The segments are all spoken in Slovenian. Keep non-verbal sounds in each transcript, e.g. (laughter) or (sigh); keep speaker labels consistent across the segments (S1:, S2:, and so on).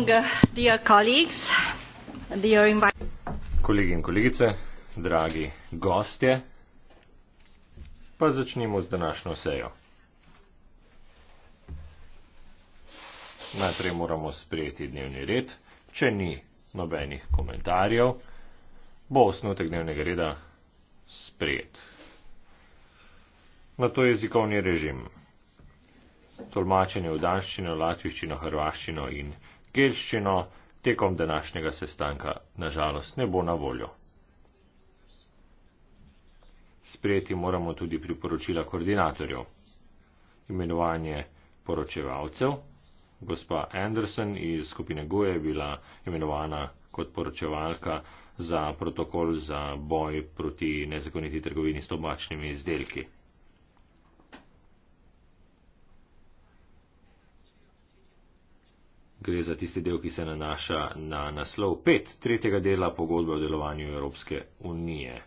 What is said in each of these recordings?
S1: morning, uh, dear colleagues, dear invited.
S2: Kolegi in kolegice, dragi gostje, pa začnimo z današnjo sejo. Najprej moramo sprejeti dnevni red. Če ni nobenih komentarjev, bo osnotek dnevnega reda sprejet. Na to je jezikovni režim. Tolmačenje v danščino, latviščino, hrvaščino in angelščino tekom današnjega sestanka nažalost ne bo na voljo. Sprejeti moramo tudi priporočila koordinatorjev. Imenovanje poročevalcev. Gospa Anderson iz skupine GUE je bila imenovana kot poročevalka za protokol za boj proti nezakoniti trgovini s tobačnimi izdelki. Gre za tisti del, ki se nanaša na naslov 5 tretjega dela pogodbe o delovanju Evropske unije.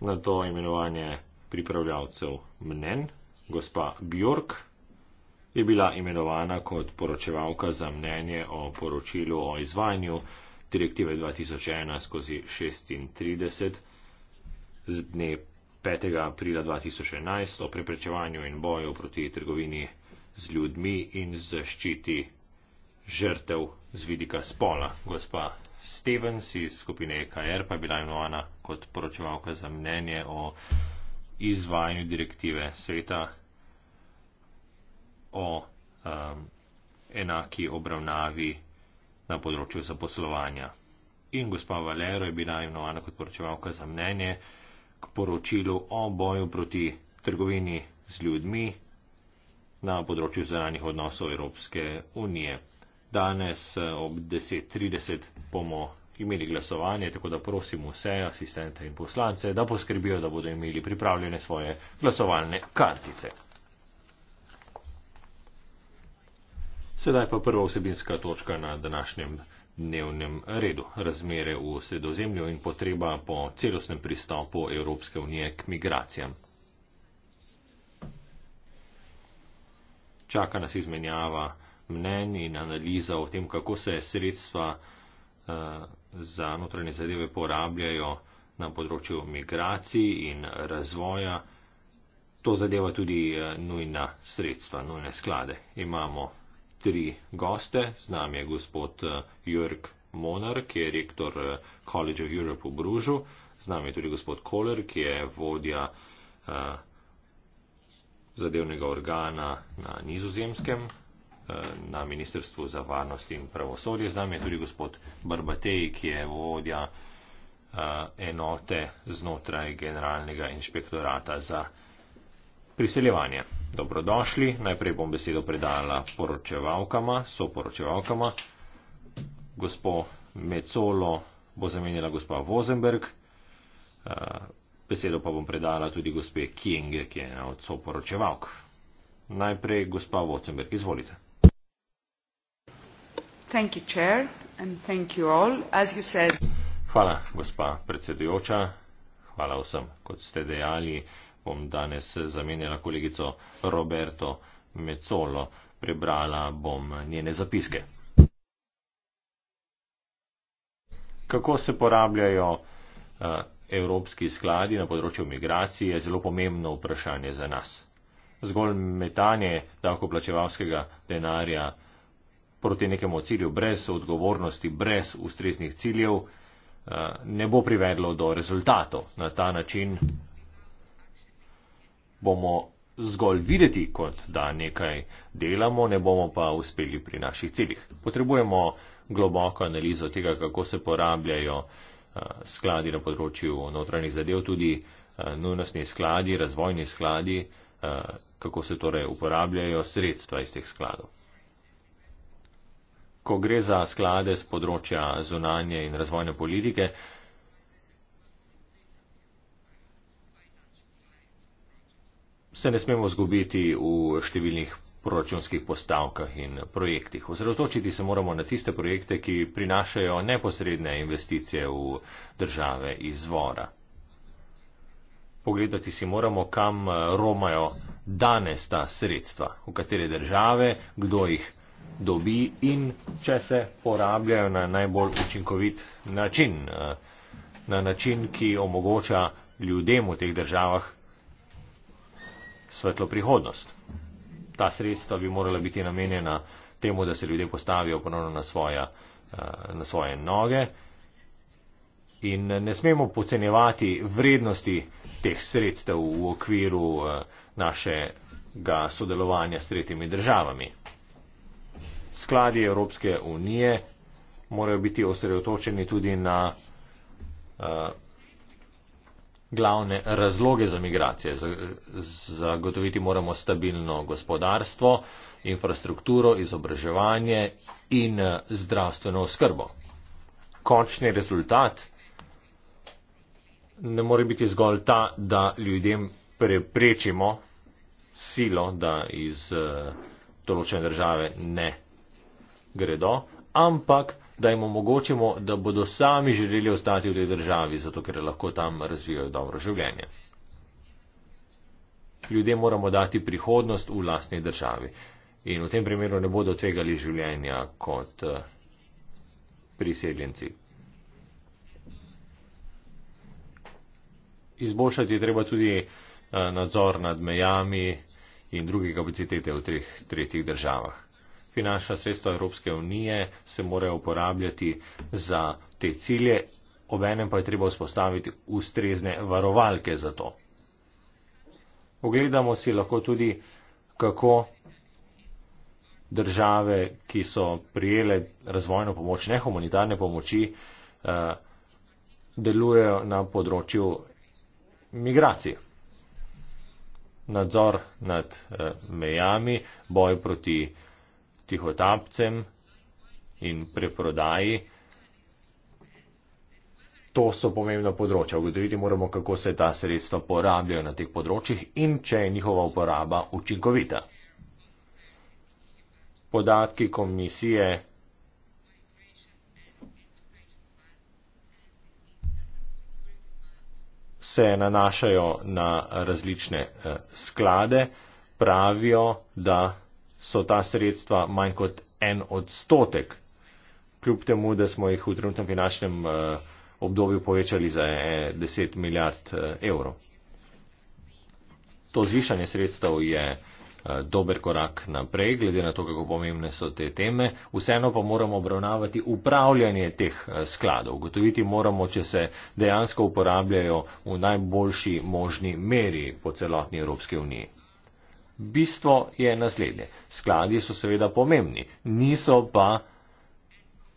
S2: Na to imenovanje pripravljavcev mnen, gospa Bjork, je bila imenovana kot poročevalka za mnenje o poročilu o izvajanju direktive 2001 skozi 36 z dne 5. aprila 2011 o preprečevanju in boju proti trgovini z ljudmi in zaščiti žrtev z vidika spola. Gospa Stevens iz skupine EKR pa je bila imenovana kot poročevalka za mnenje o izvajanju direktive sveta o um, enaki obravnavi na področju zaposlovanja. In gospa Valero je bila imenovana kot poročevalka za mnenje, k poročilu o boju proti trgovini z ljudmi na področju zunanjih odnosov Evropske unije. Danes ob 10.30 bomo imeli glasovanje, tako da prosim vse asistente in poslance, da poskrbijo, da bodo imeli pripravljene svoje glasovalne kartice. Sedaj pa prva vsebinska točka na današnjem dnevnem redu. Razmere v sredozemlju in potreba po celostnem pristopu Evropske unije k migracijam. Čaka nas izmenjava mnen in analiza o tem, kako se sredstva uh, za notranje zadeve porabljajo na področju migracij in razvoja. To zadeva tudi eh, nujna sredstva, nujne sklade. Imamo tri goste. Z nami je gospod eh, Jörg Monar, ki je rektor eh, College of Europe v Bružu. Z nami je tudi gospod Kohler, ki je vodja uh, zadevnega organa na nizozemskem na Ministrstvu za varnost in pravosodje. Z nami je tudi gospod Barbatej, ki je vodja uh, enote znotraj generalnega inšpektorata za priseljevanje. Dobrodošli, najprej bom besedo predala poročevalkama, soporočevalkama. Gospo Mecolo bo zamenjala gospa Vozenberg, eh, besedo pa bom predala tudi gospe Kinge, ki je ena od soporočevalk. Najprej gospa Vozenberg, izvolite.
S3: Thank you, chair, and thank you all, as you said.
S2: Hvala, gospa predsedujoča. Hvala vsem, kot ste dejali. Uh, bom danes zamenjala kolegico Roberto Mecolo, prebrala bom njene zapiske. Kako se porabljajo eh, evropski skladi na področju migracije, je zelo pomembno vprašanje za nas. Zgolj metanje davkoplačevalskega denarja proti nekemu cilju brez odgovornosti, brez ustreznih ciljev, eh, ne bo privedlo do rezultatov. Na ta način bomo zgolj videti, kot da nekaj delamo, ne bomo pa uspeli pri naših ciljih. Potrebujemo globoko analizo tega, kako se porabljajo eh, skladi na področju notranjih zadev, tudi eh, nujnostni skladi, razvojni skladi, eh, kako se torej uporabljajo sredstva iz teh skladov. Ko gre za sklade z področja zunanje in razvojne politike, se ne smemo zgubiti v številnih proračunskih postavkah in projektih. Osredotočiti se moramo na tiste projekte, ki prinašajo neposredne investicije v države izvora. Pogledati si moramo, kam romajo danes ta sredstva, v katere države, kdo jih dobi in če se porabljajo na najbolj učinkovit način, eh, na način, ki omogoča ljudem v teh državah svetlo prihodnost. Ta sredstva bi morala biti namenjena temu, da se ljudje postavijo ponovno na, svoja, eh, na svoje noge. In ne smemo pocenjevati vrednosti teh sredstev v okviru eh, našega sodelovanja s tretjimi državami. Skladi Evropske unije morajo biti osredotočeni tudi na eh, glavne razloge za migracije. Zagotoviti moramo stabilno gospodarstvo, infrastrukturo, izobraževanje in eh, zdravstveno oskrbo. Končni rezultat ne more biti zgolj ta, da ljudem preprečimo silo, da iz eh, določene države ne gredo, ampak da jim omogočimo, da bodo sami želeli ostati v tej državi, zato ker lahko tam razvijajo dobro življenje. Ljudje moramo dati prihodnost v lastni državi in v tem primeru ne bodo tvegali življenja kot eh, priseljenci. Izboljšati je treba tudi eh, nadzor nad mejami in druge kapacitete v treh tretjih državah finančna sredstva Evropske unije se morajo uporabljati za te cilje, obenem pa je treba vzpostaviti ustrezne varovalke za to. Pogledamo si lahko tudi, kako države, ki so prijele razvojno pomoč, ne humanitarne pomoči, eh, delujejo na področju migracije. Nadzor nad eh, mejami, boj proti eh, tihotapcem in preprodaji. To so pomembna področja. Ugotoviti moramo, kako se ta sredstva porabljajo na teh področjih in če je njihova uporaba učinkovita. Podatki komisije se nanašajo na različne eh, sklade, pravijo, da so ta sredstva manj kot en odstotek, kljub temu, da smo jih v trenutnem finančnem eh, obdobju povečali za 10 eh, milijard eh, evrov. To zvišanje sredstev je dober korak naprej, glede na to, kako pomembne so te teme. Vseeno pa moramo obravnavati upravljanje teh skladov. Gotoviti moramo, če se dejansko uporabljajo v najboljši možni meri po celotni Evropske unije. Bistvo je naslednje. Skladi so seveda pomembni, niso pa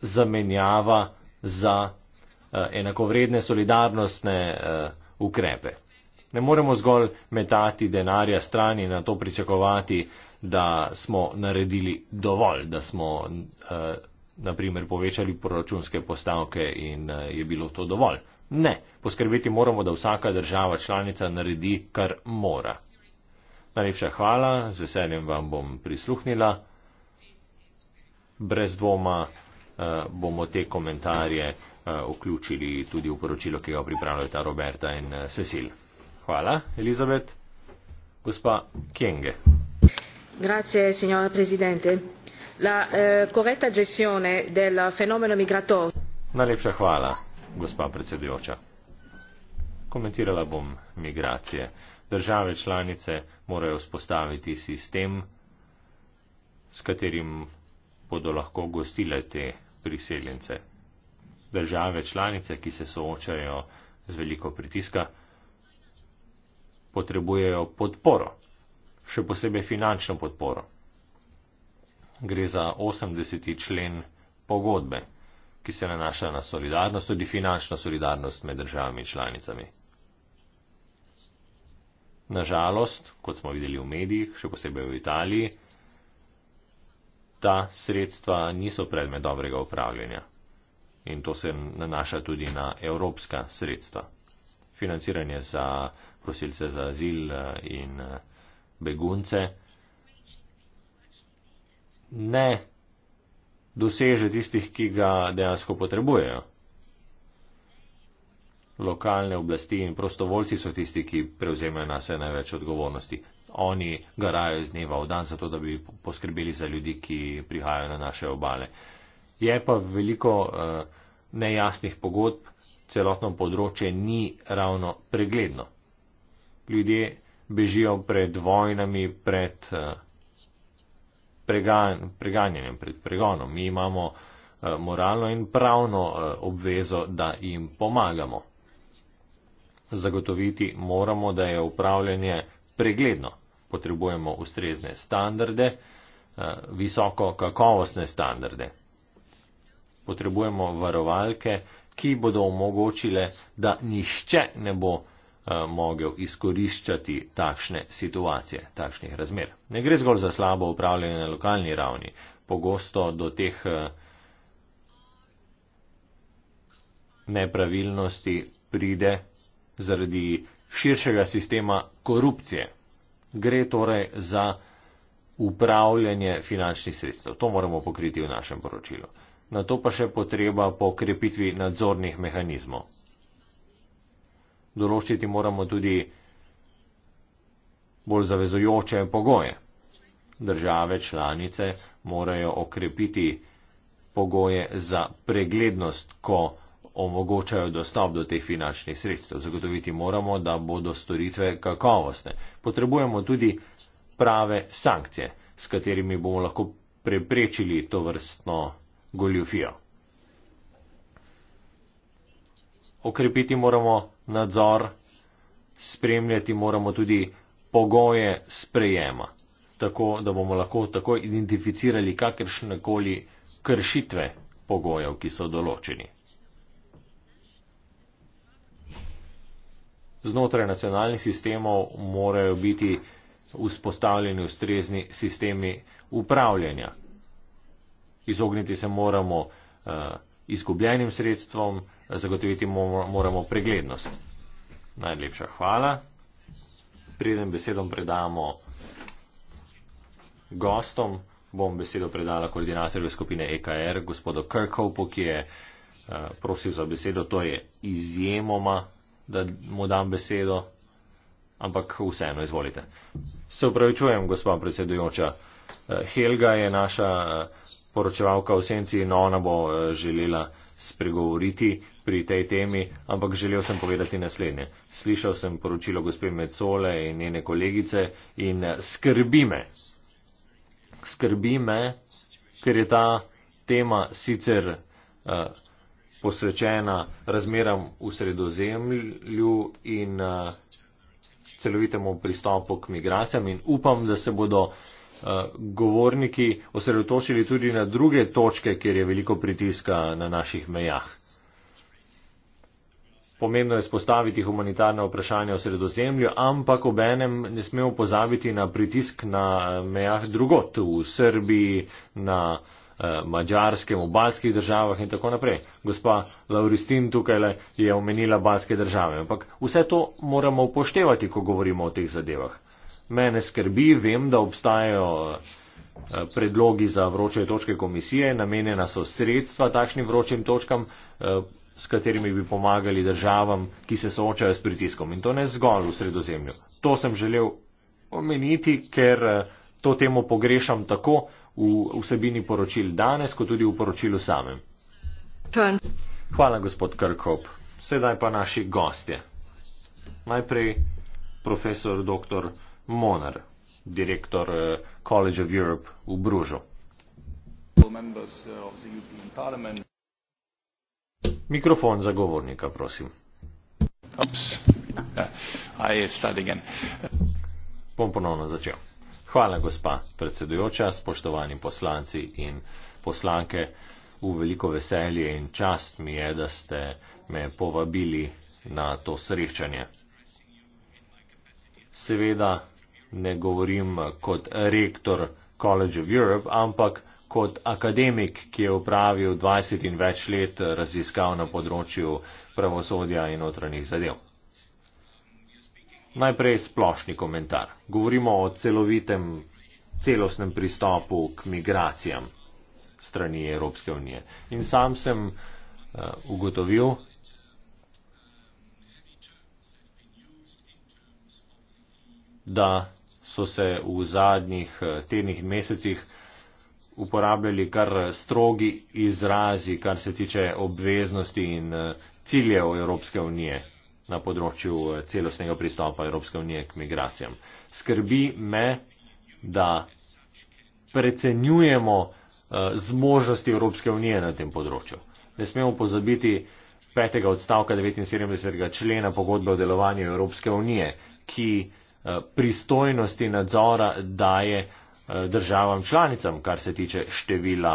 S2: zamenjava za eh, enakovredne solidarnostne eh, ukrepe. Ne moremo zgolj metati denarja strani in na to pričakovati, da smo naredili dovolj, da smo eh, naprimer povečali proračunske postavke in eh, je bilo to dovolj. Ne, poskrbeti moramo, da vsaka država članica naredi, kar mora. Najlepša hvala, z veseljem vam bom prisluhnila. Brez dvoma eh, bomo te komentarje eh, vključili tudi v poročilo, ki ga pripravljata Roberta in eh, Cecil. Hvala, Elizabet. Gospa Kenge.
S1: Grazie, signora Presidente. La corretta eh, gestione del fenomeno migratorio.
S2: Najlepša hvala, gospa predsedujoča. Komentirala bom migracije. Eh, države članice morajo vzpostaviti sistem, s katerim bodo lahko gostile te priseljence. Države članice, ki se soočajo z veliko pritiska, potrebujejo podporo, še posebej finančno podporo. Gre za 80. člen pogodbe, ki se nanaša na solidarnost, tudi finančno solidarnost med državami članicami. Nažalost, kot smo videli v medijih, še posebej v Italiji, ta sredstva niso predmet dobrega upravljanja. In to se nanaša tudi na evropska sredstva. Financiranje za prosilce za azil eh, in eh, begunce ne doseže tistih, ki ga dejansko potrebujejo lokalne oblasti in prostovoljci so tisti, ki prevzemajo na se največ odgovornosti. Oni garajo iz dneva v dan, zato da bi poskrbeli za ljudi, ki prihajajo na naše obale. Je pa veliko uh, nejasnih pogodb, celotno področje ni ravno pregledno. Ljudje bežijo pred vojnami, pred uh, pregan preganjanjem, pred pregonom. Mi imamo uh, moralno in pravno uh, obvezo, da jim pomagamo. Zagotoviti moramo, da je upravljanje pregledno. Potrebujemo ustrezne standarde, eh, visoko kakovostne standarde. Potrebujemo varovalke, ki bodo omogočile, da nihče ne bo eh, mogel izkoriščati takšne situacije, takšnih razmer. Ne gre zgolj za slabo upravljanje na lokalni ravni. Pogosto do teh eh, nepravilnosti pride zaradi širšega sistema korupcije. Gre torej za upravljanje finančnih sredstev. To moramo pokriti v našem poročilu. Na to pa še potreba po krepitvi nadzornih mehanizmov. Določiti moramo tudi bolj zavezujoče pogoje. Države članice morajo okrepiti pogoje za preglednost, ko omogočajo dostop do teh finančnih sredstev. Zagotoviti moramo, da bodo storitve kakovostne. Potrebujemo tudi prave sankcije, s katerimi bomo lahko preprečili to vrstno goljufijo. Okrepiti moramo nadzor, spremljati moramo tudi pogoje sprejema, tako da bomo lahko tako identificirali kakršnekoli kršitve pogojev, ki so določeni. znotraj nacionalnih sistemov morajo biti vzpostavljeni ustrezni sistemi upravljanja. Izogniti se moramo uh, izgubljenim sredstvom, zagotoviti moramo preglednost. Najlepša hvala. Preden besedom predamo gostom, bom besedo predala koordinatorju skupine EKR, gospodu Krkovpu, ki je uh, prosil za besedo. To je izjemoma da mu dam besedo, ampak vseeno izvolite. Se upravičujem, gospod predsedujoča. Eh, Helga je naša eh, poročevalka v senci in ona bo eh, želela spregovoriti pri tej temi, ampak želel sem povedati naslednje. Slišal sem poročilo gospe Mecole in njene kolegice in skrbi me. Skrbi me, ker je ta tema sicer. Uh, posvečena razmeram v sredozemlju in eh, celovitemu pristopu k migracijam in upam, da se bodo eh, govorniki osredotočili tudi na druge točke, kjer je veliko pritiska na naših mejah. Pomembno je spostaviti humanitarne vprašanja v sredozemlju, ampak ob enem ne smemo pozabiti na pritisk na eh, mejah drugot v Srbiji, na uh, Eh, Mačarskem, v balskih državah in tako naprej. Gospa Lauristin tukaj je omenila balske države. Ampak vse to moramo upoštevati, ko govorimo o teh zadevah. Mene skrbi, vem, da obstajajo eh, predlogi za vroče točke komisije, namenjena so sredstva takšnim vročim točkam, eh, s katerimi bi pomagali državam, ki se soočajo s pritiskom. In to ne zgolj v sredozemlju. To sem želel omeniti, ker to temo pogrešam tako, v vsebini poročil danes, kot tudi v poročilu samem. Hvala, gospod Krkop. Sedaj pa naši gostje. Najprej profesor dr. Monar, direktor eh, College of Europe v Bružu. Eh, Mikrofon zagovornika, prosim. Ups. (laughs) I start again. Pom ponovno začel. Hvala, gospa predsedujoča, spoštovani poslanci in poslanke. V veliko veselje in čast mi je, da ste me povabili na to srečanje. Seveda ne govorim kot rektor College of Europe, ampak kot akademik, ki je upravil 20 in več let raziskav na področju pravosodja in notranjih zadev. Najprej splošni komentar. Govorimo o celovitem, celostnem pristopu k migracijam strani Evropske unije. In sam sem uh, ugotovil, da so se v zadnjih eh, tednih mesecih uporabljali kar strogi izrazi, kar se tiče obveznosti in eh, ciljev Evropske unije na področju eh, celostnega pristopa Evropske unije k migracijam. Skrbi me, da precenjujemo eh, zmožnosti Evropske unije na tem področju. Ne smemo pozabiti petega odstavka 79. člena pogodbe o delovanju Evropske unije, ki eh, pristojnosti nadzora daje državam članicam, kar se tiče števila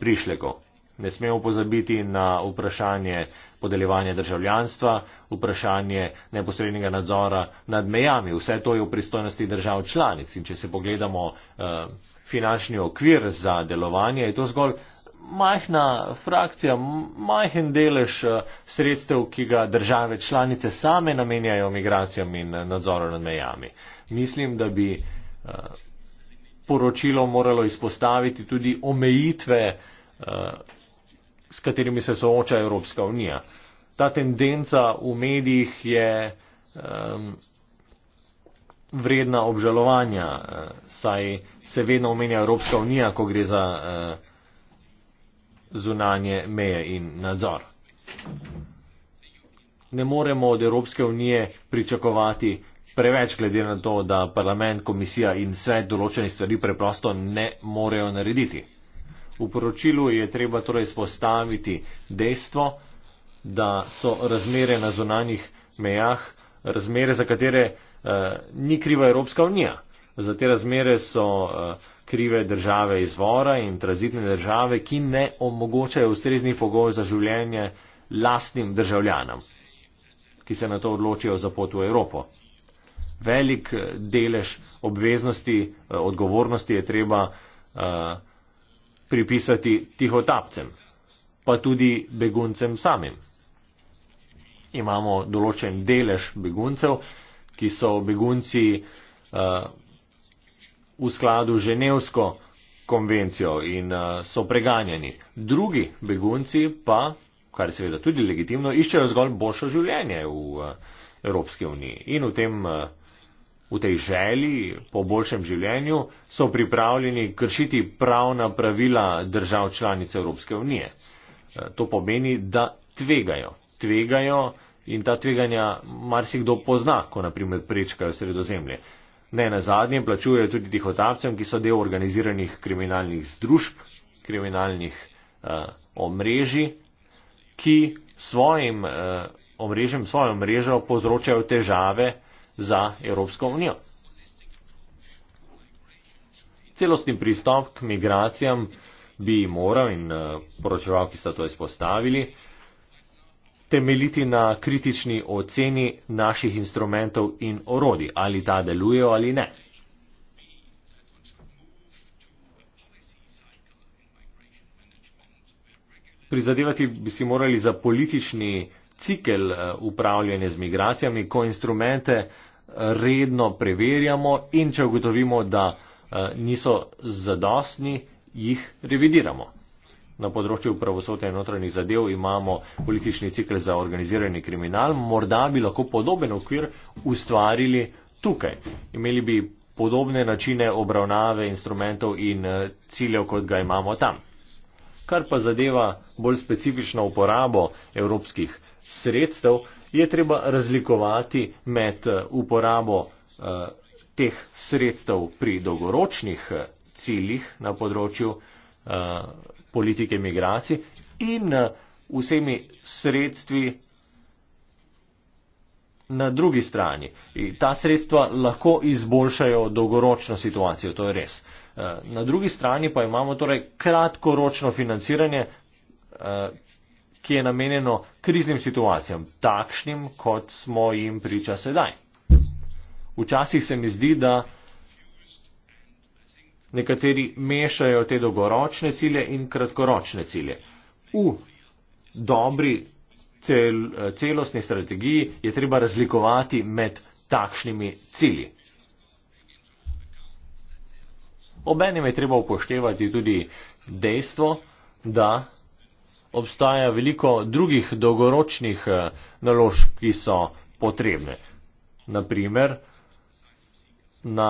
S2: prišlekov. Ne smemo pozabiti na vprašanje podeljevanja državljanstva, vprašanje neposrednjega nadzora nad mejami. Vse to je v pristojnosti držav članic in če se pogledamo eh, finančni okvir za delovanje, je to zgolj majhna frakcija, majhen delež eh, sredstev, ki ga države članice same namenjajo migracijam in eh, nadzoru nad mejami. Mislim, da bi eh, poročilo moralo izpostaviti tudi omejitve eh, s katerimi se sooča Evropska unija. Ta tendenca v medijih je um, vredna obžalovanja, eh, saj se vedno omenja Evropska unija, ko gre za uh, zunanje meje in nadzor. Ne moremo od Evropske unije pričakovati preveč, glede na to, da parlament, komisija in svet določenih stvari preprosto ne morejo narediti. V poročilu je treba torej spostaviti dejstvo, da so razmere na zonanjih mejah razmere, za katere eh, ni kriva Evropska unija. Za te razmere so eh, krive države izvora in tranzitne države, ki ne omogočajo ustreznih pogojev za življenje lastnim državljanom, ki se na to odločijo za pot v Evropo. Velik eh, delež obveznosti, eh, odgovornosti je treba. Eh, pripisati tihotapcem, pa tudi beguncem samim. Imamo določen delež beguncev, ki so begunci uh, v skladu ženevsko konvencijo in uh, so preganjeni. Drugi begunci pa, kar je seveda tudi legitimno, iščejo zgolj boljšo življenje v uh, Evropski uniji. In v tem uh, v tej želji po boljšem življenju so pripravljeni kršiti pravna pravila držav članic Evropske unije. E, to pomeni, da tvegajo. Tvegajo in ta tveganja marsikdo pozna, ko naprimer prečkajo sredozemlje. Ne na zadnje plačujejo tudi tihotapcem, ki so del organiziranih kriminalnih združb, kriminalnih eh, omrežji, ki svojim eh, omrežjem, svojo mrežo povzročajo težave za Evropsko unijo. Celostni pristop k migracijam bi moral in eh, poročeval, ki sta to izpostavili, temeljiti na kritični oceni naših instrumentov in orodij, ali ta delujejo ali ne. Prizadevati bi si morali za politični cikel eh, upravljanja z migracijami, ko instrumente redno preverjamo in če ugotovimo, da eh, niso zadostni, jih revidiramo. Na področju pravosodja in notranjih zadev imamo politični cikl za organizirani kriminal, morda bi lahko podoben okvir ustvarili tukaj. Imeli bi podobne načine obravnave instrumentov in eh, ciljev, kot ga imamo tam. Kar pa zadeva bolj specifično uporabo evropskih sredstev, je treba razlikovati med eh, uporabo eh, teh sredstev pri dolgoročnih eh, ciljih na področju politike migracij in vsemi sredstvi na drugi strani. Ta sredstva lahko izboljšajo dolgoročno situacijo, to je res. Na drugi strani pa imamo torej kratkoročno financiranje, ki je namenjeno kriznim situacijam, takšnim, kot smo jim priča sedaj. Včasih se mi zdi, da nekateri mešajo te dolgoročne cilje in kratkoročne cilje. V dobri cel, celostni strategiji je treba razlikovati med takšnimi cilji. Obenem je treba upoštevati tudi dejstvo, da obstaja veliko drugih dolgoročnih eh, naložb, ki so potrebne. Naprimer, na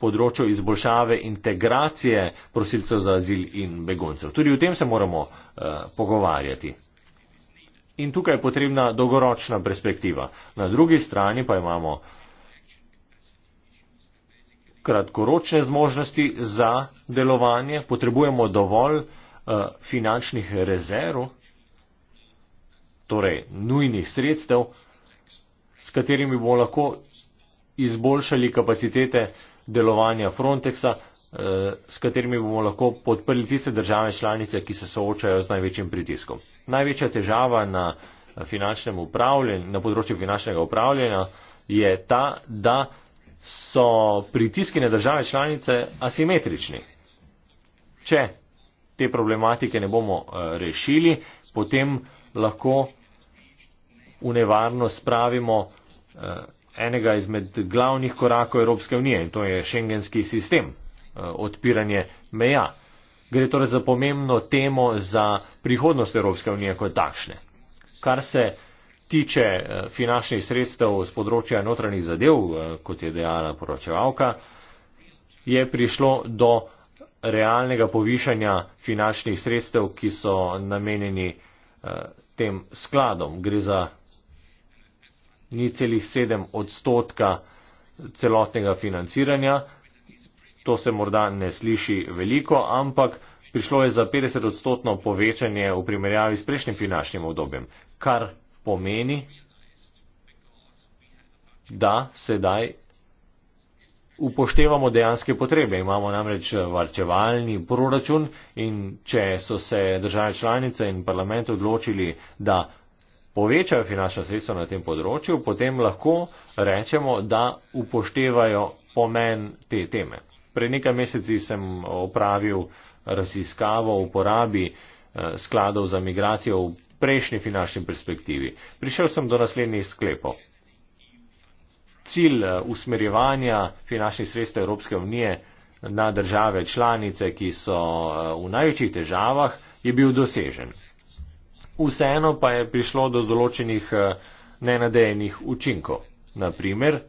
S2: področju izboljšave integracije prosilcev za azil in beguncev. Tudi o tem se moramo uh, pogovarjati. In tukaj je potrebna dolgoročna perspektiva. Na drugi strani pa imamo kratkoročne zmožnosti za delovanje, potrebujemo dovolj, Eh, finančnih rezerv, torej nujnih sredstev, s katerimi bomo lahko izboljšali kapacitete delovanja Frontexa, eh, s katerimi bomo lahko podprli tiste države članice, ki se soočajo z največjim pritiskom. Največja težava na, na področju finančnega upravljanja je ta, da so pritiski na države članice asimetrični. Če te problematike ne bomo eh, rešili, potem lahko v nevarnost spravimo eh, enega izmed glavnih korakov Evropske unije in to je šengenski sistem, eh, odpiranje meja. Gre torej za pomembno temo za prihodnost Evropske unije kot takšne. Kar se tiče finančnih sredstev z področja notranjih zadev, kot je dejala poročevalka, je prišlo do realnega povišanja finančnih sredstev, ki so namenjeni uh, tem skladom. Gre za ni celih sedem odstotka celotnega financiranja. To se morda ne sliši veliko, ampak prišlo je za 50 odstotno povečanje v primerjavi s prejšnjim finančnim obdobjem, kar pomeni, da sedaj upoštevamo dejanske potrebe. Imamo namreč varčevalni proračun in če so se države članice in parlament odločili, da povečajo finančna sredstva na tem področju, potem lahko rečemo, da upoštevajo pomen te teme. Pre nekaj meseci sem opravil raziskavo o uporabi eh, skladov za migracijo v prejšnji finančni perspektivi. Prišel sem do naslednjih sklepov cilj eh, usmerjevanja finančnih sredstev Evropske unije na države članice, ki so eh, v največjih težavah, je bil dosežen. Vseeno pa je prišlo do določenih eh, nenadejenih učinkov. Naprimer,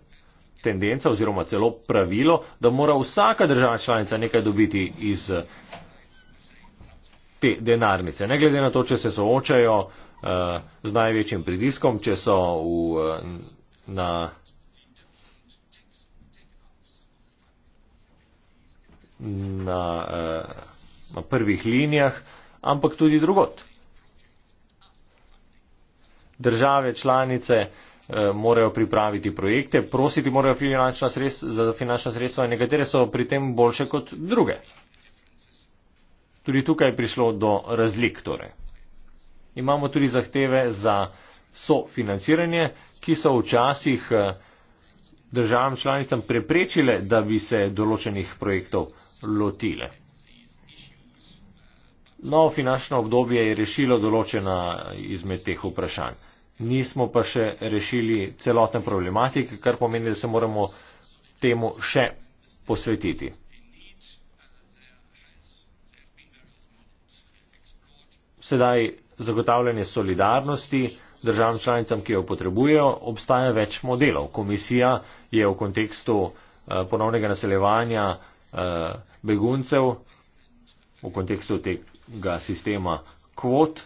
S2: tendenca oziroma celo pravilo, da mora vsaka država članica nekaj dobiti iz te denarnice. Ne glede na to, če se soočajo uh, z največjim pritiskom, če so v, na na, eh, na prvih linijah, ampak tudi drugot. Države članice eh, morajo pripraviti projekte, prositi morajo finančna sredstva, za finančna sredstva in nekatere so pri tem boljše kot druge. Tudi tukaj je prišlo do razlik. Torej. Imamo tudi zahteve za sofinanciranje, ki so včasih eh, državam članicam preprečile, da bi se določenih projektov lotile. Novo finančno obdobje je rešilo določena izmed teh vprašanj. Nismo pa še rešili celotne problematike, kar pomeni, da se moramo temu še posvetiti. Sedaj zagotavljanje solidarnosti državam članicam, ki jo potrebujejo, obstaja več modelov. Komisija je v kontekstu eh, ponovnega naseljevanja eh, beguncev, v kontekstu tega sistema kvot,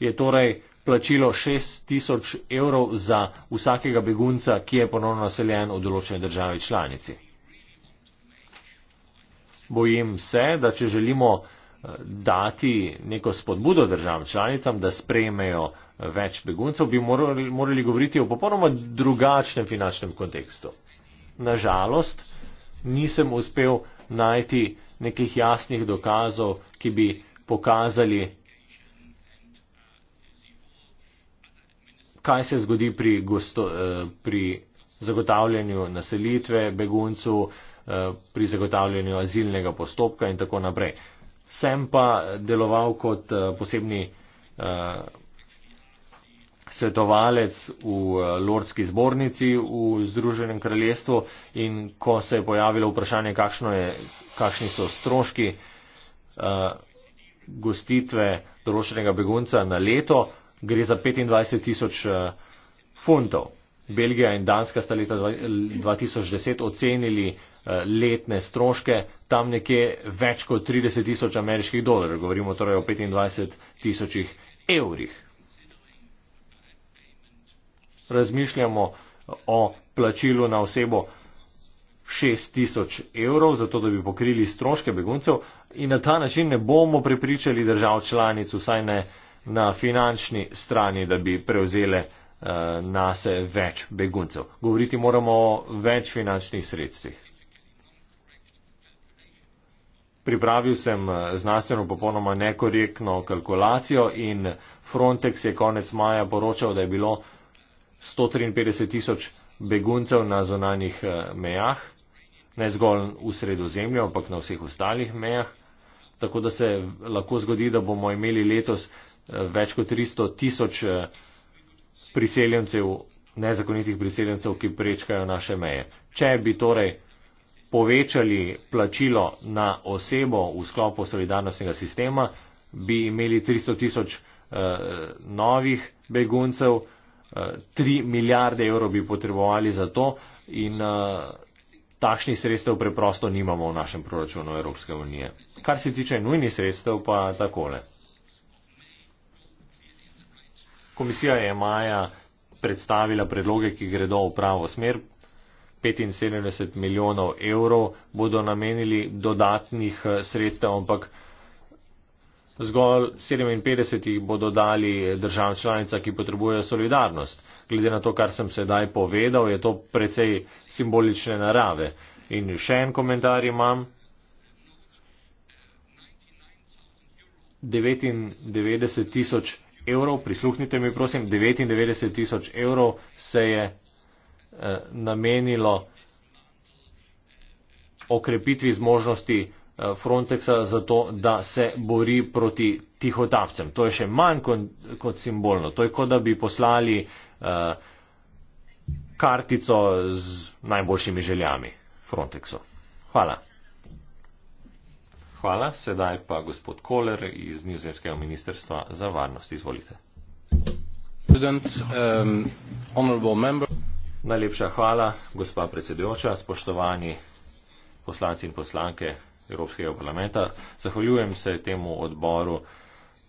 S2: je torej plačilo 6000 evrov za vsakega begunca, ki je ponovno naseljen v določene države članici. Bojim se, da če želimo dati neko spodbudo državam članicam, da sprejmejo več beguncev, bi morali, morali govoriti o popolnoma drugačnem finančnem kontekstu. Nažalost, nisem uspel najti nekih jasnih dokazov, ki bi pokazali, kaj se zgodi pri, gosto, eh, pri zagotavljanju naselitve beguncu, eh, pri zagotavljanju azilnega postopka in tako naprej sem pa deloval kot eh, posebni uh, svetovalec v eh, Lordski zbornici v Združenem kraljestvu in ko se je pojavilo vprašanje, je, kakšni so stroški uh, gostitve določenega begunca na leto, gre za 25 tisoč uh, funtov. Belgija in Danska sta leta 2010 ocenili uh, letne stroške, tam nekje več kot 30 tisoč ameriških dolarjev, govorimo torej o 25 tisočih evrih. Razmišljamo o plačilu na osebo 6 tisoč evrov, zato da bi pokrili stroške beguncev in na ta način ne bomo prepričali držav članic, vsaj ne na finančni strani, da bi prevzele eh, nase več beguncev. Govoriti moramo o več finančnih sredstvih. Pripravil sem eh, znanstveno popolnoma nekorektno kalkulacijo in Frontex je konec maja poročal, da je bilo 153 tisoč beguncev na zonanjih eh, mejah, ne zgolj v sredozemlju, ampak na vseh ostalih mejah. Tako da se lahko zgodi, da bomo imeli letos eh, več kot 300 tisoč priseljencev, nezakonitih priseljencev, ki prečkajo naše meje. Če bi torej povečali plačilo na osebo v sklopu solidarnostnega sistema, bi imeli 300 tisoč eh, novih beguncev, eh, 3 milijarde evrov bi potrebovali za to in eh, takšnih sredstev preprosto nimamo v našem proračunu Evropske unije. Kar se tiče nujnih sredstev, pa takole. Komisija je maja predstavila predloge, ki gredo v pravo smer, 75 milijonov evrov bodo namenili dodatnih eh, sredstev, ampak zgolj 57 jih bodo dali držav članica, ki potrebujejo solidarnost. Glede na to, kar sem sedaj povedal, je to precej simbolične narave. In še en komentar imam. 99 tisoč evrov, prisluhnite mi prosim, 99 tisoč evrov se je Eh, namenilo okrepitvi zmožnosti eh, Frontexa za to, da se bori proti tihotapcem. To je še manj kot, kot simbolno. To je kot da bi poslali uh, kartico z najboljšimi željami Frontexu. Hvala. Hvala. Sedaj pa gospod Koler iz Nizozemskega ministrstva za varnost. Izvolite. Student, um, Najlepša hvala, gospa predsedujoča, spoštovani poslanci in poslanke Evropskega parlamenta. Zahvaljujem se temu odboru,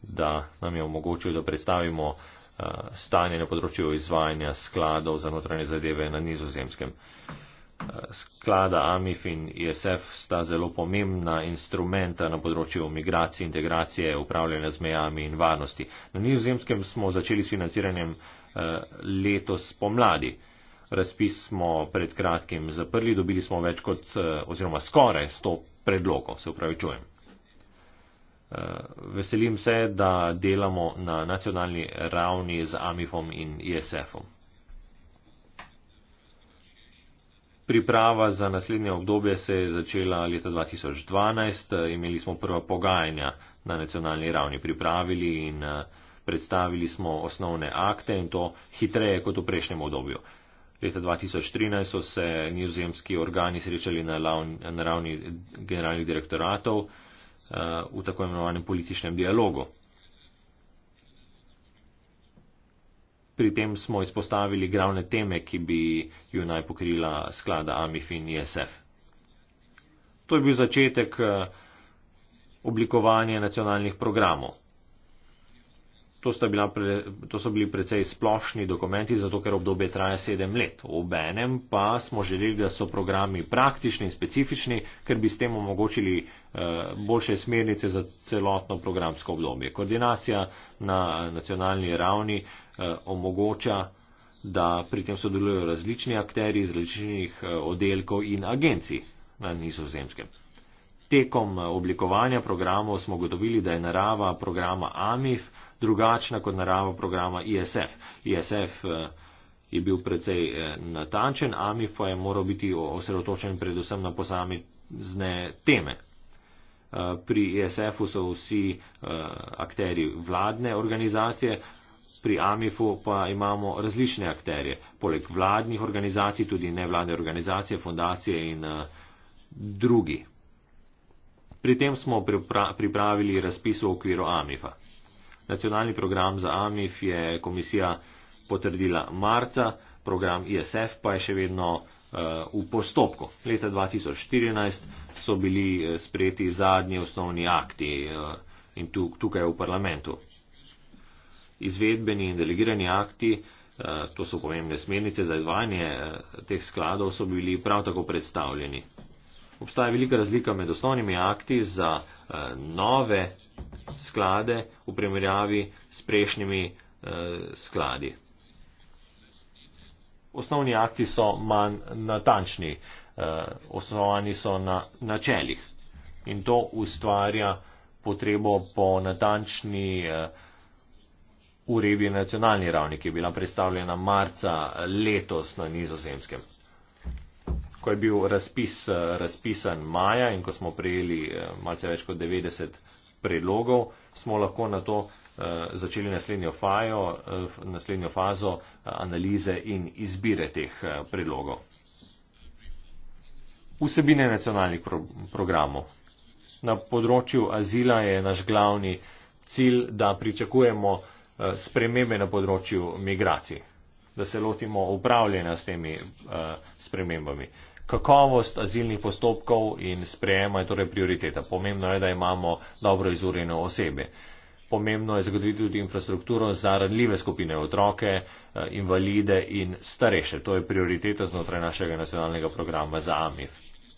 S2: da nam je omogočil, da predstavimo eh, stanje na področju izvajanja skladov za notranje zadeve na nizozemskem. Eh, sklada AMIF in ISF e sta zelo pomembna instrumenta na področju migracije, integracije, upravljanja z mejami in varnosti. Na nizozemskem smo začeli s financiranjem eh, letos pomladi. Razpis smo pred kratkim zaprli, dobili smo več kot eh, oziroma skoraj 100 predlogov, se upravi čujem. Eh, veselim se, da delamo na nacionalni ravni z AMIFom in ISF-om. Priprava za naslednje obdobje se je začela leta 2012, eh, imeli smo prva pogajanja na nacionalni ravni, pripravili in predstavili smo osnovne akte in to hitreje kot v prejšnjem obdobju leta 2013 so se nizozemski organi srečali na, lavni, na ravni generalnih direktoratov eh, v tako imenovanem političnem dialogu. Pri tem smo izpostavili glavne teme, ki bi ju naj pokrila sklada Amifin ISF. To je bil začetek eh, oblikovanja nacionalnih programov to, bila, to so bili precej splošni dokumenti, zato ker obdobje traja sedem let. Obenem pa smo želeli, da so programi praktični in specifični, ker bi s tem omogočili eh, boljše smernice za celotno programsko obdobje. Koordinacija na nacionalni ravni eh, omogoča da pri tem sodelujo različni akteri iz različnih eh, oddelkov in agencij na nizozemskem. Tekom oblikovanja programov smo gotovili, da je narava programa AMIF drugačna kot narava programa ISF. ISF eh, je bil precej eh, natančen, AMIF pa je moral biti osredotočen predvsem na posamezne teme. Eh, pri ISF-u so vsi akteri vladne organizacije, pri AMIF-u pa imamo različne akterje, poleg vladnih organizacij tudi nevladne organizacije, fondacije in drugi. Pri tem smo pripravili razpis v okviru AMIF-a. Nacionalni program za AMIF je komisija potrdila marca, program ISF pa je še vedno uh, v postopku. Leta 2014 so bili eh, sprejeti zadnji osnovni akti uh, in tu, tukaj v parlamentu. Izvedbeni in delegirani akti, uh, to so pomembne smernice za izvajanje uh, teh skladov, so bili prav tako predstavljeni. Obstaja velika razlika med osnovnimi akti za uh, nove sklade v primerjavi s prejšnjimi eh, skladi. Osnovni akti so manj natančni, eh, osnovani so na načelih in to ustvarja potrebo po natančni eh, uredbi nacionalni ravni, ki je bila predstavljena marca letos na nizozemskem. Ko je bil razpis eh, razpisan maja in ko smo prejeli eh, malce več kot 90 predlogov, smo lahko na to eh, začeli naslednjo, fajo, eh, naslednjo fazo eh, analize in izbire teh predlogov. Vsebine nacionalnih pro programov. Na področju azila je naš glavni cilj, da pričakujemo spremembe na področju migracij, da se lotimo upravljanja s temi spremembami kakovost azilnih postopkov in sprejema je torej prioriteta. Pomembno je, da imamo dobro izurjene osebe. Pomembno je zagotoviti tudi infrastrukturo za ranljive skupine otroke, eh, invalide in starejše. To je prioriteta znotraj našega nacionalnega programa za AMIF.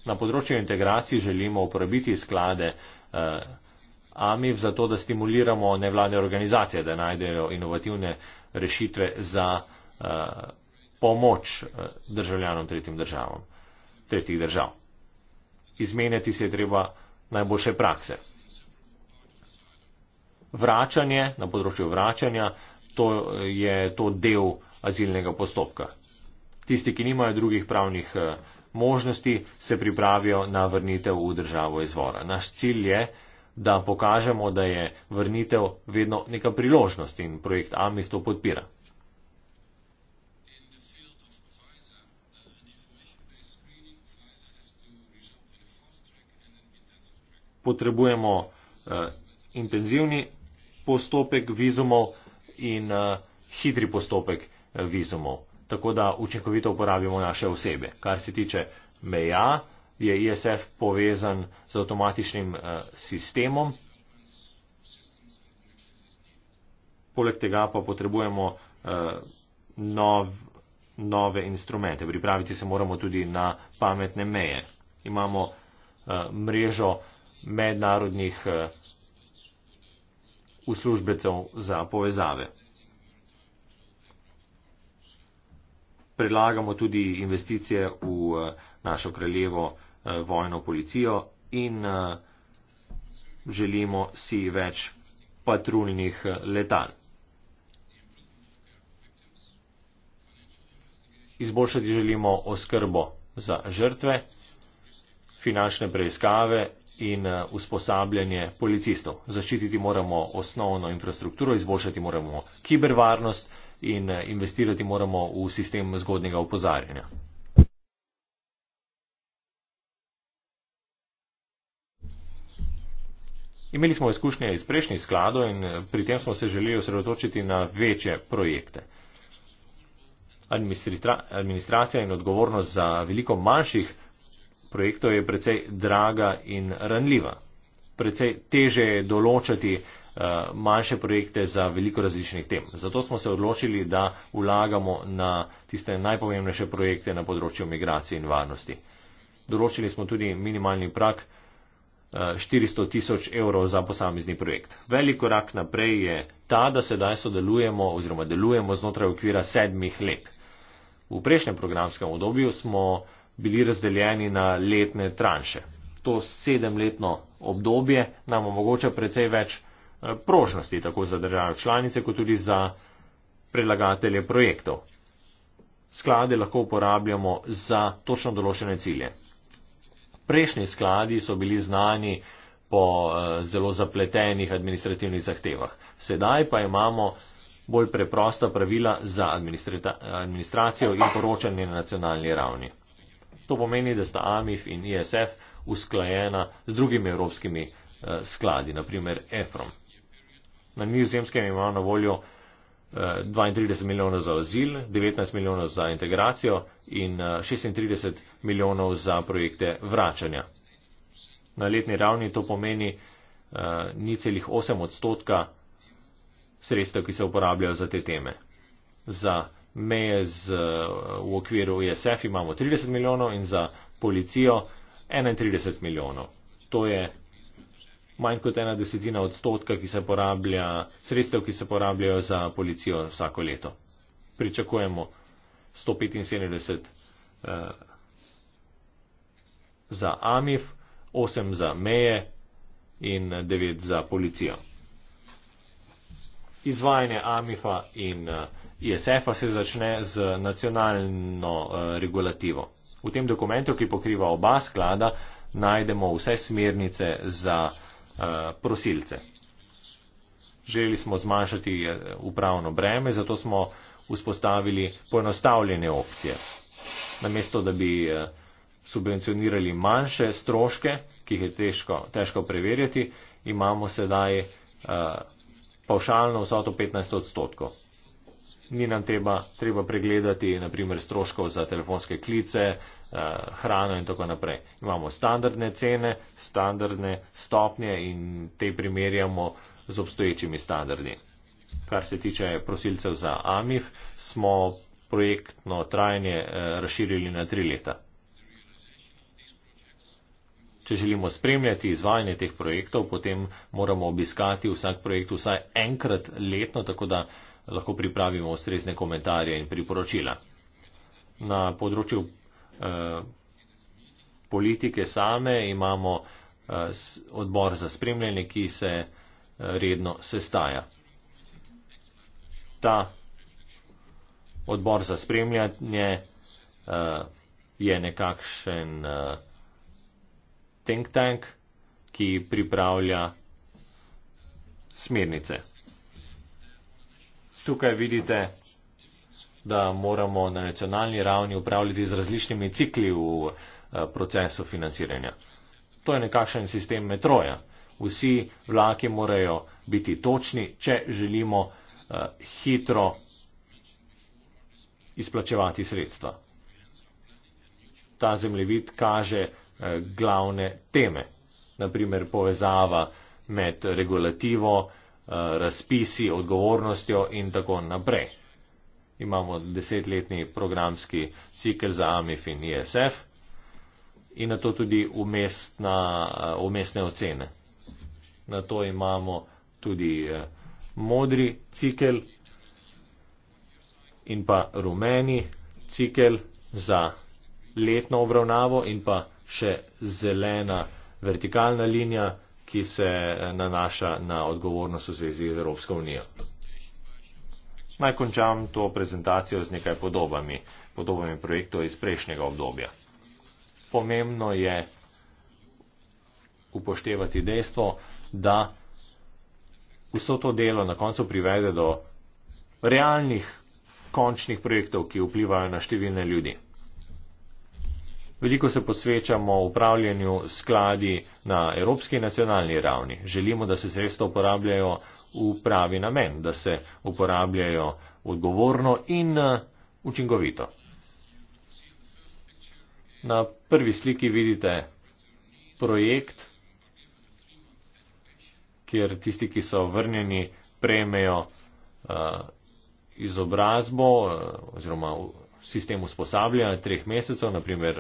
S2: Na področju integracij želimo uporabiti sklade eh, AMIF za to, da stimuliramo nevladne organizacije, da najdejo inovativne rešitve za eh, pomoč državljanom tretjim državam tretjih držav. Izmenjati se je treba najboljše prakse. Vračanje, na področju vračanja, to je to del azilnega postopka. Tisti, ki nimajo drugih pravnih eh, možnosti, se pripravijo na vrnitev v državo izvora. Naš cilj je, da pokažemo, da je vrnitev vedno neka priložnost in projekt AMIS to podpira. potrebujemo uh, intenzivni postopek vizumov in uh, hitri postopek eh, vizumov. Tako da učinkovito uporabimo naše osebe. Kar se tiče meja, je ISF povezan z avtomatičnim uh, sistemom. Poleg tega pa potrebujemo uh, nov, nove instrumente. Pripraviti se moramo tudi na pametne meje. Imamo uh, mrežo uh, mednarodnih eh, uslužbecev za povezave. Predlagamo tudi investicije v eh, našo kraljevo eh, vojno policijo in želimo si več patruljnih letal. Izboljšati želimo oskrbo za žrtve, finančne preiskave in eh, usposabljanje policistov. Zaščititi moramo osnovno infrastrukturo, izboljšati moramo kibervarnost in eh, investirati moramo v sistem zgodnega upozarjanja. Imeli smo izkušnje iz prejšnjih skladov in eh, pri tem smo se želeli osredotočiti na večje projekte. Administracija in odgovornost za veliko manjših projektov je precej draga in ranljiva. Precej teže je določati eh, manjše projekte za veliko različnih tem. Zato smo se odločili, da vlagamo na tiste najpomembnejše projekte na področju migracije in varnosti. Določili smo tudi minimalni prak 400 eh, tisoč evrov za posamezni projekt. Velik korak naprej je ta, da sedaj sodelujemo oziroma delujemo znotraj okvira sedmih let. V prejšnjem programskem obdobju smo bili razdeljeni na letne tranše. To sedemletno obdobje nam omogoča precej več eh, prožnosti tako za države članice, kot tudi za predlagatelje projektov. Sklade lahko uporabljamo za točno določene cilje. Prejšnji skladi so bili znani po eh, zelo zapletenih administrativnih zahtevah. Sedaj pa imamo bolj preprosta pravila za administracijo in poročanje na nacionalni ravni. To pomeni, da sta AMIF in ISF usklajena z drugimi evropskimi eh, skladi, naprimer EFROM. Na nizozemskem imajo na voljo eh, 32 milijonov za azil, 19 milijonov za integracijo in eh, 36 milijonov za projekte vračanja. Na letni ravni to pomeni eh, ni celih 8 odstotka sredstev, ki se uporabljajo za te teme. Za meje z, eh, v okviru ISF e imamo 30 milijonov in za policijo 31 milijonov. To je manj kot ena desetina odstotka, ki se porablja, sredstev, ki se porabljajo za policijo vsako leto. Pričakujemo 175 eh, za AMIF, 8 za meje in 9 za policijo. Izvajanje AMIFA in eh, ISF-a se začne z nacionalno eh, regulativo. V tem dokumentu, ki pokriva oba sklada, najdemo vse smernice za eh, prosilce. Želeli smo zmanjšati eh, upravno breme, zato smo vzpostavili poenostavljene opcije. Namesto, da bi subvencionirali manjše stroške, ki jih je težko, težko preverjati, imamo sedaj uh, pavšalno vsoto 15 odstotkov ni nam treba, treba pregledati naprimer stroškov za telefonske klice, eh, hrano in tako naprej. Imamo standardne cene, standardne stopnje in te primerjamo z obstoječimi standardi. Kar se tiče prosilcev za AMIF, smo projektno trajanje eh, razširili na tri leta. Če želimo spremljati izvajanje teh projektov, potem moramo obiskati vsak projekt vsaj enkrat letno, tako da uh, lahko pripravimo ustrezne komentarje in priporočila. Na področju eh, politike same imamo eh, odbor za spremljanje, ki se eh, redno sestaja. Ta odbor za spremljanje je nekakšen think tank, ki pripravlja smernice tukaj vidite, da moramo na nacionalni ravni upravljati z različnimi cikli v eh, procesu financiranja. To je nekakšen sistem metroja. Vsi vlaki morajo biti točni, če želimo eh, hitro izplačevati sredstva. Ta zemljevid kaže eh, glavne teme, naprimer povezava med regulativo, Eh, razpisi, odgovornostjo in tako naprej. Imamo desetletni programski cikl za AMIF in ISF in na to tudi umestna, eh, umestne ocene. Na to imamo tudi eh, modri cikl in pa rumeni cikl za letno obravnavo in pa še zelena vertikalna linija ki se eh, nanaša na odgovornost v zvezi z Evropsko unijo. Naj končam to prezentacijo z nekaj podobami, podobami projektov iz prejšnjega obdobja. Pomembno je upoštevati dejstvo, da vso to delo na koncu privede do realnih končnih projektov, ki vplivajo na številne ljudi. Veliko se posvečamo upravljanju skladi na evropski in nacionalni ravni. Želimo, da se sredstva uporabljajo v pravi namen, da se uporabljajo odgovorno in eh, učinkovito. Na prvi sliki vidite projekt, kjer tisti, ki so vrnjeni, prejmejo eh, izobrazbo eh, oziroma sistem usposabljanja treh mesecev, naprimer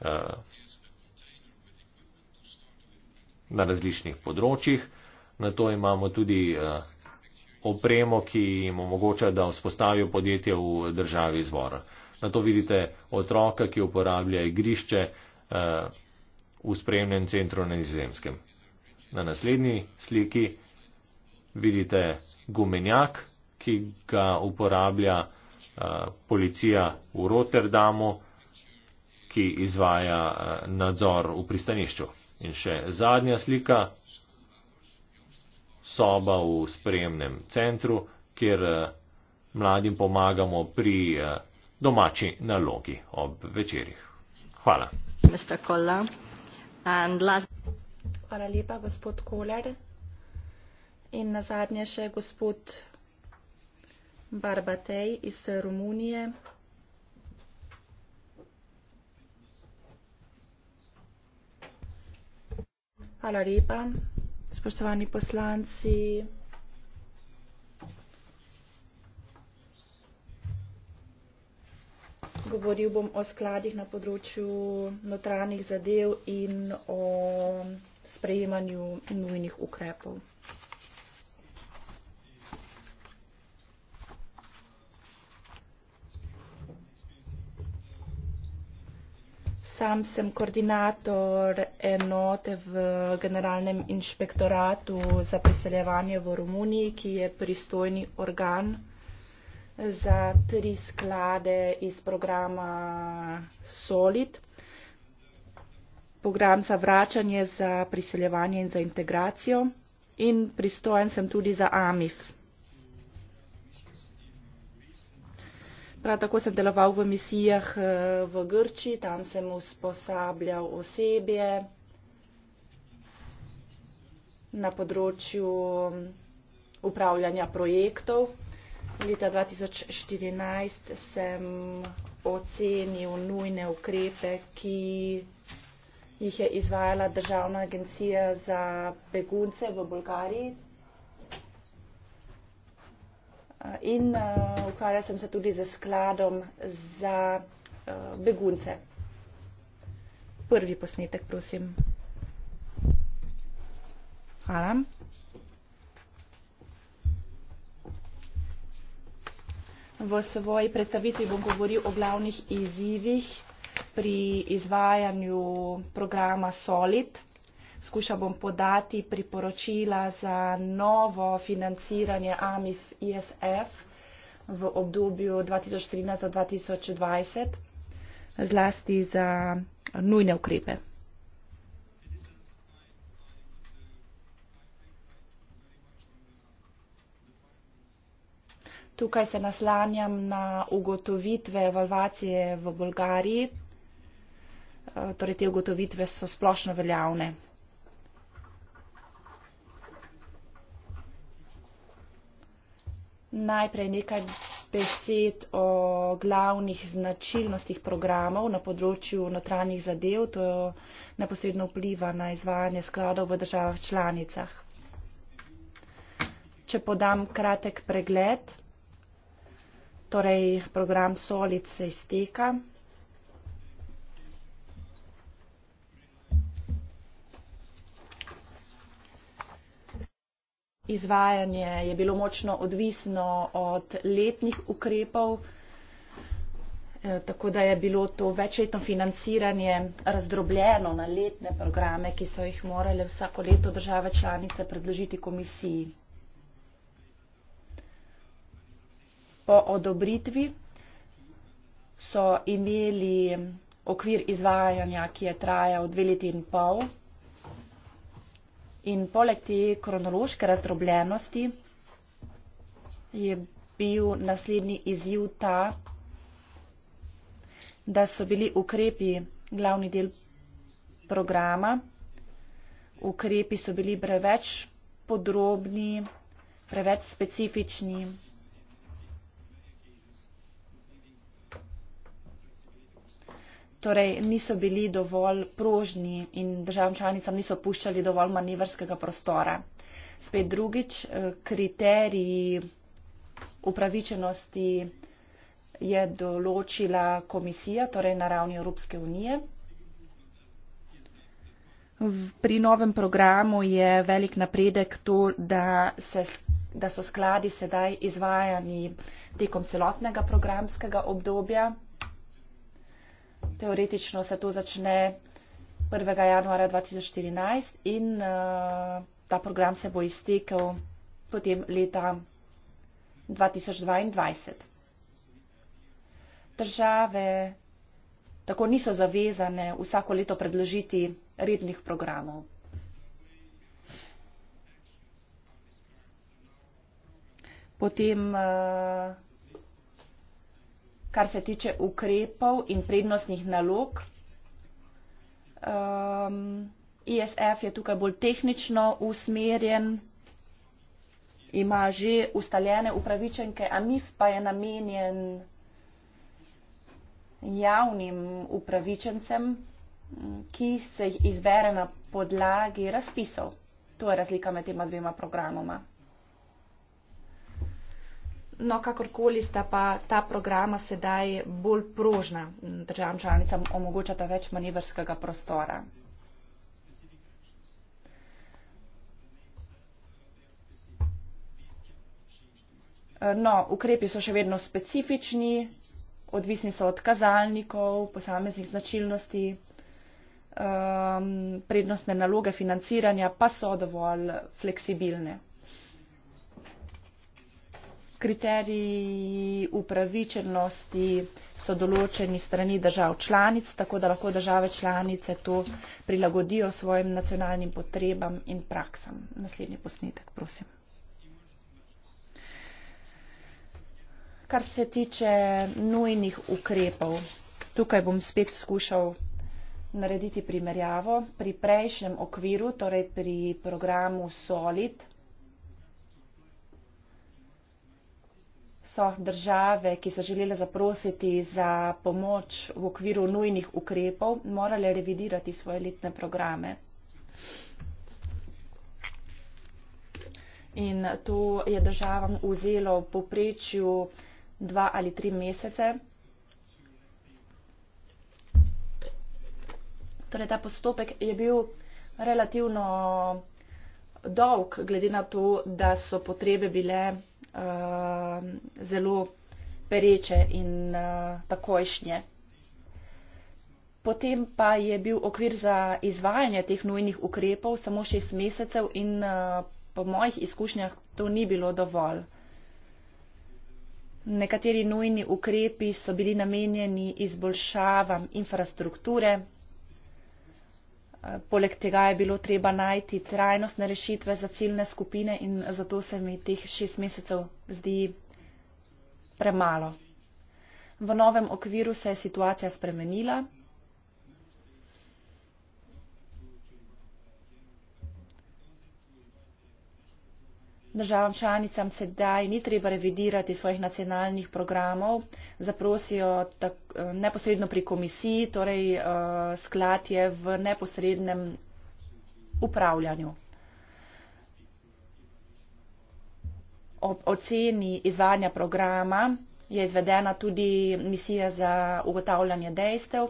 S2: Eh, na različnih področjih. Na to imamo tudi eh, opremo, ki jim omogoča, da vzpostavijo podjetje v državi izvora. Na to vidite otroka, ki uporablja igrišče eh, v spremnem centru na nizozemskem. Na naslednji sliki vidite gumenjak, ki ga uporablja policija v Rotterdamu ki izvaja eh, nadzor v pristanišču. In še zadnja slika, soba v spremnem centru, kjer eh, mladim pomagamo pri eh, domači nalogi ob večerjih. Hvala.
S1: Hvala lepa, gospod Koler. In na zadnje še gospod Barbatej iz Romunije. Hvala lepa. Spoštovani poslanci. Govoril bom o skladih na področju notranjih zadev in o sprejemanju nujnih ukrepov. sam sem koordinator enote v Generalnem inšpektoratu za priseljevanje v Romuniji, ki je pristojni organ za tri sklade iz programa SOLID. Program za vračanje, za priseljevanje in za integracijo. In pristojen sem tudi za AMIF. Prav tako sem deloval v misijah eh, v Grčiji, tam sem usposabljal osebje na področju mm, upravljanja projektov. Leta 2014 sem ocenil nujne ukrepe, ki jih je izvajala Državna agencija za begunce v Bolgariji in uh, eh, ukvarja sem se tudi z skladom za uh, begunce. Prvi posnetek, prosim. Hvala. V svoji predstavitvi bom govoril o glavnih izzivih pri izvajanju programa SOLID skušal bom podati priporočila za novo financiranje AMIF ISF v obdobju 2013-2020, zlasti za nujne ukrepe. Tukaj se naslanjam na ugotovitve evalvacije v Bolgariji, e, torej te ugotovitve so splošno veljavne. Najprej nekaj besed o glavnih značilnostih programov na področju notranjih zadev. To neposredno vpliva na izvajanje skladov v državah članicah. Če podam kratek pregled, torej program Solid se izteka. izvajanje je bilo močno odvisno od letnih ukrepov, eh, tako da je bilo to večletno financiranje razdrobljeno na letne programe, ki so jih morale vsako leto države članice predložiti komisiji. Po odobritvi so imeli okvir izvajanja, ki je trajal dve leti in pol. In poleg te kronološke razdrobljenosti je bil naslednji izjiv ta, da so bili ukrepi glavni del programa. Ukrepi so bili preveč podrobni, preveč specifični, torej niso bili dovolj prožni in državam članicam niso puščali dovolj manevrskega prostora. Spet drugič, eh, kriteriji upravičenosti je določila komisija, torej na ravni Evropske unije. Pri novem programu je velik napredek to, da, se, da so skladi sedaj izvajani tekom celotnega programskega obdobja teoretično se to začne 1. januarja 2014 in uh, ta program se bo iztekel potem leta 2022. Države tako niso zavezane vsako leto predložiti rednih programov. Potem uh, kar se tiče ukrepov in prednostnih nalog. Um, ISF e je tukaj bolj tehnično usmerjen, ima že ustaljene upravičenke, a MIF pa je namenjen javnim upravičencem, ki se jih izbere na podlagi razpisov. To je razlika med tema dvema programoma. No, kakorkoli sta pa ta programa sedaj bolj prožna, državam članicam omogočata več manevrskega prostora. No, ukrepi so še vedno specifični, odvisni so od kazalnikov, posameznih značilnosti, um, prednostne naloge financiranja pa so dovolj fleksibilne. Kriteriji upravičenosti so določeni strani držav članic, tako da lahko države članice to prilagodijo svojim nacionalnim potrebam in praksam. Naslednji posnetek, prosim. Kar se tiče nujnih ukrepov, tukaj bom spet skušal narediti primerjavo. Pri prejšnjem okviru, torej pri programu Solid, so države, ki so želele zaprositi za pomoč v okviru nujnih ukrepov, morale revidirati svoje letne programe. In to je državam vzelo v poprečju dva ali tri mesece. Torej, ta postopek je bil relativno dolg, glede na to, da so potrebe bile uh, zelo pereče in uh, takojšnje. Potem pa je bil okvir za izvajanje teh nujnih ukrepov samo šest mesecev in uh, po mojih izkušnjah to ni bilo dovolj. Nekateri nujni ukrepi so bili namenjeni izboljšavam infrastrukture, Eh, poleg tega je bilo treba najti trajnostne rešitve za ciljne skupine in zato se mi teh šest mesecev zdi premalo. V novem okviru se je situacija spremenila. državam članicam sedaj ni treba revidirati svojih nacionalnih programov, zaprosijo tak, eh, neposredno pri komisiji, torej eh, sklad je v neposrednem upravljanju. Ob oceni izvanja programa je izvedena tudi misija za ugotavljanje dejstev.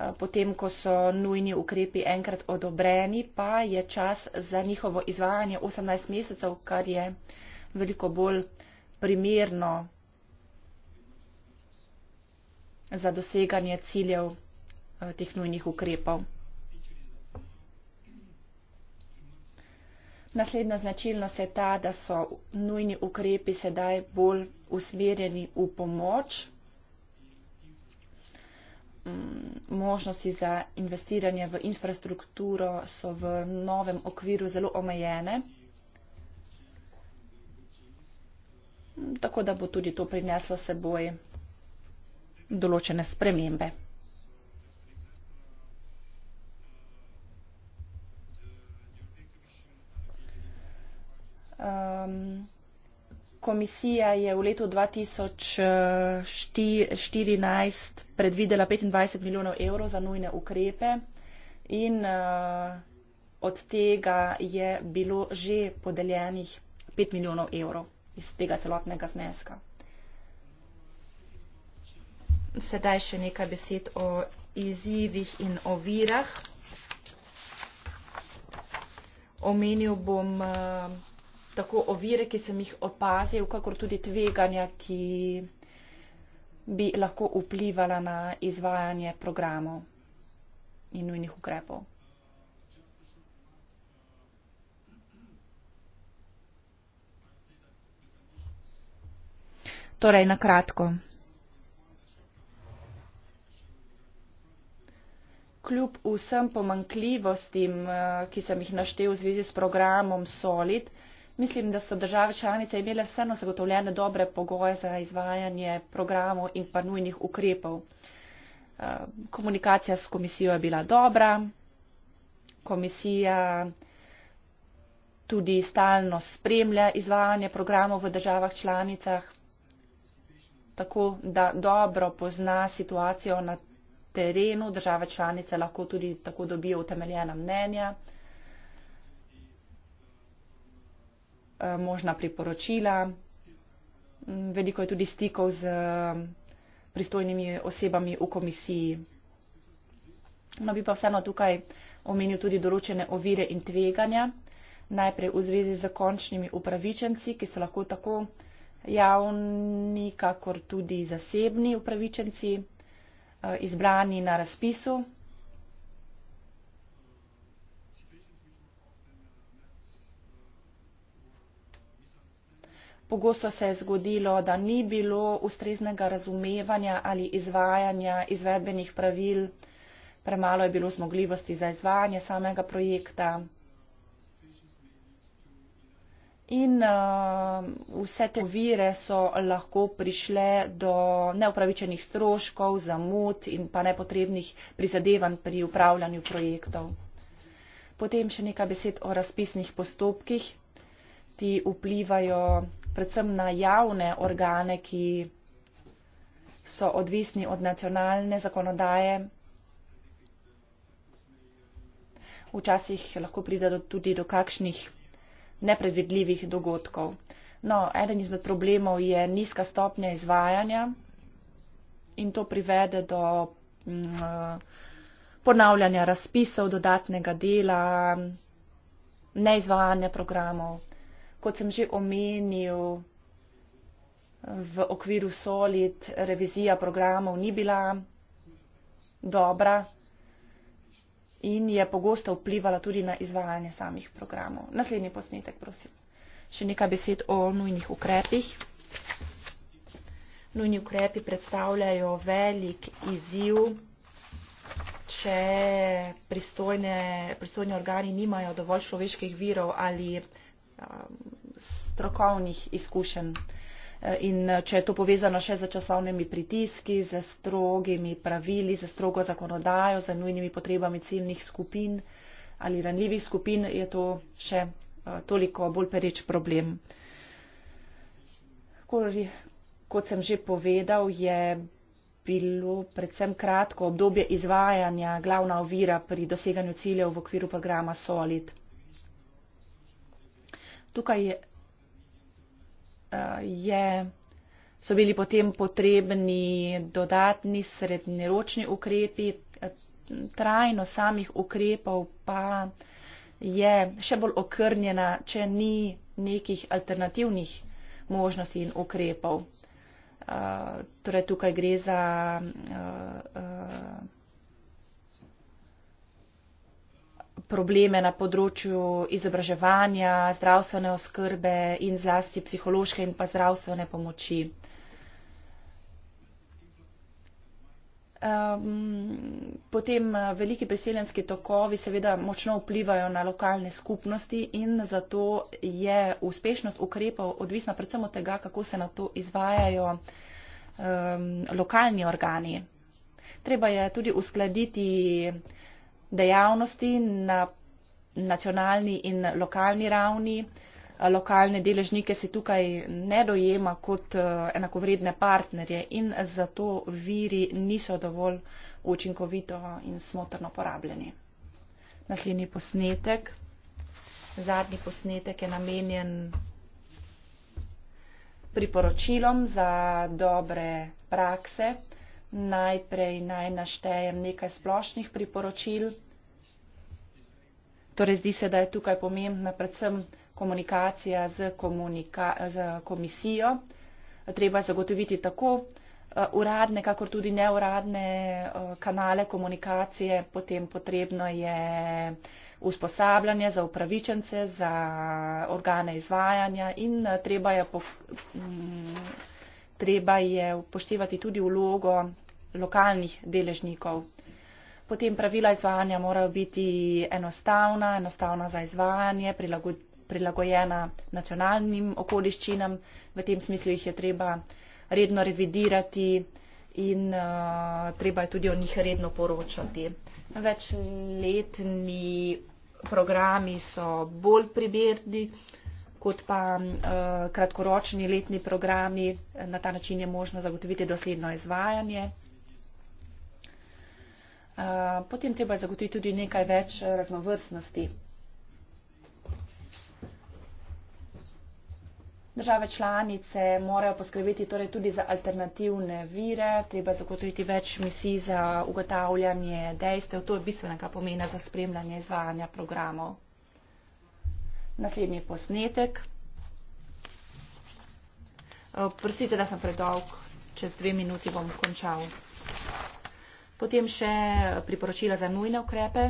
S1: Eh, potem ko so nujni ukrepi enkrat odobreni, pa je čas za njihovo izvajanje 18 mesecev, kar je veliko bolj primerno za doseganje ciljev eh, teh nujnih ukrepov. Naslednja značilnost je ta, da so nujni ukrepi sedaj bolj usmerjeni v pomoč Mm, možnosti za investiranje v infrastrukturo so v novem okviru zelo omejene, tako da bo tudi to prineslo seboj določene spremembe. Um, komisija je v letu 2014 predvidela petindvajset milijonov evrov za nujne ukrepe in uh, od tega je bilo že podeljenih pet milijonov evrov iz tega celotnega zneska. Sedaj še nekaj besed o izzivih in ovirah. Omenil bom uh, tako ovire, ki sem jih opazil, kakor tudi tveganja, ki bi lahko vplivala na izvajanje programov in nujnih ukrepov. Torej, na kratko. Kljub vsem pomankljivostim, eh, ki sem jih naštel v zvezi s programom Solid, mislim, da so države članice imele vseeno zagotovljene dobre pogoje za izvajanje programov in pa nujnih ukrepov. Eh, komunikacija s komisijo je bila dobra, komisija tudi stalno spremlja izvajanje programov v državah članicah, tako da dobro pozna situacijo na terenu, države članice lahko tudi tako dobijo utemeljena mnenja. Eh, možna priporočila. Mm, veliko je tudi stikov z eh, pristojnimi osebami v komisiji. No bi pa vseeno tukaj omenil tudi določene ovire in tveganja. Najprej v zvezi z končnimi upravičenci, ki so lahko tako javni, kakor tudi zasebni upravičenci, eh, izbrani na razpisu. Pogosto se je zgodilo, da ni bilo ustreznega razumevanja ali izvajanja izvedbenih pravil, premalo je bilo zmogljivosti za izvajanje samega projekta. In uh, vse te vire so lahko prišle do neupravičenih stroškov, zamud in pa nepotrebnih prizadevanj pri upravljanju projektov. Potem še nekaj besed o razpisnih postopkih. Ti vplivajo predvsem na javne organe, ki so odvisni od nacionalne zakonodaje. Včasih lahko pride do, tudi do kakšnih nepredvidljivih dogodkov. No, eden izmed problemov je nizka stopnja izvajanja in to privede do mm, ponavljanja razpisov, dodatnega dela, neizvajanja programov kot sem že omenil, v okviru solid revizija programov ni bila dobra in je pogosto vplivala tudi na izvajanje samih programov. Naslednji posnetek, prosim. Še nekaj besed o nujnih ukrepih. Nujni ukrepi predstavljajo velik izziv, če pristojne, pristojne organi nimajo dovolj človeških virov ali Um, strokovnih izkušenj. Eh, in eh, če je to povezano še z časovnimi pritiski, z strogimi pravili, z strogo zakonodajo, z nujnimi potrebami ciljnih skupin ali ranljivih skupin, je to še eh, toliko bolj pereč problem. Kot sem že povedal, je bilo predvsem kratko obdobje izvajanja glavna ovira pri doseganju ciljev v okviru programa Solid tukaj je, eh, je, so bili potem potrebni dodatni srednjeročni ukrepi, eh, trajno samih ukrepov pa je še bolj okrnjena, če ni nekih alternativnih možnosti in ukrepov. Uh, torej tukaj gre za uh, uh, probleme na področju izobraževanja, zdravstvene oskrbe in zlasti psihološke in pa zdravstvene pomoči. Um, potem eh, veliki priseljenski tokovi seveda močno vplivajo na lokalne skupnosti in zato je uspešnost ukrepov odvisna predvsem od tega, kako se na to izvajajo um, lokalni organi. Treba je tudi uskladiti uh, dejavnosti na nacionalni in lokalni ravni. Lokalne deležnike se tukaj ne dojema kot eh, enakovredne partnerje in zato viri niso dovolj učinkovito in smotrno porabljeni. Naslednji posnetek. Zadnji posnetek je namenjen priporočilom za dobre prakse Najprej naj naštejem nekaj splošnih priporočil. Torej, zdi se, da je tukaj pomembna predvsem komunikacija z, komunika z komisijo. Treba zagotoviti tako eh, uradne, kakor tudi neuradne eh, kanale komunikacije. Potem potrebno je usposabljanje za upravičence, za organe izvajanja in eh, treba je, mm, treba je upoštevati tudi vlogo lokalnih deležnikov. Potem pravila izvajanja morajo biti enostavna, enostavna za izvajanje, prilagojena nacionalnim okoliščinam, v tem smislu jih je treba redno revidirati in uh, treba je tudi o njih redno poročati. Večletni programi so bolj priberni kot pa uh, kratkoročni letni programi. Na ta način je možno zagotoviti dosledno izvajanje. Eh, potem treba zagotoviti tudi nekaj več eh, raznovrstnosti. Države članice morajo poskrbeti torej tudi za alternativne vire, treba zagotoviti več misij za ugotavljanje dejstev, to je bistvenega pomena za spremljanje izvajanja programov. Naslednji posnetek. Eh, Prosite, da sem predolg, čez dve minuti bom končal. Potem še priporočila za nujne ukrepe.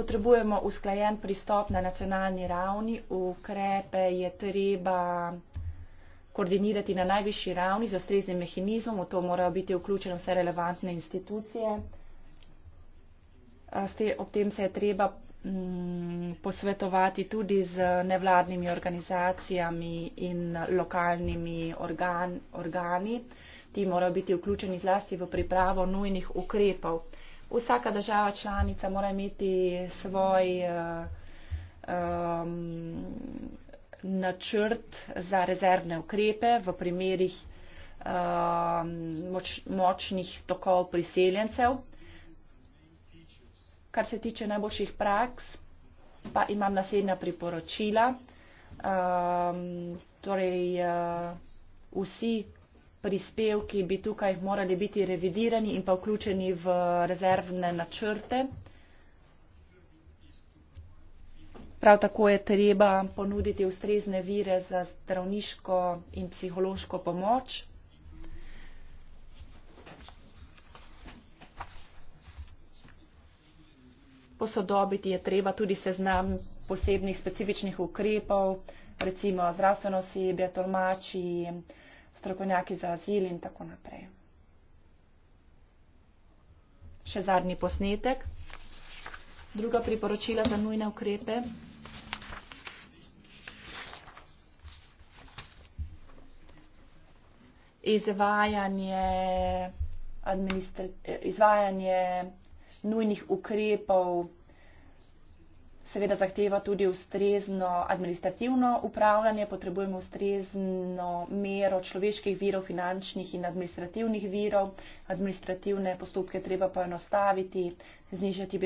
S1: Potrebujemo usklajen pristop na nacionalni ravni. Ukrepe je treba koordinirati na najvišji ravni z ustreznim mehanizmom. V to morajo biti vključene vse relevantne institucije. Ob tem se je treba Mm, posvetovati tudi z nevladnimi organizacijami in lokalnimi organ, organi. Ti morajo biti vključeni zlasti v pripravo nujnih ukrepov. Vsaka država članica mora imeti svoj uh, um, načrt za rezervne ukrepe v primerih uh, moč, močnih tokov priseljencev kar se tiče najboljših praks, pa imam naslednja priporočila. Um, torej, uh, vsi prispevki bi tukaj morali biti revidirani in pa vključeni v rezervne načrte. Prav tako je treba ponuditi ustrezne vire za zdravniško in psihološko pomoč posodobiti je treba tudi seznam posebnih specifičnih ukrepov, recimo zdravstveno osebje, tolmači, strokovnjaki za azil in tako naprej. Še zadnji posnetek. Druga priporočila za nujne ukrepe. Izvajanje, izvajanje nujnih ukrepov seveda zahteva tudi ustrezno administrativno upravljanje, potrebujemo ustrezno mero človeških virov, finančnih in administrativnih virov, administrativne postopke treba poenostaviti, znižati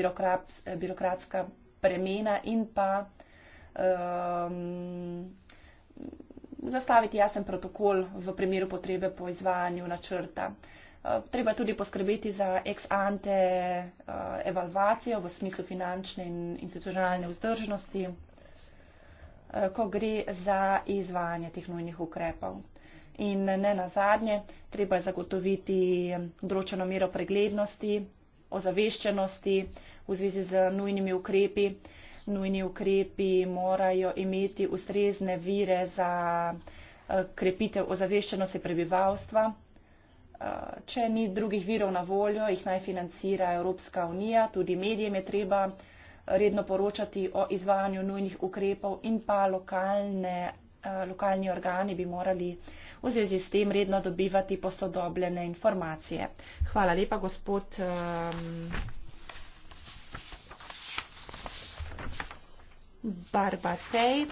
S1: birokratska bremena in pa um, zastaviti jasen protokol v primeru potrebe po izvajanju načrta. Uh, Eh, treba tudi poskrbeti za ex ante eh, evalvacijo v smislu finančne in institucionalne vzdržnosti, eh, ko gre za izvajanje teh nujnih ukrepov. In ne na zadnje, treba je zagotoviti določeno mero preglednosti, ozaveščenosti v zvezi z nujnimi ukrepi. Nujni ukrepi morajo imeti ustrezne vire za krepitev ozaveščenosti prebivalstva če ni drugih virov na voljo, jih naj financira Evropska unija, tudi medijem je treba redno poročati o izvajanju nujnih ukrepov in pa lokalne, eh, lokalni organi bi morali v zvezi s tem redno dobivati posodobljene informacije. Hvala lepa, gospod. Ehm, Barbatej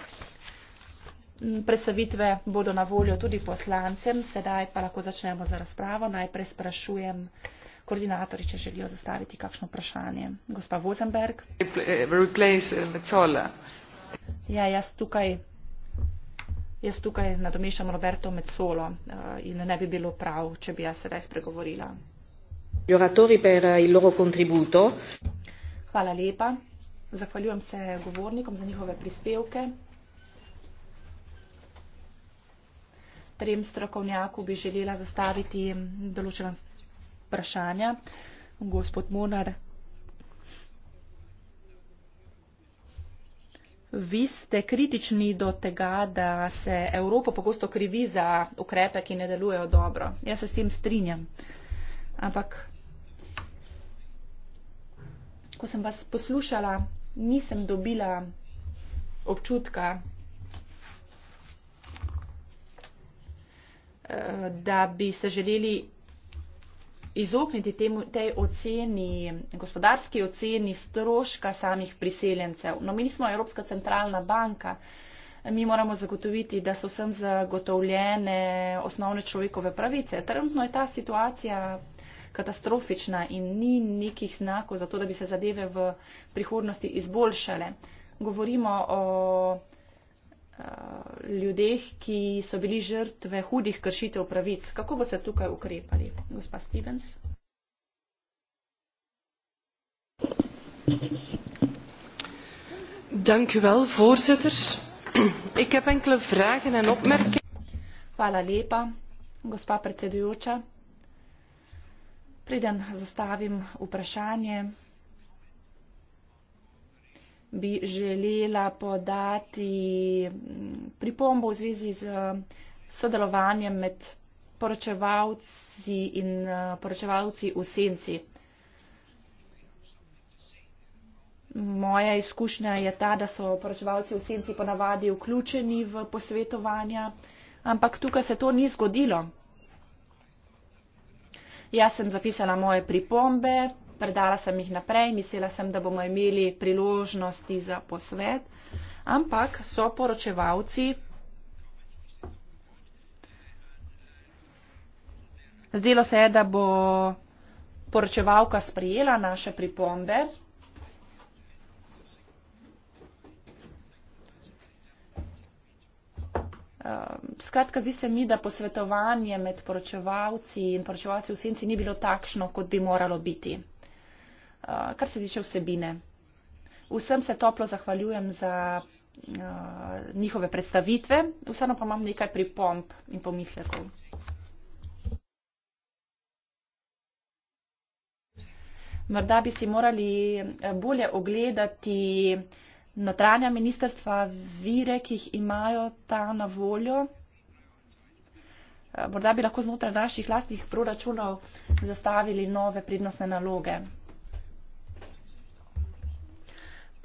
S1: predstavitve bodo na voljo tudi poslancem. Sedaj pa lahko začnemo z za razpravo. Najprej sprašujem koordinatorje, če želijo zastaviti kakšno vprašanje. Gospa Vozenberg. Ja, jaz tukaj, jaz tukaj nadomeščam Roberto Mezzolo eh, in ne bi bilo prav, če bi jaz sedaj spregovorila. Hvala lepa. Zahvaljujem se govornikom za njihove prispevke. trem strokovnjaku bi želela zastaviti določena vprašanja. Gospod Monar, vi ste kritični do tega, da se Evropa pogosto krivi za ukrepe, ki ne delujejo dobro. Jaz se s tem strinjam. Ampak, ko sem vas poslušala, nisem dobila občutka, Eh, da bi se želeli izogniti temu, tej oceni, gospodarski oceni stroška samih priseljencev. No, mi nismo Evropska centralna banka. Mi moramo zagotoviti, da so vsem zagotovljene osnovne človekove pravice. Trenutno je ta situacija katastrofična in ni nekih znakov za to, da bi se zadeve v prihodnosti izboljšale. Govorimo o Eh, ljudeh, ki so bili žrtve hudih kršitev pravic. Kako boste tukaj ukrepali, gospa Stevens? Dank u wel, voorzitter. Ik heb enkele vragen en opmerkingen. Hvala lepa, gospa predsedujoča. Preden zastavim vprašanje, bi želela podati mm, pripombo v zvezi z eh, sodelovanjem med poročevalci in eh, poročevalci v senci. Moja izkušnja je ta, da so poročevalci v senci ponavadi vključeni v posvetovanja, ampak tukaj se to ni zgodilo. Jaz sem zapisala moje pripombe, predala sem jih naprej, mislila sem, da bomo imeli priložnosti za posvet, ampak so poročevalci. Zdelo se je, da bo poročevalka sprejela naše pripombe. Ehm, skratka, zdi se mi, da posvetovanje med poročevalci in poročevalci v senci ni bilo takšno, kot bi moralo biti. Eh, kar se tiče vsebine. Vsem se toplo zahvaljujem za uh, njihove predstavitve, vseeno pa imam nekaj pripomp in pomislekov. Morda bi si morali eh, bolje ogledati notranja ministerstva vire, ki jih imajo ta na voljo. Morda bi lahko znotraj naših lastnih proračunov zastavili nove pridnostne naloge.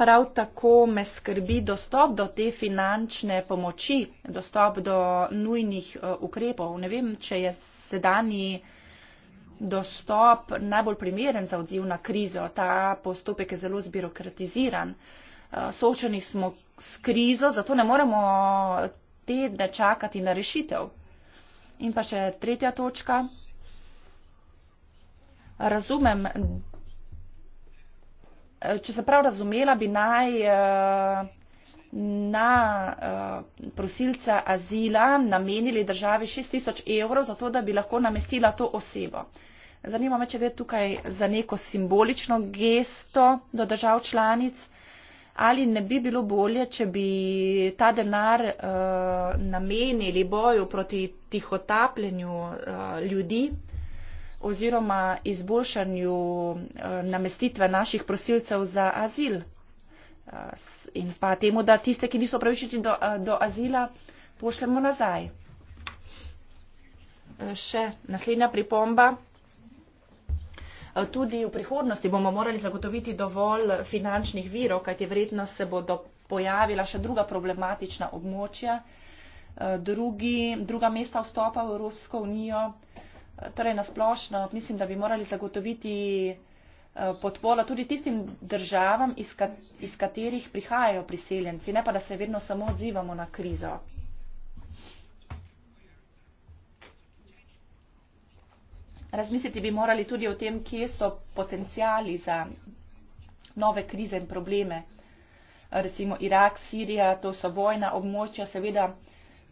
S1: Prav tako me skrbi dostop do te finančne pomoči, dostop do nujnih eh, ukrepov. Ne vem, če je sedani dostop najbolj primeren za odziv na krizo. Ta postopek je zelo zbirokratiziran. Eh, soočeni smo s krizo, zato ne moremo tedne čakati na rešitev. In pa še tretja točka. Razumem, Eh, če sem prav razumela, bi naj eh, na eh, prosilca azila namenili državi 6000 evrov, zato da bi lahko namestila to osebo. Zanima me, če gre tukaj za neko simbolično gesto do držav članic ali ne bi bilo bolje, če bi ta denar uh, namenili boju proti tihotapljenju uh, ljudi, oziroma izboljšanju eh, namestitve naših prosilcev za azil eh, in pa temu, da tiste, ki niso pravičiti do, eh, do azila, pošljemo nazaj. Še naslednja pripomba. Tudi v prihodnosti bomo morali zagotoviti dovolj finančnih virov, kajti vredno se bodo pojavila še druga problematična območja, drugi, druga mesta vstopa v Evropsko unijo torej na splošno mislim da bi morali zagotoviti eh, podporo tudi tistim državam iz, kat iz katerih prihajajo priseljenci ne pa da se vedno samo odzivamo na krizo. Razmisliti bi morali tudi o tem, kje so potencijali za nove krize in probleme. Recimo Irak, Sirija, to so vojna območja, seveda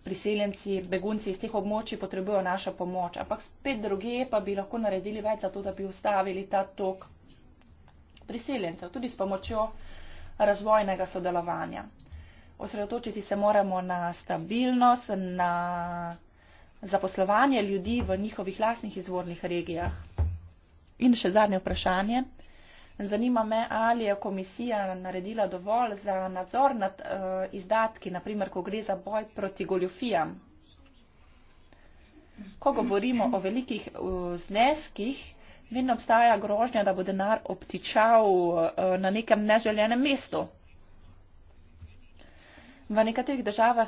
S1: priseljenci, begunci iz teh območij potrebujejo našo pomoč, ampak spet druge pa bi lahko naredili več za to, da bi ustavili ta tok priseljencev, tudi s pomočjo razvojnega sodelovanja. Osredotočiti se moramo na stabilnost, na zaposlovanje ljudi v njihovih lasnih izvornih regijah. In še zadnje vprašanje. Zanima me, ali je komisija naredila dovolj za nadzor nad uh, izdatki, naprimer, ko gre za boj proti goljofijam. Ko govorimo o velikih uh, zneskih, vedno obstaja grožnja, da bo denar obtičal uh, na nekem neželjenem mestu. V nekaterih državah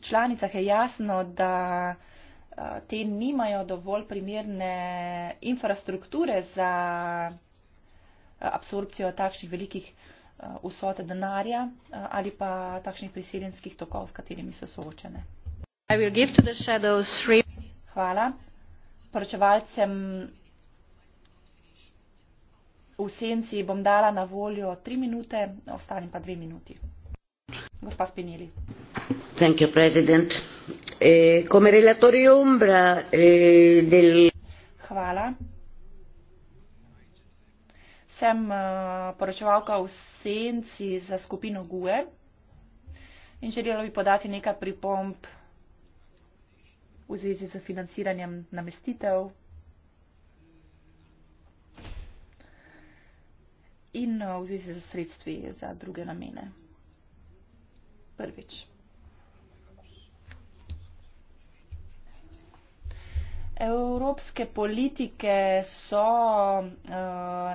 S1: članicah je jasno, da uh, te nimajo dovolj primerne infrastrukture za Eh, absorpcijo takšnih velikih eh, vsote denarja eh, ali pa takšnih priseljenskih tokov, s katerimi so soočene. Hvala. Poročevalcem v senci bom dala na voljo tri minute, ostalim pa dve minuti. Gospa Spinelli.
S3: Thank you, President. Eh, come relatori ombra eh, del.
S1: Hvala sem eh, poročevalka v senci za skupino GUE in želela bi podati nekaj pripomp v zvezi z financiranjem namestitev. in eh, v zvezi z sredstvi za druge namene. Prvič. Evropske politike so uh,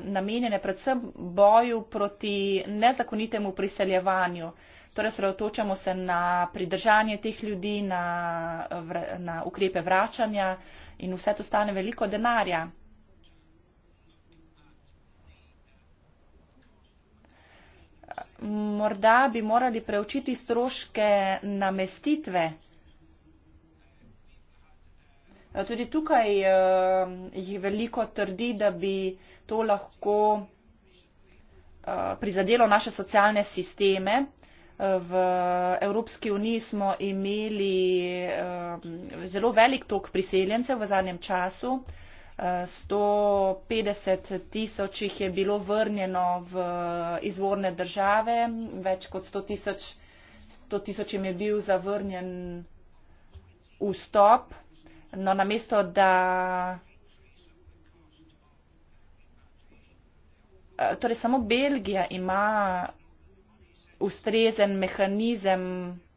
S1: namenjene predvsem boju proti nezakonitemu priseljevanju. Torej, sredotočamo se na pridržanje teh ljudi, na, na ukrepe vračanja in vse to stane veliko denarja. Morda bi morali preučiti stroške namestitve. Eh, tudi tukaj eh, jih veliko trdi, da bi to lahko eh, prizadelo naše socialne sisteme. V Evropski uniji smo imeli zelo velik tok priseljencev v zadnjem času. 150 tisoč jih je bilo vrnjeno v izvorne države, več kot 100 tisoč 100 jim je bil zavrnjen vstop. No, namesto, da eh, torej samo Belgija ima ustrezen mehanizem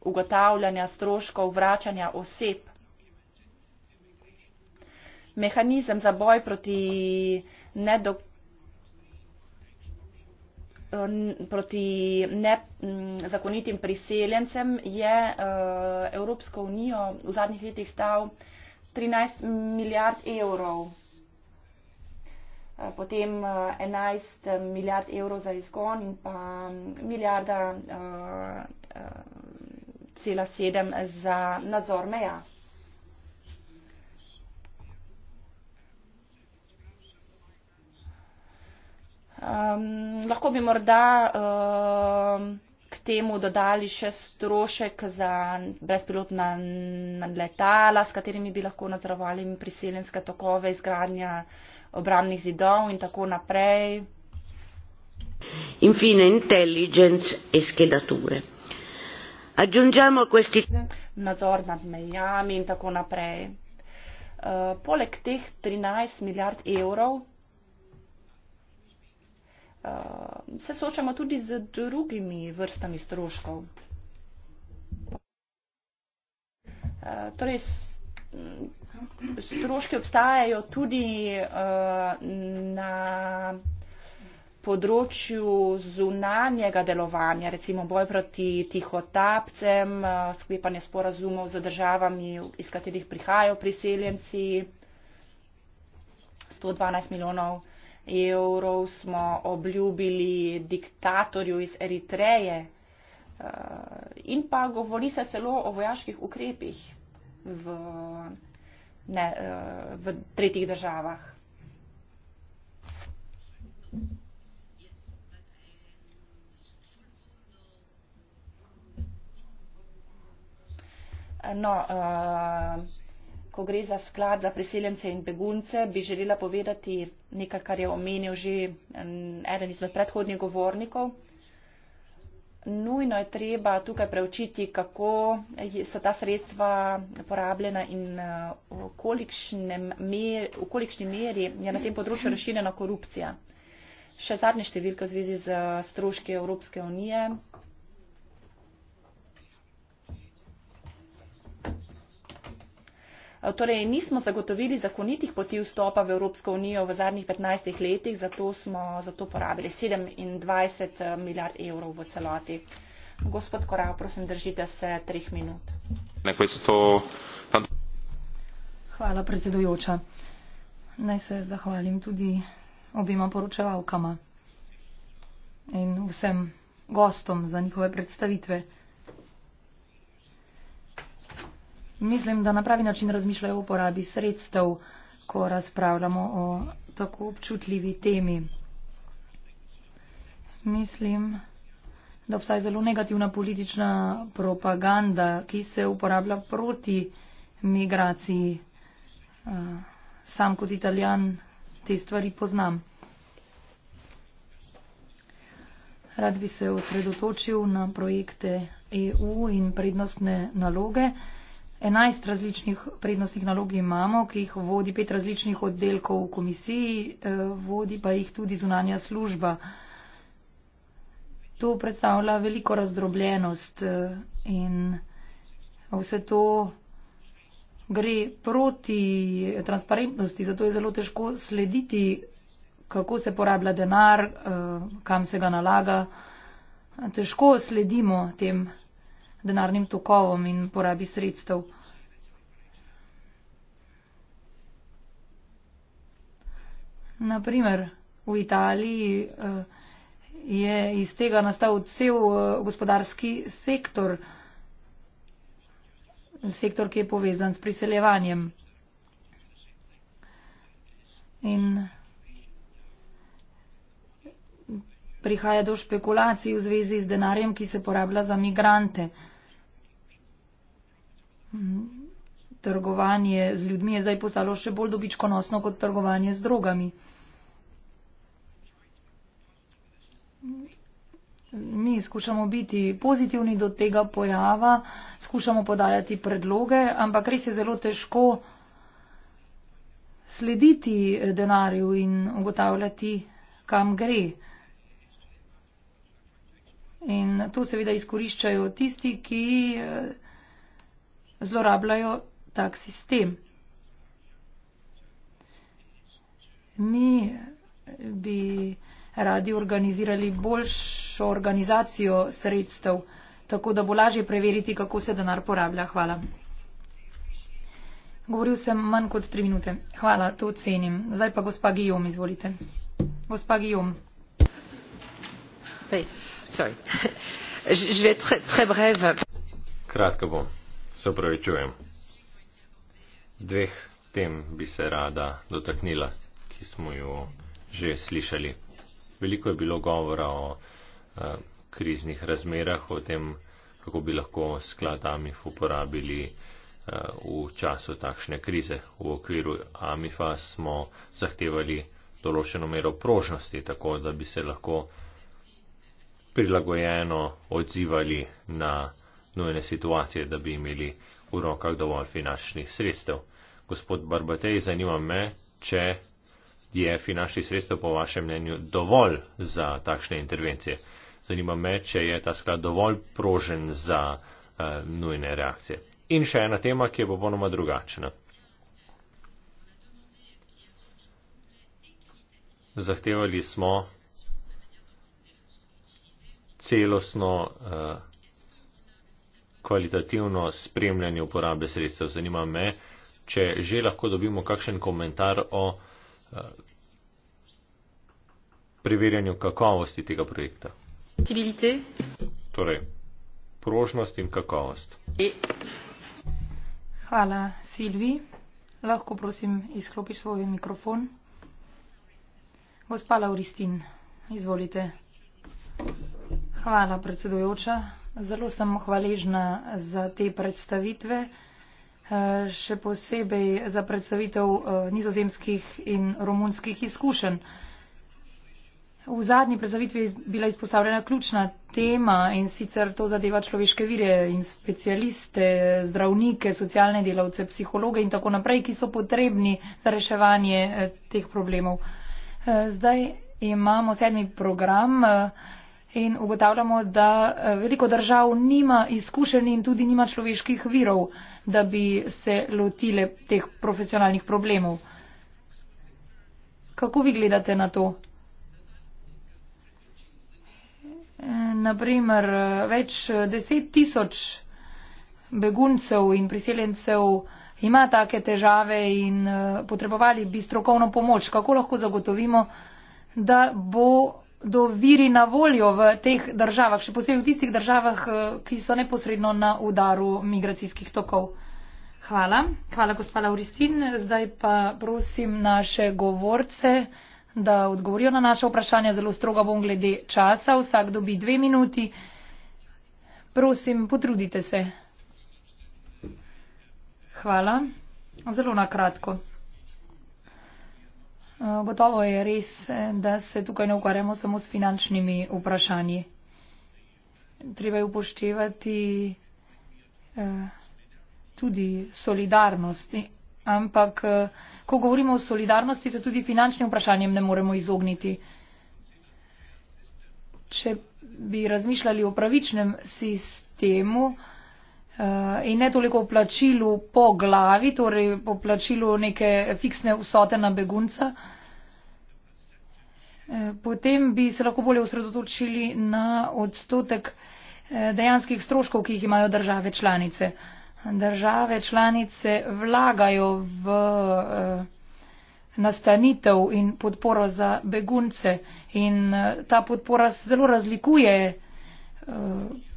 S1: ugotavljanja stroškov vračanja oseb. Mehanizem za boj proti, nedok, proti nezakonitim priseljencem je eh, Evropsko unijo v zadnjih letih stal 13 milijard evrov, eh, potem 11 eh, eh, milijard evrov za izgon in pa mm, milijarda cela sedem za nadzor meja. Um, lahko bi morda. Um, temu dodali še strošek za brezpilotna letala, s katerimi bi lahko nadzorovali priseljenske tokove, izgradnja obramnih zidov in tako naprej. Infine, intelligence e schedature. Aggiungiamo questi. Nadzor nad mejami in tako naprej. Uh, poleg teh 13 milijard evrov Eh, se soočamo tudi z drugimi vrstami stroškov. Eh, torej, mm, stroške obstajajo tudi eh, na področju zunanjega delovanja, recimo boj proti tihotapcem, sklepanje sporazumov z državami, iz katerih prihajajo priseljenci, 112 milijonov evrov smo obljubili diktatorju iz Eritreje. Eh, in pa govori se celo o vojaških ukrepih v, ne, eh, v tretjih državah. No, uh, ko gre za sklad za priseljence in begunce, bi želela povedati nekaj, kar je omenil že eden izmed predhodnih govornikov. Nujno je treba tukaj preučiti, kako so ta sredstva porabljena in eh, v kolikšni meri je na tem področju razširjena korupcija. Še zadnje številke v zvezi z stroške Evropske unije Eh, torej, nismo zagotovili zakonitih poti vstopa v Evropsko unijo v zadnjih 15 letih, zato smo za to porabili 27 eh, milijard evrov v celoti. Gospod Korav, prosim, držite se treh minut.
S3: Hvala, predsedujoča. Naj se zahvalim tudi obima poročevalkama in vsem gostom za njihove predstavitve. Mislim, da na pravi način razmišljajo o uporabi sredstev, ko razpravljamo o tako občutljivi temi. Mislim, da obstaja zelo negativna politična propaganda, ki se uporablja proti migraciji. Eh, sam kot italijan te stvari poznam. Rad bi se osredotočil na projekte EU in prednostne naloge. 11 različnih prednostnih nalog imamo, ki jih vodi pet različnih oddelkov v komisiji, eh, vodi pa jih tudi zunanja služba. To predstavlja veliko razdrobljenost eh, in vse to gre proti transparentnosti, zato je zelo težko slediti, kako se porablja denar, eh, kam se ga nalaga. Težko sledimo tem denarnim tokovom in porabi sredstev. Naprimer, v Italiji eh, je iz tega nastal cel eh, gospodarski sektor, sektor, ki je povezan s priseljevanjem. In prihaja do špekulacij v zvezi z denarjem, ki se porablja za migrante trgovanje z ljudmi je zdaj postalo še bolj dobičkonosno kot trgovanje z drogami. Mi skušamo biti pozitivni do tega pojava, skušamo podajati predloge, ampak res je zelo težko slediti denarju in ugotavljati, kam gre. In to seveda izkoriščajo tisti, ki eh, zlorabljajo tak sistem. Mi bi radi organizirali boljšo organizacijo sredstev, tako da bo lažje preveriti, kako se denar porablja. Hvala. Govoril sem manj kot tri minute. Hvala, to cenim. Zdaj pa gospa Gijom, izvolite. Gospa Gijom.
S2: (laughs) Kratko bom. Se upravičujem. Dveh tem bi se rada dotaknila, ki smo jo že slišali. Veliko je bilo govora o eh, kriznih razmerah, o tem, kako bi lahko sklad AMIF uporabili eh, v času takšne krize. V okviru AMIF-a smo zahtevali določeno mero prožnosti, tako da bi se lahko prilagojeno odzivali na nujne situacije, da bi imeli v rokah dovolj finančnih sredstev. Gospod Barbatej, zanima me, če je finančnih sredstev po vašem mnenju dovolj za takšne intervencije. Zanima me, če je ta sklad dovolj prožen za uh, nujne reakcije. In še ena tema, ki je popolnoma drugačna. Zahtevali smo celostno uh, kvalitativno spremljanje uporabe sredstev. Zanima me, če že lahko dobimo kakšen komentar o eh, preverjanju kakovosti tega projekta. Civilite. Torej, prožnost in kakovost. E.
S3: Hvala, Silvi. Lahko prosim izklopiš svoj mikrofon. Gospa Lauristin, izvolite. Hvala, predsedujoča. Zelo sem hvaležna za te predstavitve, eh, še posebej za predstavitev eh, nizozemskih in romunskih izkušenj. V zadnji predstavitvi je bila izpostavljena ključna tema in sicer to zadeva človeške vire in specialiste, zdravnike, socialne delavce, psihologe in tako naprej, ki so potrebni za reševanje eh, teh problemov. Zdaj imamo sedmi program in ugotavljamo, da eh, veliko držav nima izkušenj in tudi nima človeških virov, da bi se lotile teh profesionalnih problemov. Kako vi gledate na to? Eh, Naprimer, eh, več deset tisoč beguncev in priseljencev ima take težave in potrebovali bi strokovno pomoč. Kako lahko zagotovimo, da bo do viri na voljo v teh državah, še posebej v tistih državah, eh, ki so neposredno na udaru migracijskih tokov. Hvala. Hvala, gospa Lauristin. Zdaj pa prosim naše govorce, da odgovorijo na naše vprašanja. Zelo strogo bom glede časa. Vsak dobi dve minuti. Prosim, potrudite se. Hvala. Zelo na kratko. Eh, gotovo je res, eh, da se tukaj ne ukvarjamo samo s finančnimi vprašanji. Treba je upoštevati eh, tudi solidarnost. Ampak, ko govorimo o solidarnosti, se tudi finančnim vprašanjem ne moremo izogniti. Če bi razmišljali o pravičnem sistemu in ne toliko o plačilu po glavi, torej po plačilu neke fiksne vsote na begunca, Eh, potem bi se lahko bolje osredotočili na odstotek eh, dejanskih stroškov, ki jih imajo države članice. Države članice vlagajo v eh, nastanitev in podporo za begunce in ta podpora se zelo razlikuje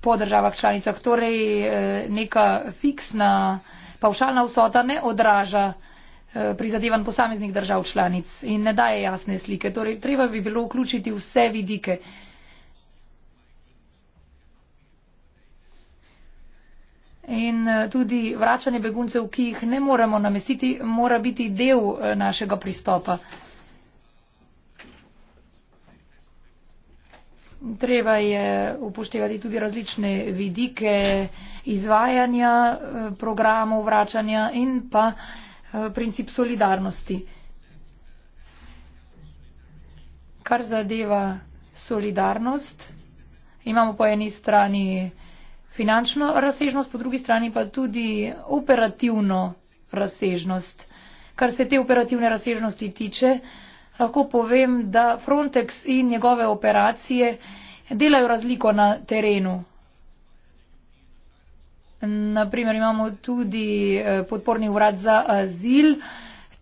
S3: po državah članicah, torej neka fiksna pavšalna vsota ne odraža prizadevanj posameznih držav članic in ne daje jasne slike. Torej, treba bi bilo vključiti vse vidike. In eh, tudi vračanje beguncev, ki jih ne moremo namestiti, mora biti del eh, našega pristopa. Treba je upoštevati tudi različne vidike izvajanja eh, programov vračanja in pa Eh, princip solidarnosti. Kar zadeva solidarnost, imamo po eni strani finančno razsežnost, po drugi strani pa tudi operativno razsežnost. Kar se te operativne razsežnosti tiče, lahko povem, da Frontex in njegove operacije delajo razliko na terenu. Naprimer, imamo tudi eh, podporni urad za eh, azil.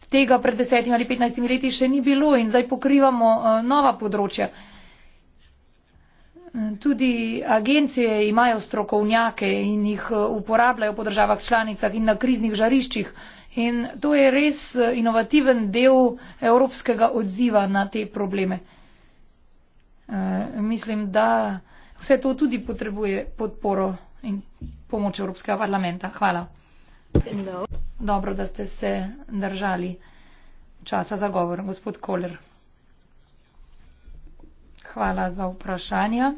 S3: Tega pred desetimi ali petnajstimi leti še ni bilo in zdaj pokrivamo eh, nova področja. Tudi agencije imajo strokovnjake in jih uporabljajo po državah članicah in na kriznih žariščih. In to je res inovativen del evropskega odziva na te probleme. E, mislim, da vse to tudi potrebuje podporo in pomoč Evropskega parlamenta. Hvala. No. Dobro, da ste se držali časa za govor. Gospod Koler. Hvala za vprašanja.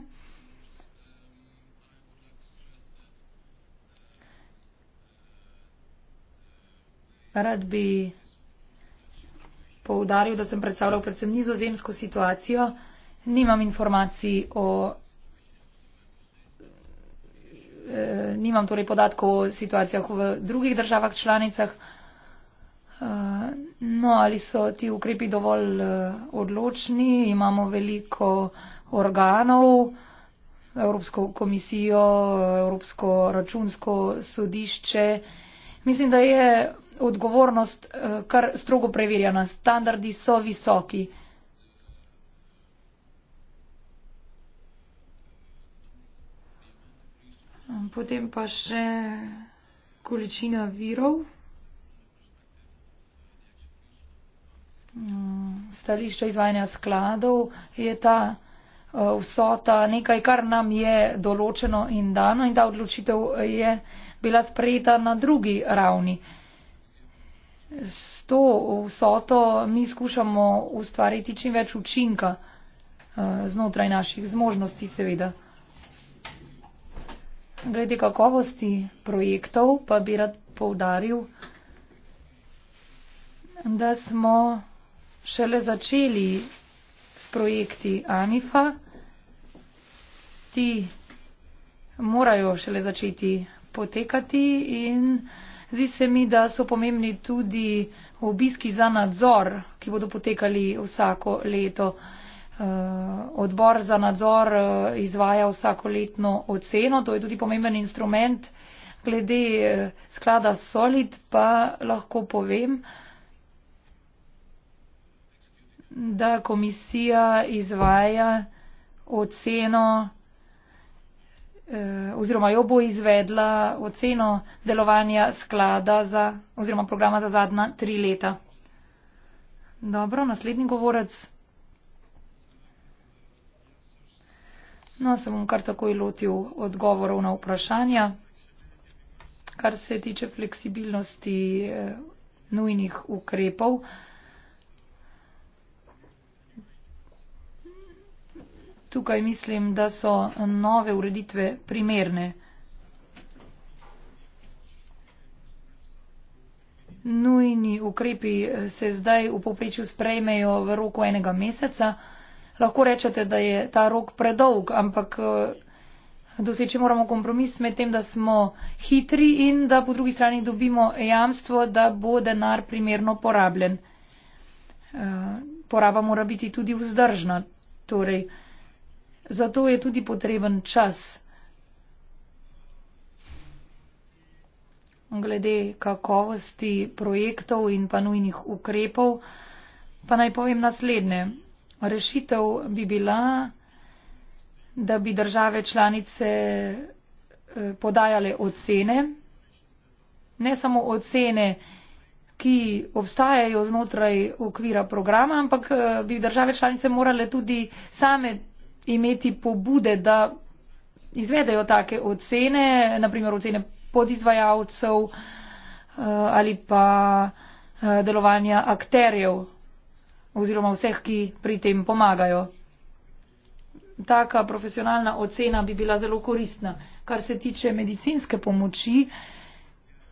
S3: Rad bi poudaril, da sem predstavljal predvsem nizozemsko situacijo. Nimam informacij o Eh, nimam torej podatkov o situacijah v drugih državah članicah. Eh, no, ali so ti ukrepi dovolj eh, odločni? Imamo veliko organov, Evropsko komisijo, Evropsko računsko sodišče. Mislim, da je odgovornost kar strogo preverjena. Standardi so visoki. Potem pa še količina virov, stališča izvajanja skladov, je ta eh, vsota nekaj, kar nam je določeno in dano in ta odločitev je bila sprejeta na drugi ravni. S to vsoto mi skušamo ustvariti čim več učinka eh, znotraj naših zmožnosti, seveda. Glede kakovosti projektov pa bi rad povdaril, da smo šele začeli s projekti Anifa. Ti morajo šele začeti potekati in zdi se mi, da so pomembni tudi obiski za nadzor, ki bodo potekali vsako leto. Eh, odbor za nadzor eh, izvaja vsakoletno oceno, to je tudi pomemben instrument. Glede eh, sklada Solid pa lahko povem, da komisija izvaja oceno oziroma jo bo izvedla oceno delovanja sklada za, oziroma programa za zadnja tri leta. Dobro, naslednji govorec. No, se bom kar takoj lotil odgovorov na vprašanja. Kar se tiče fleksibilnosti eh, nujnih ukrepov, tukaj mislim, da so nove ureditve primerne. Nujni ukrepi eh, se zdaj v poprečju sprejmejo v roku enega meseca lahko rečete, da je ta rok predolg, ampak eh, doseči moramo kompromis med tem, da smo hitri in da po drugi strani dobimo jamstvo, da bo denar primerno porabljen. Eh, poraba mora biti tudi vzdržna. Torej, zato je tudi potreben čas. Glede kakovosti projektov in pa nujnih ukrepov, pa naj povem naslednje. Rešitev bi bila, da bi države članice eh, podajale ocene, ne samo ocene, ki obstajajo znotraj okvira programa, ampak eh, bi države članice morale tudi same imeti pobude, da izvedejo take ocene, naprimer ocene podizvajalcev eh, ali pa delovanja akterjev oziroma vseh, ki pri tem pomagajo. Taka profesionalna ocena bi bila zelo koristna. Kar se tiče medicinske pomoči,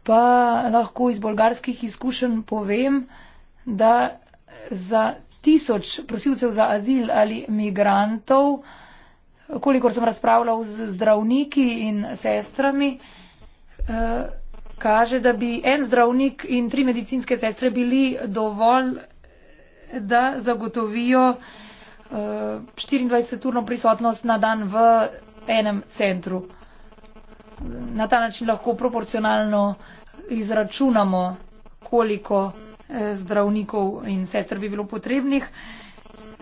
S3: pa lahko iz bolgarskih izkušenj povem, da za tisoč prosilcev za azil ali migrantov, kolikor sem razpravljal z zdravniki in sestrami, eh, kaže, da bi en zdravnik in tri medicinske sestre bili dovolj da zagotovijo 24-urno eh, prisotnost na dan v enem centru. Na ta način lahko proporcionalno izračunamo, koliko eh, zdravnikov in sester bi bilo potrebnih.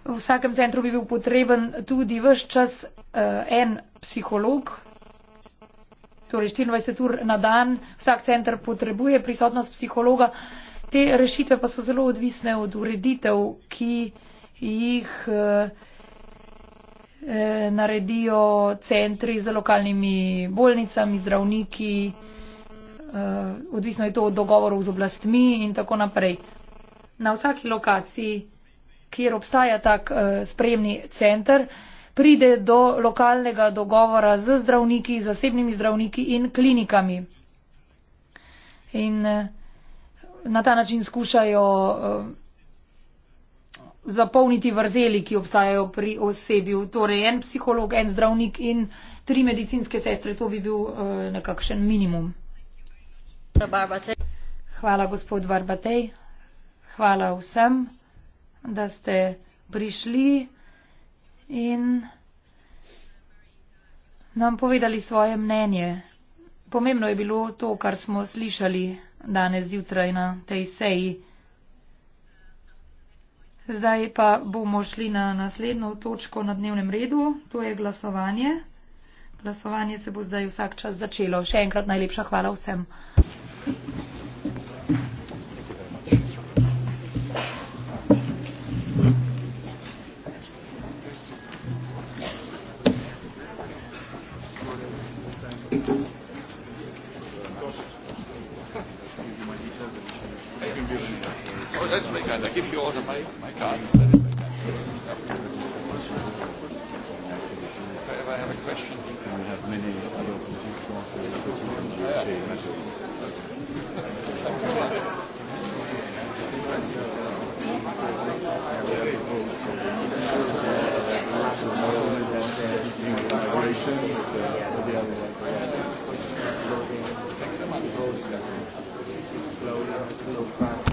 S3: V vsakem centru bi bil potreben tudi vse čas eh, en psiholog, torej 24 ur na dan. Vsak center potrebuje prisotnost psihologa. Te rešitve pa so zelo odvisne od ureditev, ki jih eh, eh, naredijo centri z lokalnimi bolnicami, zdravniki, eh, odvisno je to od dogovorov z oblastmi in tako naprej. Na vsaki lokaciji, kjer obstaja tak eh, spremni center, pride do lokalnega dogovora z zdravniki, zasebnimi zdravniki in klinikami. In, eh, na ta način skušajo eh, zapolniti vrzeli, ki obstajajo pri osebju. Torej, en psiholog, en zdravnik in tri medicinske sestre, to bi bil eh, nekakšen minimum. Hvala, gospod Barbatej. Hvala vsem, da ste prišli in nam povedali svoje mnenje. Pomembno je bilo to, kar smo slišali danes zjutraj na tej seji. Zdaj pa bomo šli na naslednjo točko na dnevnem redu, to je glasovanje. Glasovanje se bo zdaj vsak čas začelo. Še enkrat najlepša hvala vsem.
S2: sense of mechanics. I give you order my, my car. That is mechanics. If I have a question.
S1: And we have many other Thanks so much.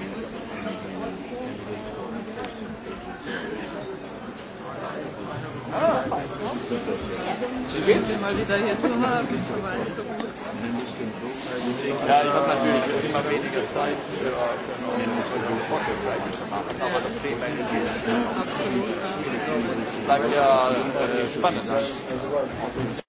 S2: Wie geht's dir mal wieder hier zu haben? So weit, so gut. Ja, ich habe natürlich immer
S1: weniger Zeit für, für neue Forschungsseiten zu machen, aber das Thema ist hier. Absolut.
S2: Bleibt ja äh, spannend. Ja.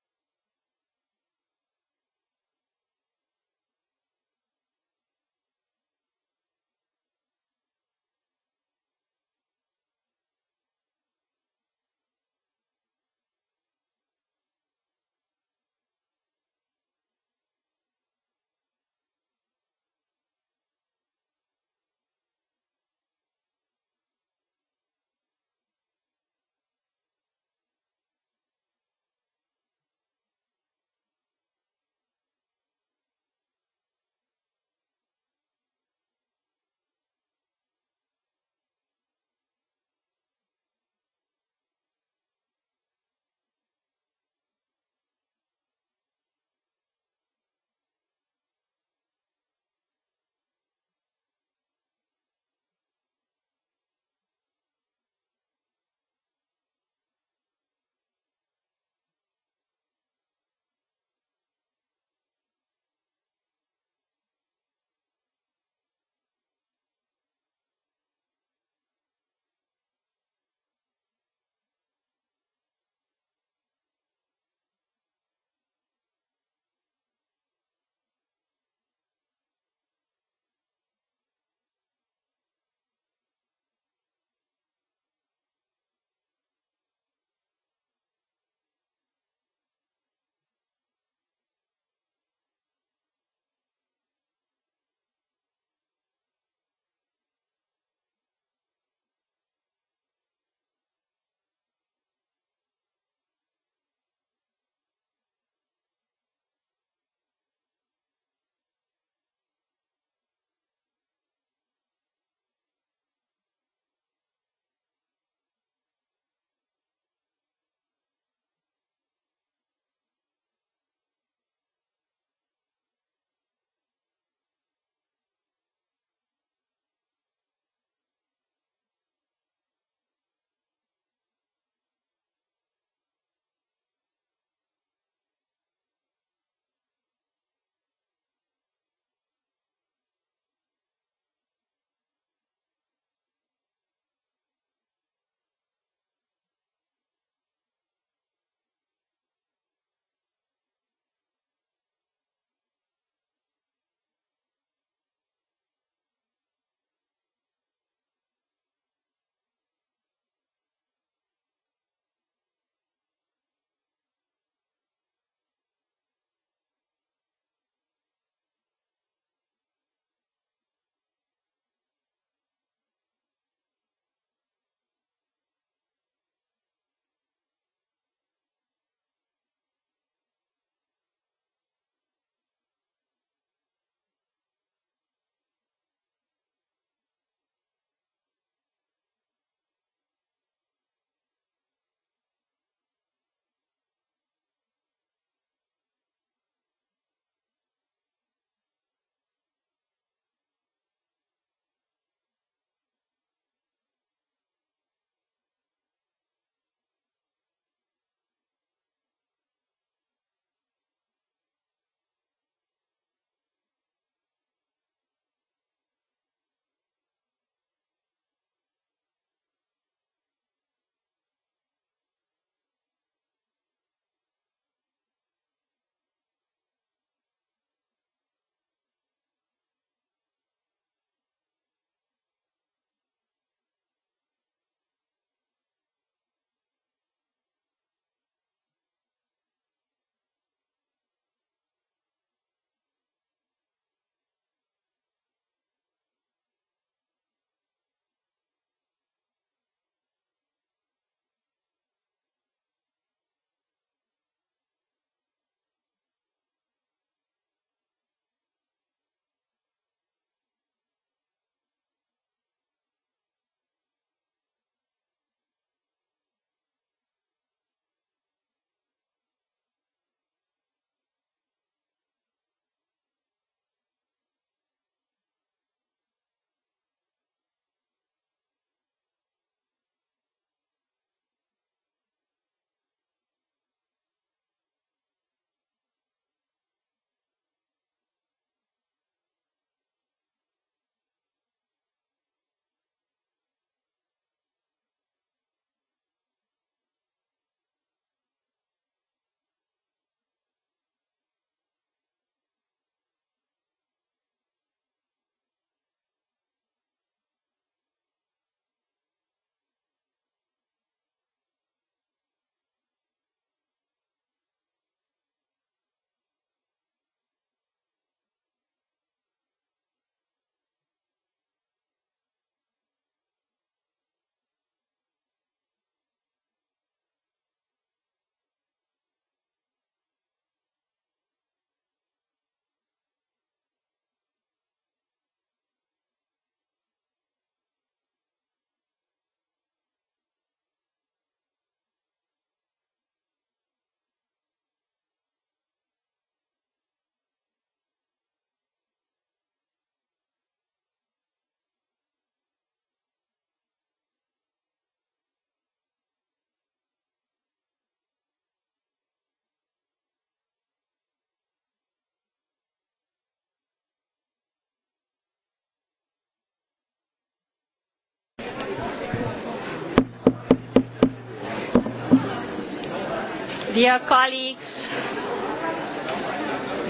S1: dear colleagues,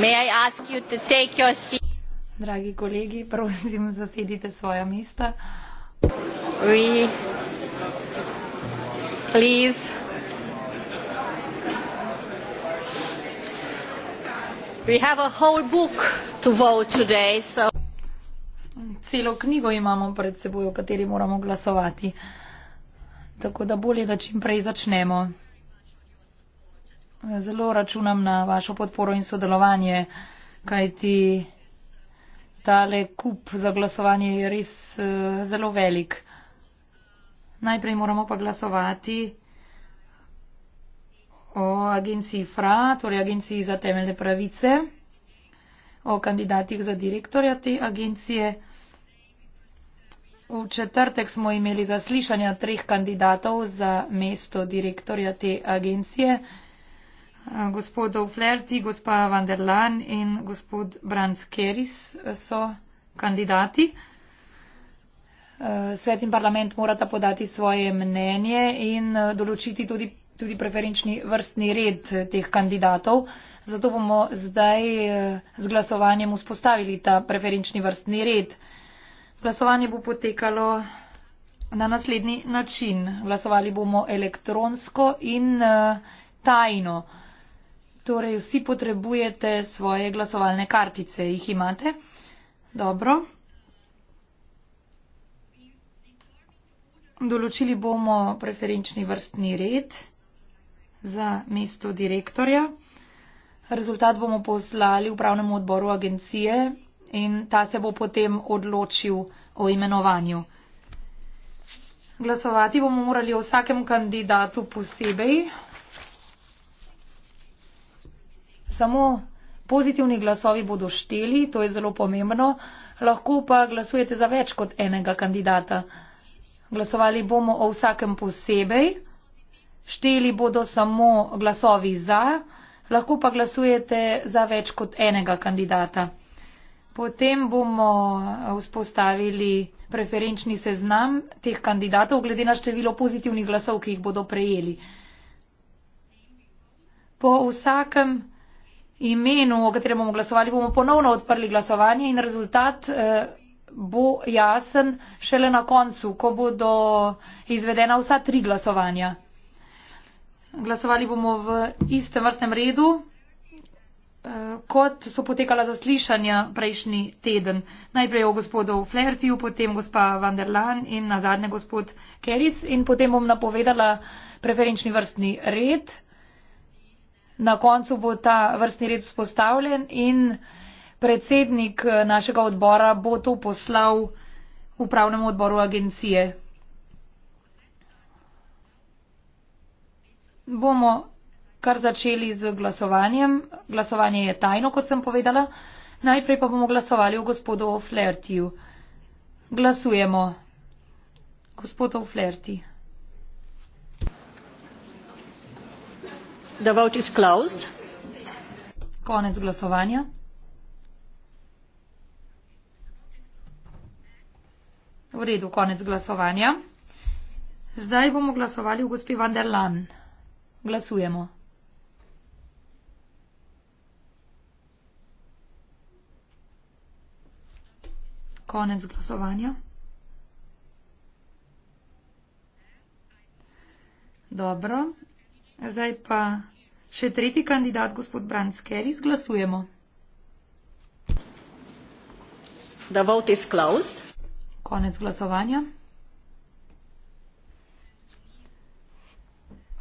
S3: may I ask you to take your seat? Dragi kolegi, prosim, zasedite svoja mesta. We, please, we have a whole book to vote today, so. Celo knjigo imamo pred seboj, o kateri moramo glasovati. Tako da bolje, da čim prej začnemo. Zelo računam na vašo podporo in sodelovanje, kajti tale kup za glasovanje je res eh, zelo velik. Najprej moramo pa glasovati o agenciji FRA, torej agenciji za temeljne pravice, o kandidatih za direktorja te agencije. V četrtek smo imeli zaslišanja treh kandidatov za mesto direktorja te agencije gospod Oflerti, gospa van der Laan in gospod Brans Keris so kandidati. Eh, svet in parlament morata podati svoje mnenje in eh, določiti tudi, tudi preferenčni vrstni red eh, teh kandidatov. Zato bomo zdaj z glasovanjem vzpostavili ta preferenčni vrstni red. Glasovanje bo potekalo na naslednji način. Glasovali bomo elektronsko in tajno. Torej, vsi potrebujete svoje glasovalne kartice. Jih imate? Dobro. Določili bomo preferenčni vrstni red za mesto direktorja. Rezultat bomo poslali upravnemu odboru agencije in ta se bo potem odločil o imenovanju. Glasovati bomo morali o vsakem kandidatu posebej samo pozitivni glasovi bodo šteli, to je zelo pomembno, lahko pa glasujete za več kot enega kandidata. Glasovali bomo o vsakem posebej, šteli bodo samo glasovi za, lahko pa glasujete za več kot enega kandidata. Potem bomo vzpostavili preferenčni seznam teh kandidatov glede na število pozitivnih glasov, ki jih bodo prejeli. Po vsakem imenu, o katerem bomo glasovali, bomo ponovno odprli glasovanje in rezultat eh, bo jasen šele na koncu, ko bodo izvedena vsa tri glasovanja. Glasovali bomo v istem vrstnem redu, eh, kot so potekala zaslišanja prejšnji teden. Najprej o gospodu Flertiju, potem gospa Van der Laan in na zadnje gospod Keris in potem bom napovedala preferenčni vrstni red na koncu bo ta vrstni red vzpostavljen in predsednik eh, našega odbora bo to poslal upravnemu odboru agencije. Bomo kar začeli z glasovanjem. Glasovanje je tajno, kot sem povedala. Najprej pa bomo glasovali o gospodu Oflertiju. Glasujemo. Gospod Oflertij. konec glasovanja v redu konec glasovanja zdaj bomo glasovali o gospe van der lan glasujemo konec glasovanja dobro Zdaj pa še tretji kandidat, gospod Brant Skeli, zglasujemo. The vote is closed. Konec glasovanja.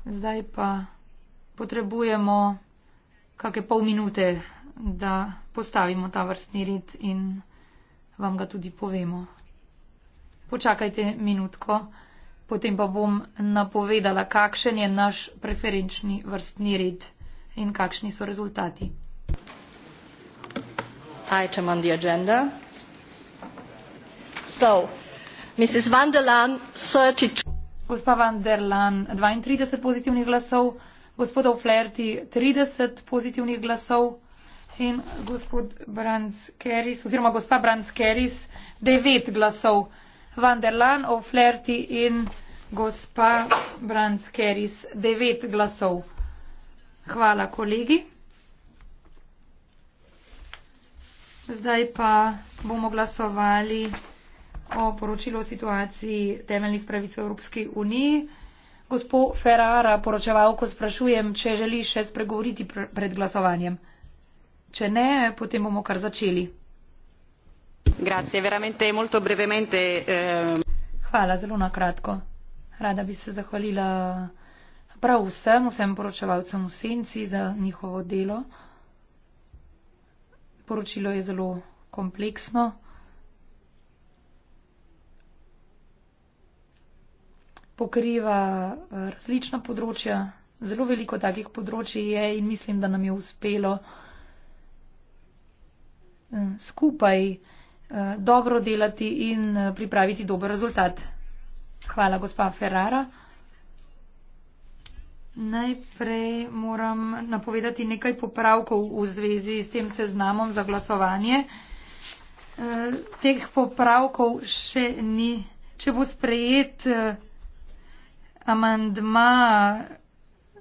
S3: Zdaj pa potrebujemo kakšne pol minute, da postavimo ta vrstni red in vam ga tudi povemo. Počakajte minutko potem pa bom napovedala, kakšen je naš preferenčni vrstni red in kakšni so rezultati. Item on the agenda. So, Mrs. Van der Laan, 32. Gospa Van der Laan, 32 pozitivnih glasov, gospod O'Flaherty, 30 pozitivnih glasov in gospod Brans Keris, oziroma gospa Brans Keris, 9 glasov van der Lan, O'Flaherty in gospa Branskeris. Devet glasov. Hvala, kolegi. Zdaj pa bomo glasovali o poročilu o situaciji temeljnih pravic v Evropski uniji. Gospod Ferrara, poročevalko sprašujem, če želi še spregovoriti pred glasovanjem. Če ne, potem bomo kar začeli.
S1: Eh.
S3: hvala zelo na kratko rada bi se zahvalila prav vsem vsem poročevalcem v senci za njihovo delo poročilo je zelo kompleksno pokriva eh, različna področja zelo veliko takih področij je in mislim da nam je uspelo eh, skupaj Eh, dobro delati in eh, pripraviti dober rezultat. Hvala, gospa Ferrara. Najprej moram napovedati nekaj popravkov v zvezi s tem seznamom za glasovanje. Eh, teh popravkov še ni. Če bo sprejet amandma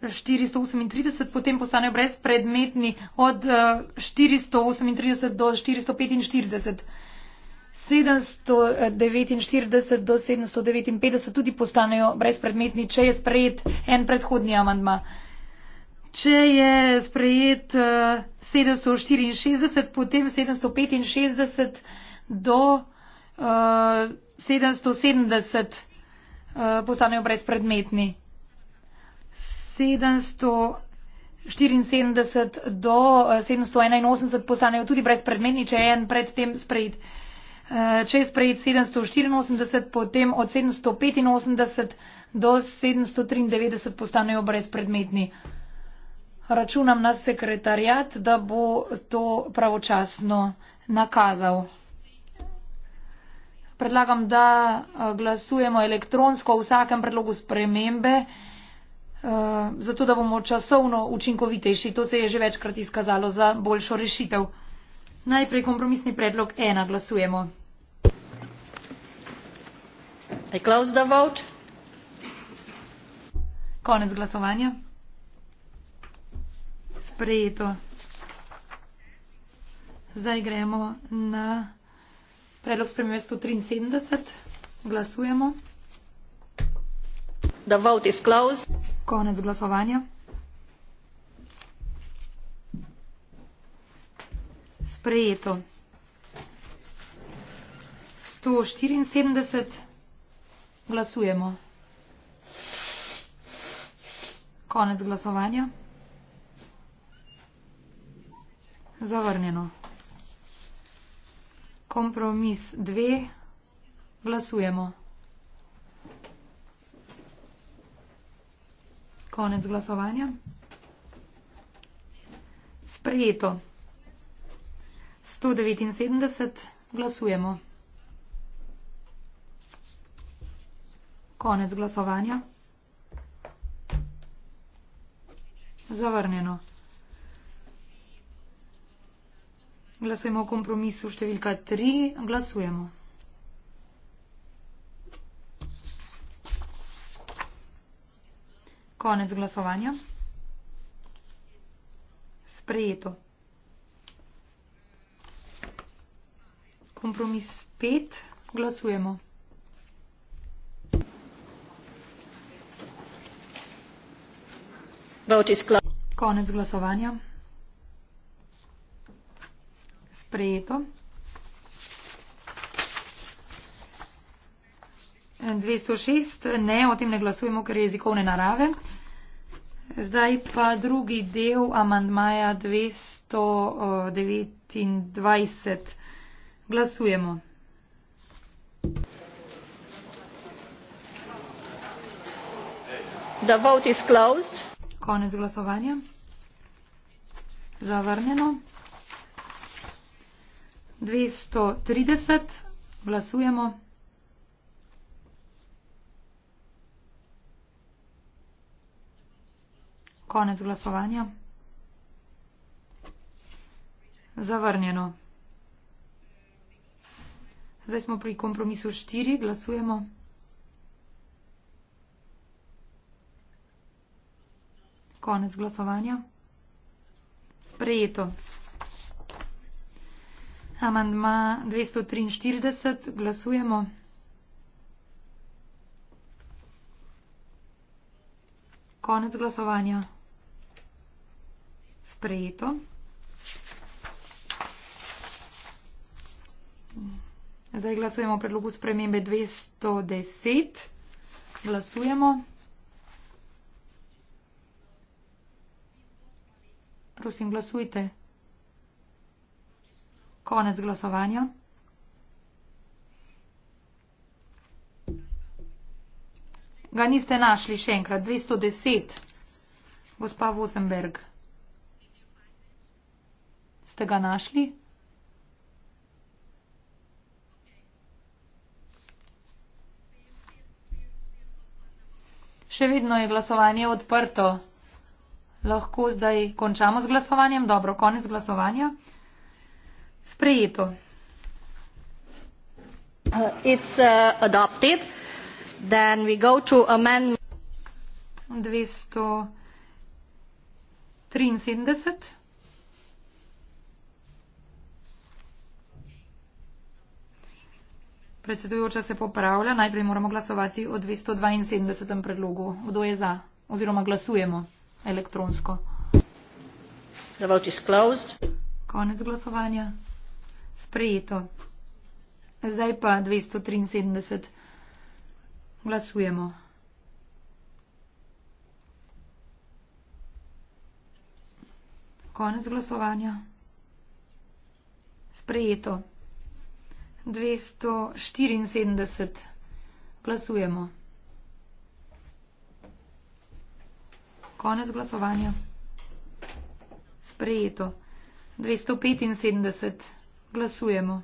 S3: 438, potem postanejo brezpredmetni od 438 do 445. 749 do 759 tudi postanejo brezpredmetni, če je sprejet en predhodni amandma. Če je sprejet 764, eh, potem 765 do 770 eh, eh, postanejo brezpredmetni. 774 do 781 postanejo tudi brezpredmetni, če je en predtem sprejet če je sprejet 784, potem od 785 do 793 postanejo brezpredmetni. Računam na sekretarjat, da bo to pravočasno nakazal. Predlagam, da eh, glasujemo elektronsko o vsakem predlogu spremembe, eh, zato da bomo časovno učinkovitejši. To se je že večkrat izkazalo za boljšo rešitev. Najprej kompromisni predlog 1 glasujemo konec glasovanja sprejeto zdaj gremo na predlog spremembe 173 glasujemo the vote is closed konec glasovanja sprejeto 174 glasujemo konec glasovanja zavrnjeno kompromis dve glasujemo konec glasovanja sprejeto sto devetinsedemdeset glasujemo Konec glasovanja. Zavrnjeno. Glasujemo o kompromisu številka 3. Glasujemo. Konec glasovanja. Sprejeto. Kompromis 5. Glasujemo. Konec glasovanja. Sprejeto. 206. Ne, o tem ne glasujemo, ker je jezikovne narave. Zdaj pa drugi del amandmaja 229. Eh, glasujemo. The vote is closed. Konec glasovanja. Zavrnjeno. 230. Glasujemo. Konec glasovanja. Zavrnjeno. Zdaj smo pri kompromisu 4. Glasujemo. Konec glasovanja. Sprejeto. Amandma 243. Glasujemo. Konec glasovanja. Sprejeto. Zdaj glasujemo o predlogu spremembe 210. Glasujemo. Prosim, glasujte. Konec glasovanja. Ga niste našli še enkrat. 210. Gospa Vosenberg. Ste ga našli? Še vedno je glasovanje odprto lahko zdaj končamo z glasovanjem. Dobro, konec glasovanja. Sprejeto. Uh, it's uh, adopted. Then we go to amend. 273. Predsedujoča se popravlja. Najprej moramo glasovati o 272. predlogu. Kdo je za? Oziroma glasujemo elektronsko. The vote is closed. Konec glasovanja. Sprejeto. Zdaj pa 273. Glasujemo. Konec glasovanja. Sprejeto. 274. Glasujemo. Konec glasovanja. Sprejeto. 275. Glasujemo.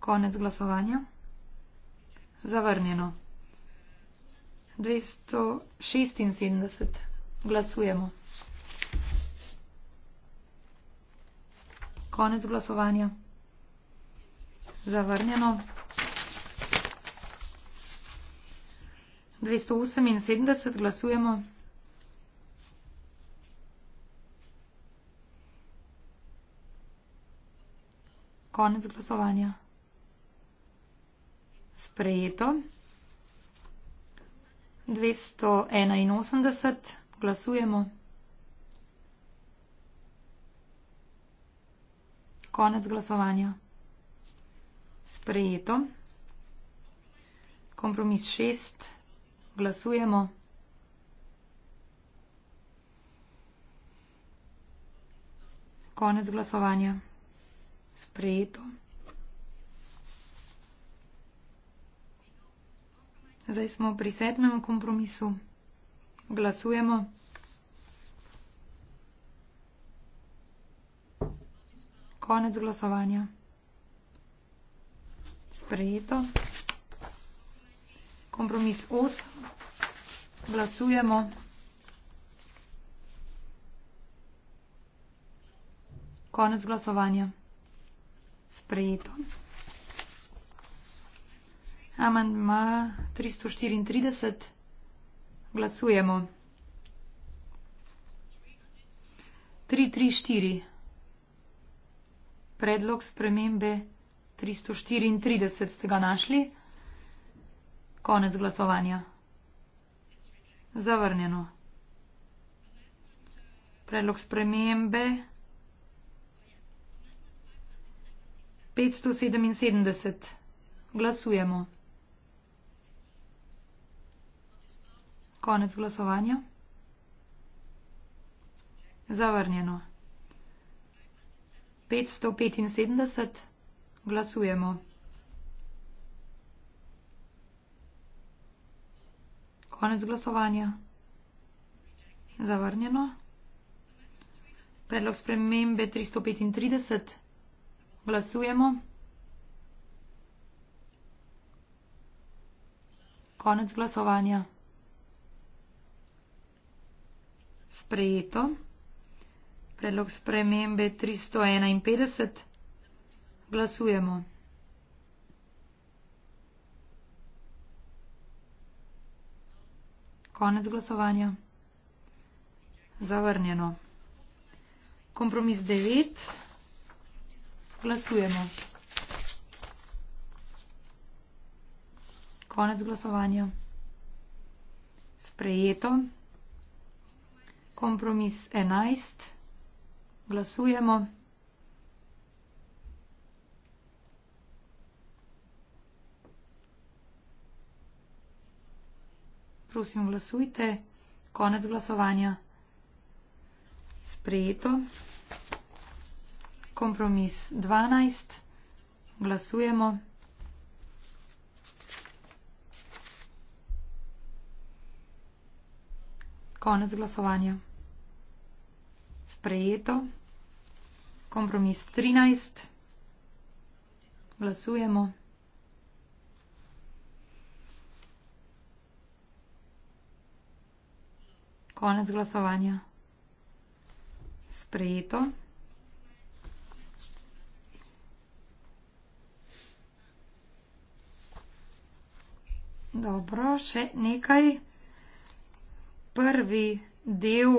S3: Konec glasovanja. Zavrnjeno. 276. Glasujemo. Konec glasovanja. Zavrnjeno. 278 glasujemo. Konec glasovanja. Sprejeto. 281 glasujemo. Konec glasovanja. Sprejeto. Kompromis 6 glasujemo. Konec glasovanja. Sprejeto. Zdaj smo pri sedmem kompromisu. Glasujemo. Konec glasovanja. Sprejeto kompromis 8. Glasujemo. Konec glasovanja. Sprejeto. Amandma 334. Glasujemo. 334. Predlog spremembe 334 ste ga našli. Konec glasovanja. Zavrnjeno. Predlog spremembe 577. Glasujemo. Konec glasovanja. Zavrnjeno. 575. Glasujemo. Konec glasovanja. Zavrnjeno. Predlog spremembe 335. Glasujemo. Konec glasovanja. Sprejeto. Predlog spremembe 351. Glasujemo. Konec glasovanja. Zavrnjeno. Kompromis 9. Glasujemo. Konec glasovanja. Sprejeto. Kompromis 11. Glasujemo. prosim, glasujte. Konec glasovanja. Sprejeto. Kompromis 12. Glasujemo. Konec glasovanja. Sprejeto. Kompromis 13. Glasujemo. Konec glasovanja. Sprejeto. Dobro, še nekaj. Prvi del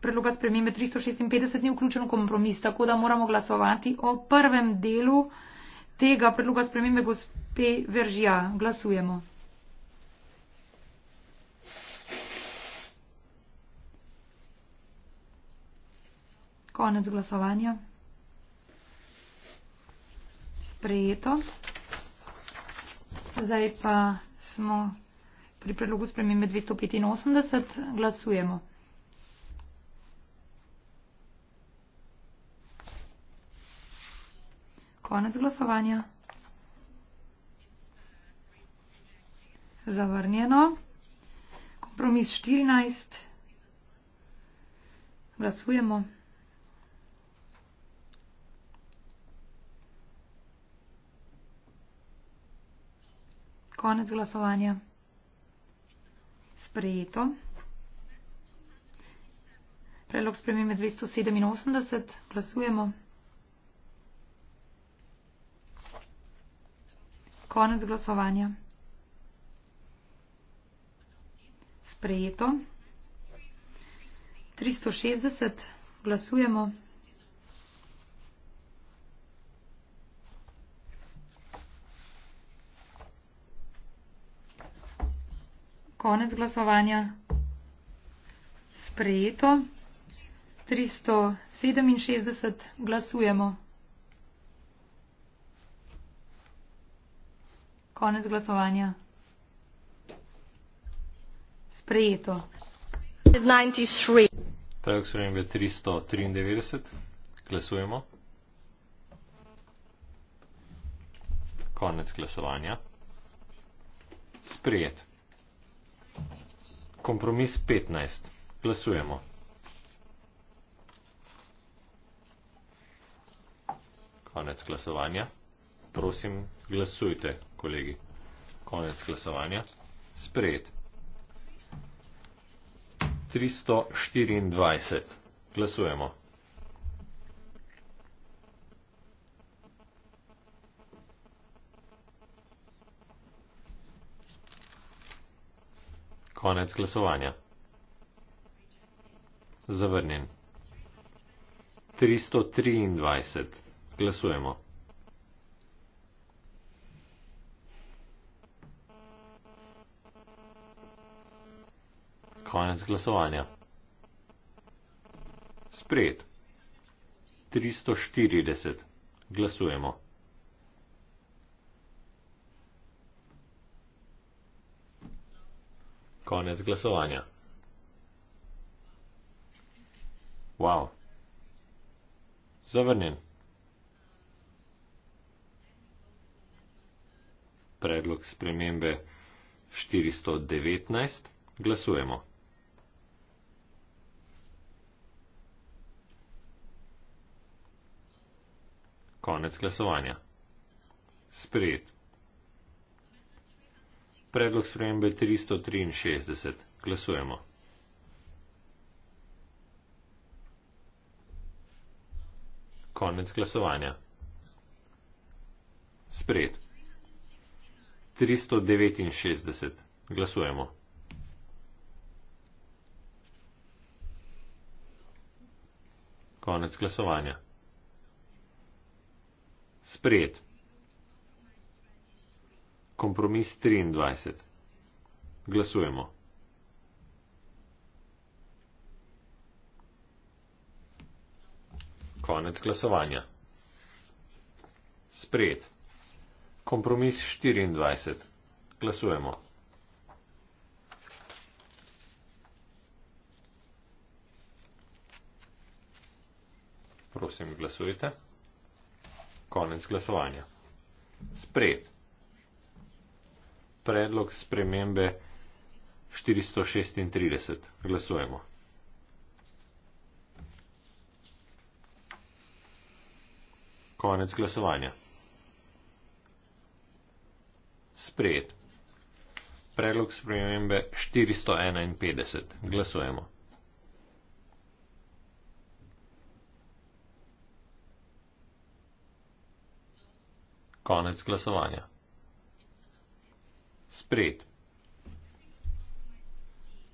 S3: predloga spremembe 356 ni vključen v kompromis, tako da moramo glasovati o prvem delu tega predloga spremembe gospe Veržija. Glasujemo. Konec glasovanja. Sprejeto. Zdaj pa smo pri predlogu spremembe 285. Glasujemo. Konec glasovanja. Zavrnjeno. Kompromis 14. Glasujemo. Konec glasovanja. Sprejeto. Predlog spremembe 287. Glasujemo. Konec glasovanja. Sprejeto. 360. Glasujemo. Konec glasovanja. Sprejeto. 367 glasujemo. Konec glasovanja. Sprejeto. 93.
S2: Predlog spremembe 393. Glasujemo. Konec glasovanja. Sprejeto kompromis petnajst glasujemo konec glasovanja prosim glasujte kolegi konec glasovanja sprejet tristo štiriindvajset glasujemo Konec glasovanja. Zavrnjen. 323. Glasujemo. Konec glasovanja. Sprejet. 340. Glasujemo. Konec glasovanja. Wow. Zavrnjen. Predlog spremembe 419. Glasujemo. Konec glasovanja. Sprejet predlog spremembe 363. Glasujemo. Konec glasovanja. Spred. 369. Glasujemo. Konec glasovanja. Spred. 369 kompromis 23. Glasujemo. Konec glasovanja. Sprejet. Kompromis 24. Glasujemo. Prosim, glasujte. Konec glasovanja. Sprejet predlog spremembe 436. Glasujemo. Konec glasovanja. Sprejet. Predlog spremembe 451. Glasujemo. Konec glasovanja. Sprejet.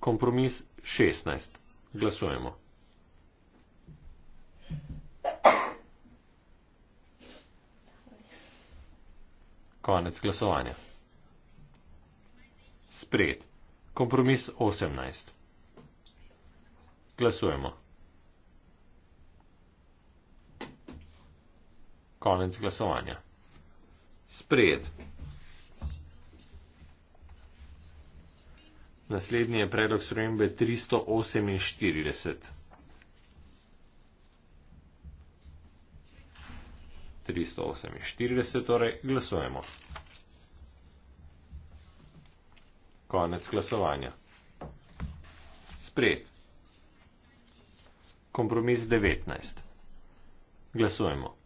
S2: Kompromis 16. Glasujemo. Konec glasovanja. Sprejet. Kompromis 18. Glasujemo. Konec glasovanja. Sprejet. Naslednji je predlog spremembe 348. 348, torej glasujemo. Konec glasovanja. Sprejet. Kompromis 19. Glasujemo.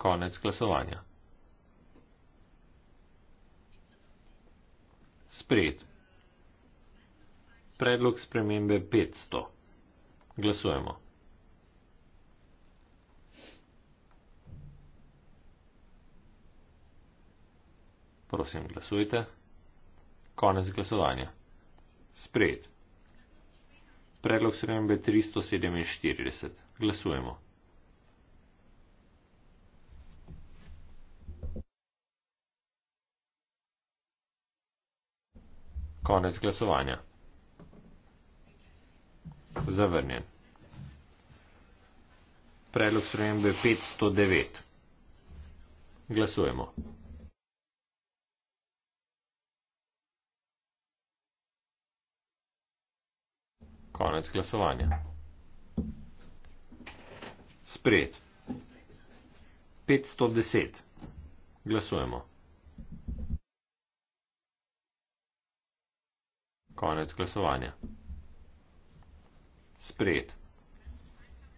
S2: Konec glasovanja. Sprejet. Predlog spremembe 500. Glasujemo. Prosim, glasujte. Konec glasovanja. Sprejet. Predlog spremembe 347. Glasujemo. Konec glasovanja. Zavrnjen. Predlog spremembe je 509. Glasujemo. Konec glasovanja. Sprejet. 510. Glasujemo. Konec glasovanja. Spred.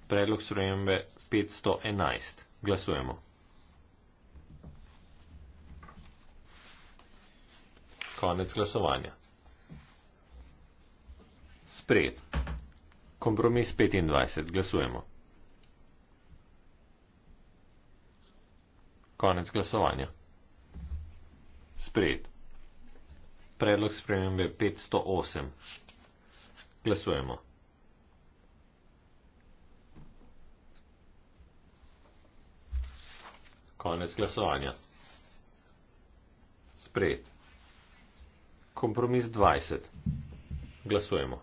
S2: Predlog sprejembe 511. Glasujemo. Konec glasovanja. Spred. Kompromis 25. Glasujemo. Konec glasovanja. Spred predlog spremembe 508. Glasujemo. Konec glasovanja. Sprejet. Kompromis 20. Glasujemo.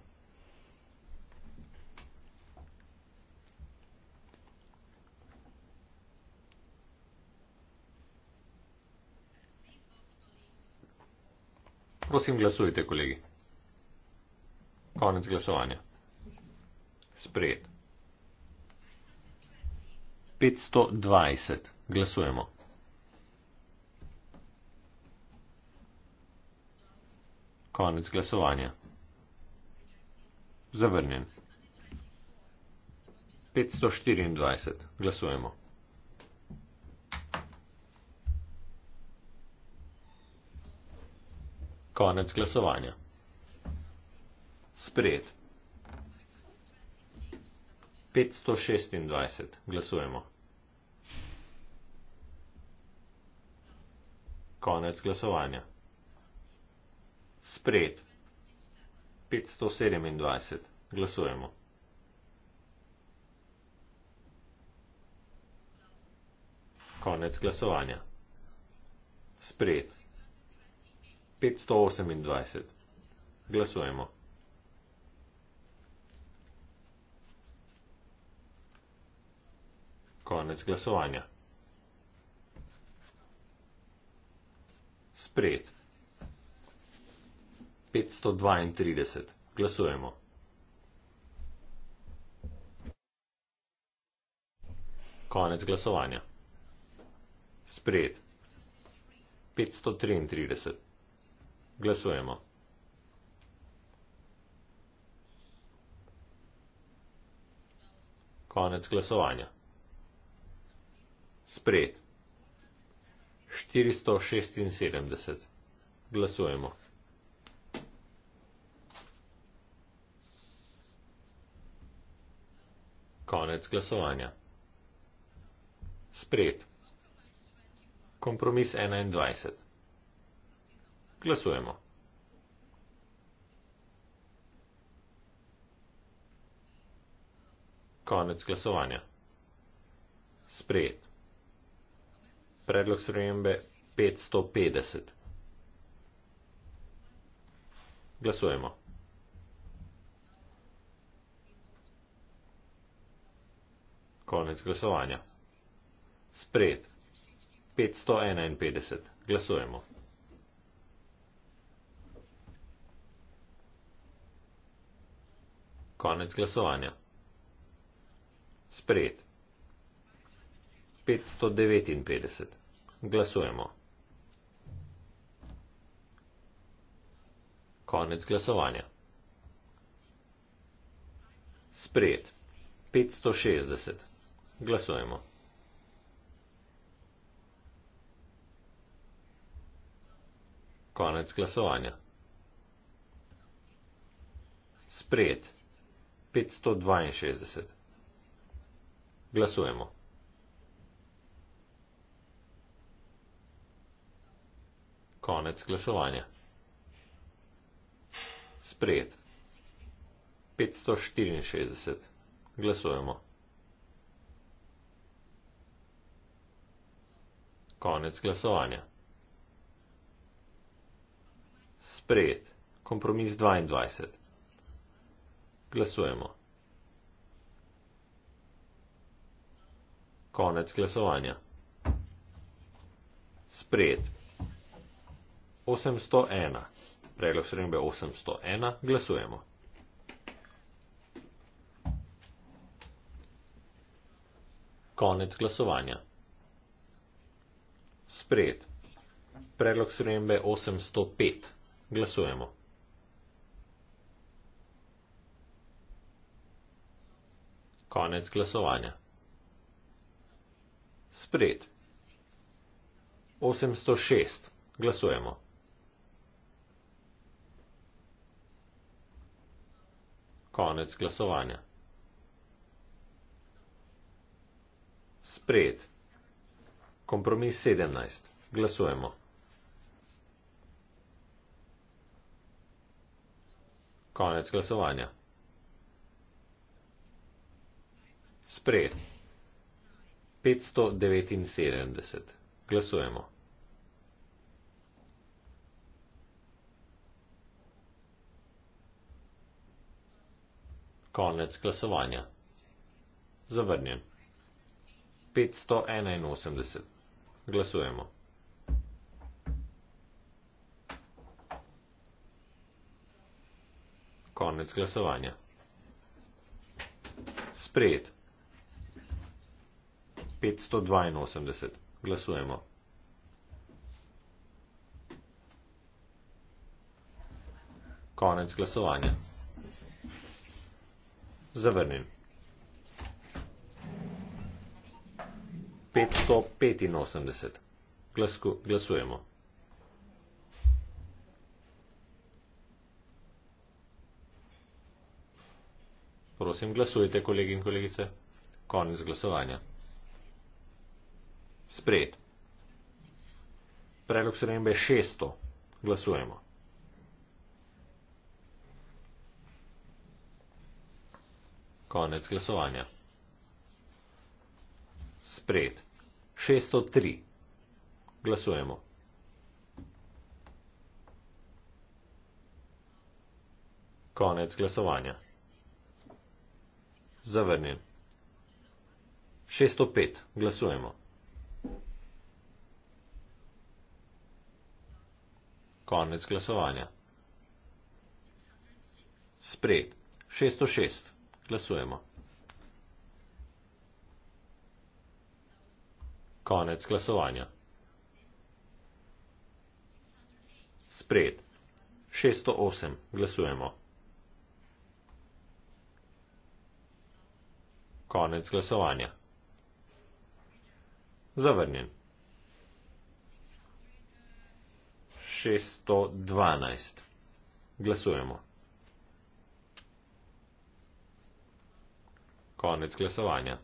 S2: Prosim, glasujte, kolegi. Konec glasovanja. Sprejet. 520. Glasujemo. Konec glasovanja. Zavrnjen. 524. Glasujemo. Konec glasovanja. Sprejet. 526. Glasujemo. Konec glasovanja. Sprejet. 527. Glasujemo. Konec glasovanja. Sprejet. 528. Glasujemo. Konec glasovanja. Sprejet. 532. Glasujemo. Konec glasovanja. Sprejet. 533. Glasujemo. Konec glasovanja. Spred. 476. Glasujemo. Konec glasovanja. Spred. Kompromis 21. Glasujemo. Konec glasovanja. Sprejet. Predlog spremembe 550. Glasujemo. Konec glasovanja. Sprejet. 551. Glasujemo. Konec glasovanja. Sprejet. 559. Glasujemo. Konec glasovanja. Sprejet. 560. Glasujemo. Konec glasovanja. Sprejet. 562. Glasujemo. Konec glasovanja. Sprejet. 564. Glasujemo. Konec glasovanja. Sprejet. Kompromis 22. Glasujemo. Konec glasovanja. Sprejet. 801. Predlog srednjega 801. Glasujemo. Konec glasovanja. Sprejet. Predlog srednjega 805. Glasujemo. Konec glasovanja. Spred. 806. Glasujemo. Konec glasovanja. Spred. Kompromis 17. Glasujemo. Konec glasovanja. Sprejet. 579. Glasujemo. Konec glasovanja. Zavrnjen. 581. Glasujemo. Konec glasovanja. Sprejet. 582. Glasujemo. Konec glasovanja. Zavrnjen. 585. Glasku, glasujemo. Prosim, glasujte, kolegi in kolegice. Konec glasovanja. Sprejet. Predlog spremembe je 600. Glasujemo. Konec glasovanja. Sprejet. 603. Glasujemo. Konec glasovanja. Zavrnjen. 605. Glasujemo. Konec glasovanja. Sprejet. 606. Glasujemo. Konec glasovanja. Sprejet. 608. Glasujemo. Konec glasovanja. Zavrnjen. 612. Glasujemo. Konec glasovanja.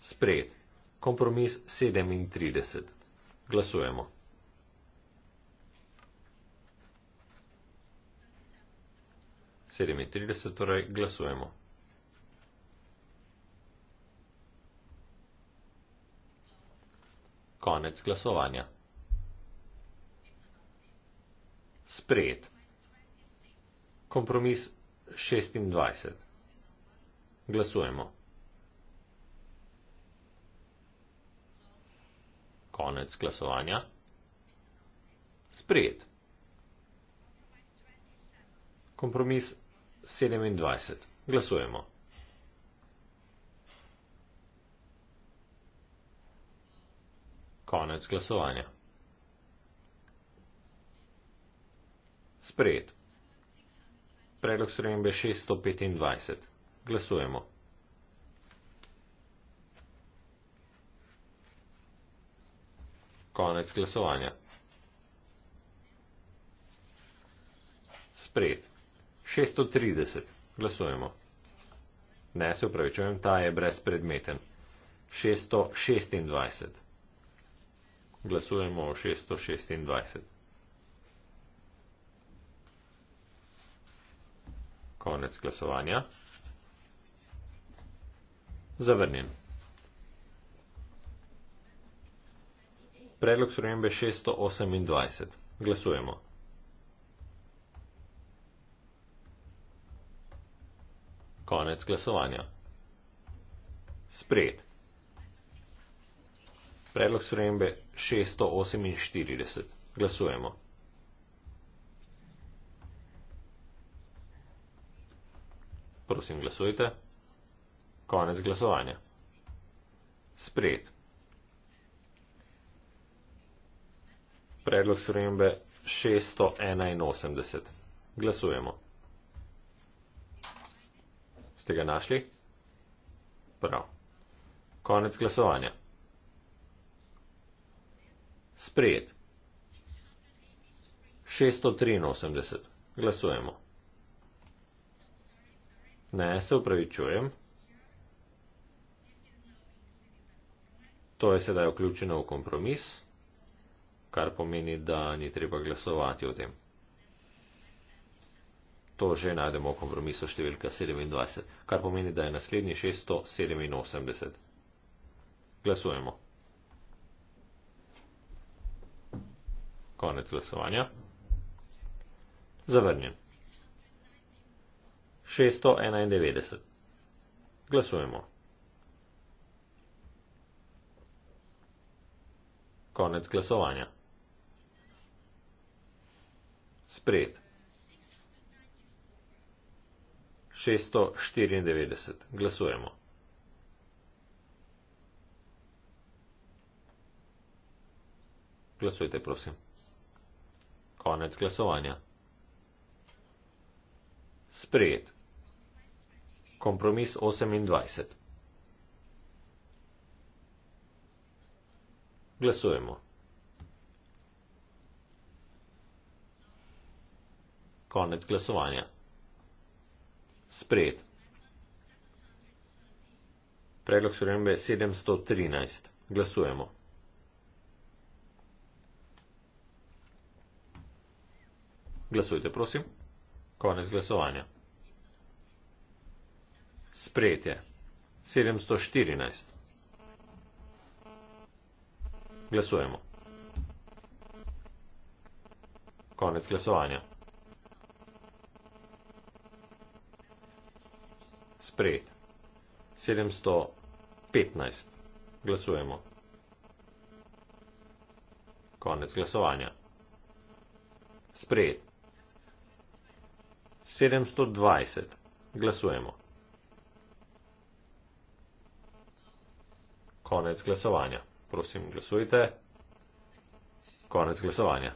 S2: Sprejet. Kompromis 37. Glasujemo. Sedemintrideset, torej glasujemo. Konec glasovanja. Sprejet. Kompromis 26. Glasujemo. Konec glasovanja. Sprejet. Kompromis 27. Glasujemo. Konec glasovanja. Sprejet. Predlog spremembe 625. Glasujemo. Konec glasovanja. Sprejet. 630. Glasujemo. Ne, se upravičujem, ta je brezpredmeten. 626 glasujemo o 626. Konec glasovanja. Zavrnjen. Predlog spremembe 628. Glasujemo. Konec glasovanja. Sprejet. Predlog spremembe 648. Glasujemo. Prosim, glasujte. Konec glasovanja. Sprejet. Predlog srembe 681. Glasujemo. Ste ga našli? Prav. Konec glasovanja. Sprejet. 683. Glasujemo. Ne, se upravičujem. To je sedaj vključeno v kompromis, kar pomeni, da ni treba glasovati o tem. To že najdemo v kompromisu številka 27, kar pomeni, da je naslednji 687. Glasujemo. 683. Konec glasovanja. Zavrnjen. 691. Glasujemo. Konec glasovanja. Sprejet. 694. Glasujemo. Glasujte, prosim. Konec glasovanja. Sprejet. Kompromis 28. Glasujemo. Konec glasovanja. Sprejet. Predlog sprejembe 713. Glasujemo. Glasujte, prosim. Konec glasovanja. Sprejetje. 714. Glasujemo. Konec glasovanja. Sprejet. 715. Glasujemo. Konec glasovanja. Sprejet. 720. Glasujemo. Konec glasovanja. Prosim, glasujte. Konec glasovanja.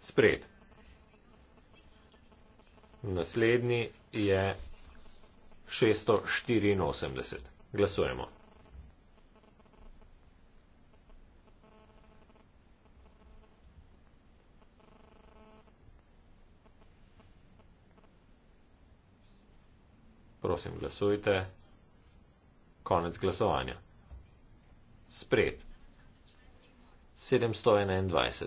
S2: Spred. Naslednji je 684. Glasujemo. Prosim, glasujte. Konec glasovanja. Spred. 721.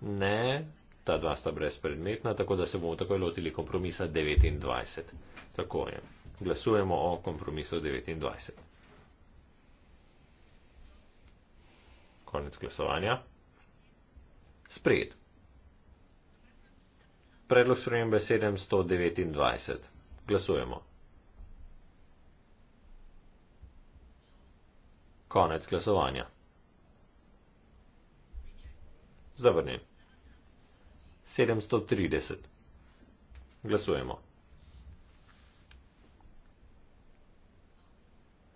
S2: Ne, ta dva sta brezpredmetna, tako da se bomo takoj lotili kompromisa 29. Tako je. Glasujemo o kompromisu 29. Konec glasovanja. Spred. Predlog spremembe 729. Glasujemo. Konec glasovanja. Zavrnjen. 730. Glasujemo.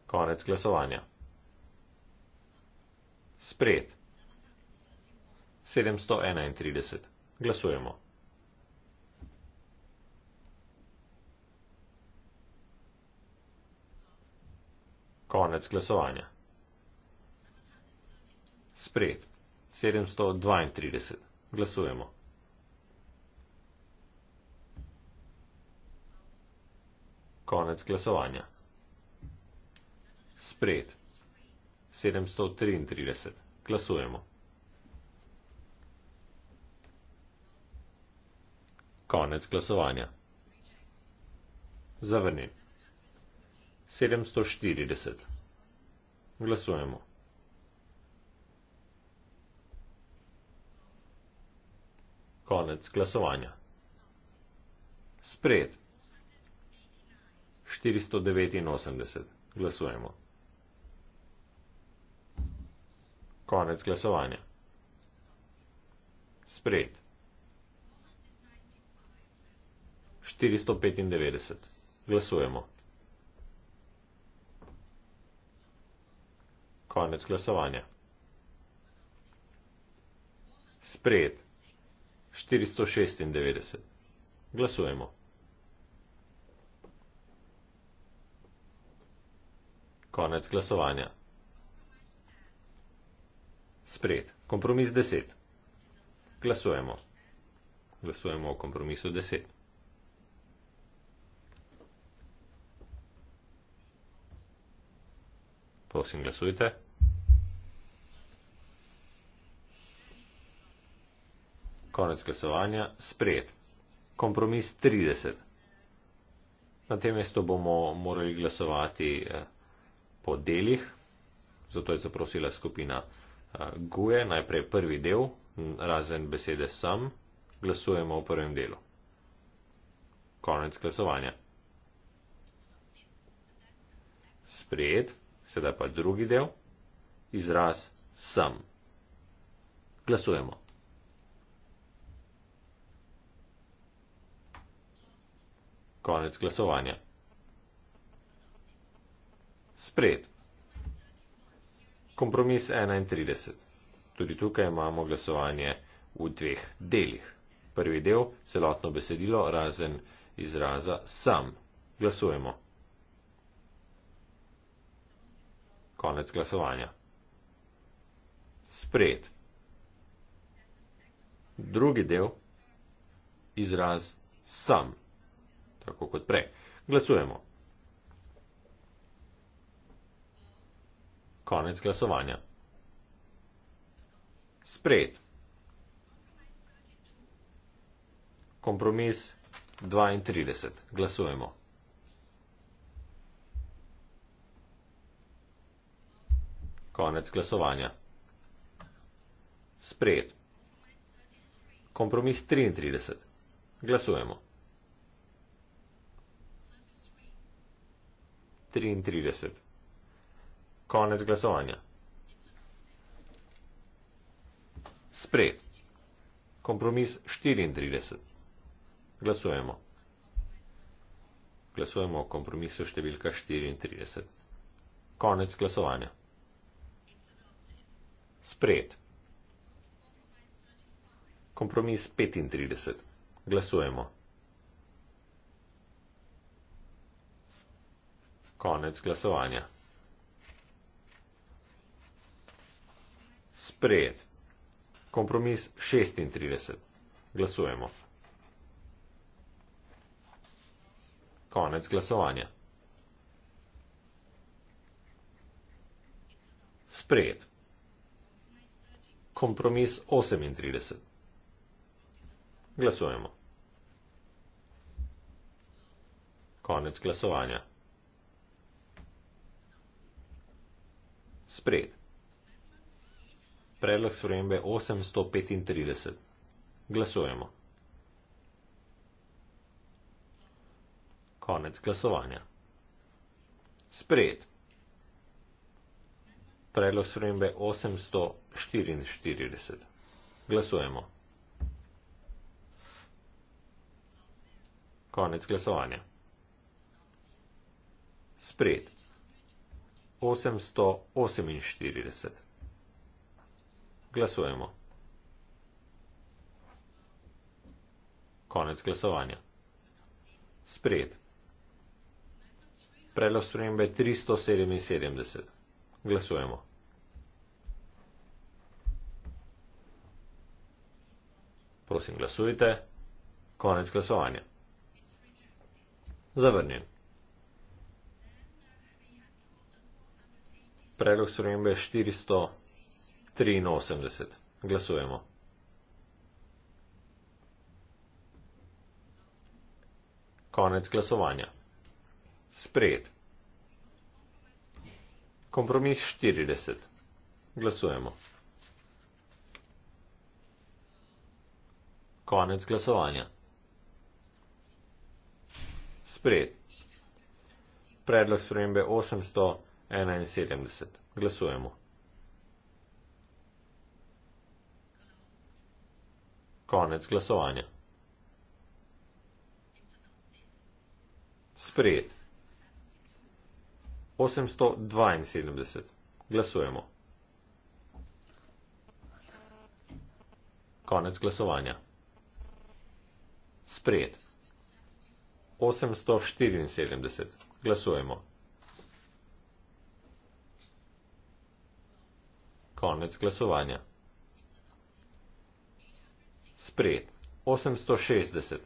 S2: Konec glasovanja. Spred. 731. Glasujemo. Konec glasovanja. Spred 732. Glasujemo. Konec glasovanja. Spred 733. Glasujemo. Konec glasovanja. Zavrnjen. 740. Glasujemo. Konec glasovanja. Spred. 489. Glasujemo. Konec glasovanja. Spred. 495. Glasujemo. 495. konec glasovanja. Sprejet 496. Glasujemo. Konec glasovanja. Sprejet. Kompromis 10. Glasujemo. Glasujemo o kompromisu 10. Prosim, glasujte. konec glasovanja, sprejet. Kompromis 30. Na tem mestu bomo morali glasovati eh, po delih, zato je zaprosila skupina eh, Guje. Najprej prvi del, razen besede sam, glasujemo v prvem delu. Konec glasovanja. Sprejet, sedaj pa drugi del, izraz sem. Glasujemo. Konec glasovanja. Spred. Kompromis 31. Tudi tukaj imamo glasovanje v dveh delih. Prvi del, celotno besedilo, razen izraza sam. Glasujemo. Konec glasovanja. Spred. Drugi del, izraz sam tako kot prej. Glasujemo. Konec glasovanja. Spred. Kompromis 32. Glasujemo. Konec glasovanja. Spred. Kompromis 33. Glasujemo. 33. Konec glasovanja. Sprejet. Kompromis 34. Glasujemo. Glasujemo o kompromisu številka 34. Konec glasovanja. Sprejet. Kompromis 35. Glasujemo. Konec glasovanja. Sprejet. Kompromis 36. Glasujemo. Konec glasovanja. Sprejet. Kompromis 38. Glasujemo. Konec glasovanja. Spred. Predlog sprejembe 835. Glasujemo. Konec glasovanja. Spred. Predlog sprejembe 844. Glasujemo. Konec glasovanja. Spred. 848. Glasujemo. Konec glasovanja. Sprejet. Predlog spremembe 377. Glasujemo. Prosim, glasujte. Konec glasovanja. Zavrnjen. predlog spremembe 483. Glasujemo. Konec glasovanja. Spred. Kompromis 40. Glasujemo. Konec glasovanja. Spred. Predlog spremembe 800. 71. Glasujemo. Konec glasovanja. Sprejet. 872. Glasujemo. Konec glasovanja. Sprejet. 874. Glasujemo. Konec glasovanja. Sprejet. 860.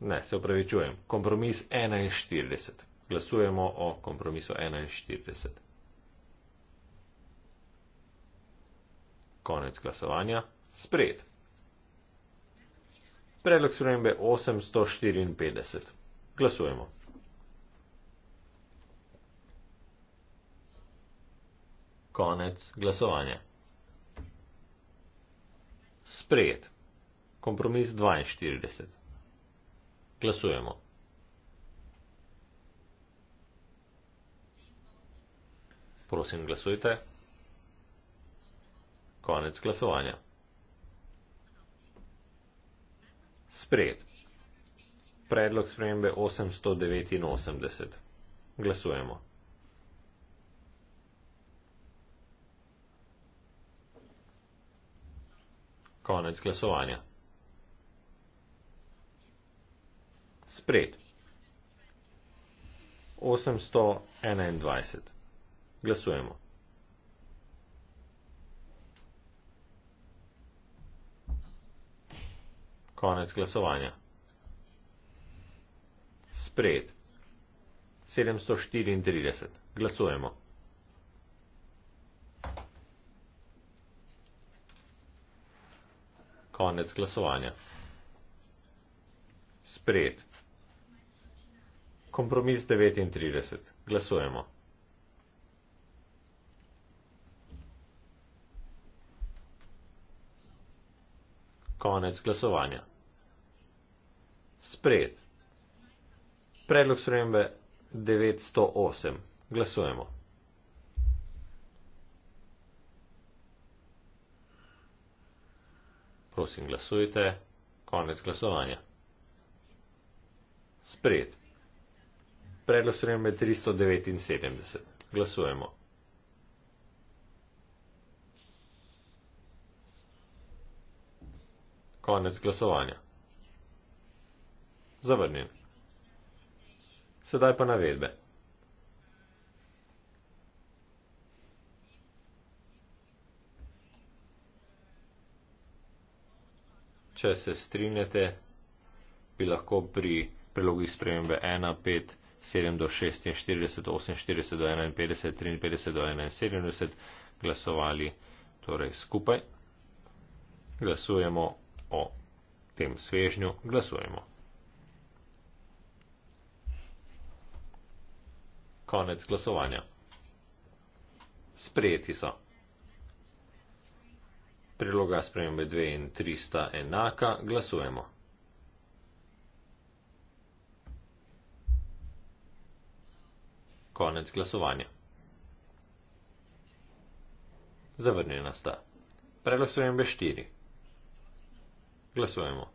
S2: Ne, se upravičujem. Kompromis 41. Glasujemo o kompromisu 41. Konec glasovanja. Sprejet. Predlog spremembe 854. Glasujemo. Konec glasovanja. Sprejet. Kompromis 42. Glasujemo. Prosim, glasujte. Konec glasovanja. Sprejet. Predlog spremembe 889. Glasujemo. Konec glasovanja. Spred. 821. Glasujemo. Konec glasovanja. Spred. 734. Glasujemo. Konec glasovanja. Sprejet. Kompromis 39. Glasujemo. Konec glasovanja. Sprejet. Predlog spremembe 908. Glasujemo. Prosim, glasujte. Konec glasovanja. Sprejet. Predlog sprejem je 379. Glasujemo. Konec glasovanja. Zavrnjen. Sedaj pa navedbe. če se strinjate, bi lahko pri prilogi spremembe 1, 5, 7 do 46, 48 do 51, 53 do 71 glasovali torej skupaj. Glasujemo o tem svežnju, glasujemo. Konec glasovanja. Sprejeti so priloga spremembe 2 in 3 sta enaka, glasujemo. Konec glasovanja. Zavrnjena sta. Predlog spremembe 4. Glasujemo.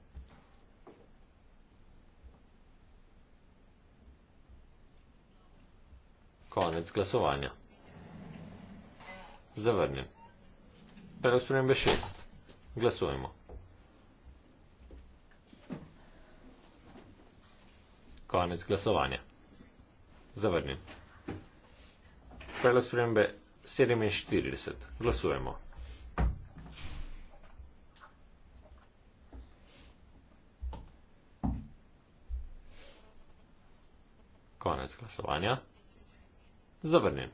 S2: Konec glasovanja. Zavrnjen. Prenos spremembe 6. Glasujemo. Konec glasovanja. Zavrnjen. Prenos spremembe 47. Glasujemo. Konec glasovanja. Zavrnjen.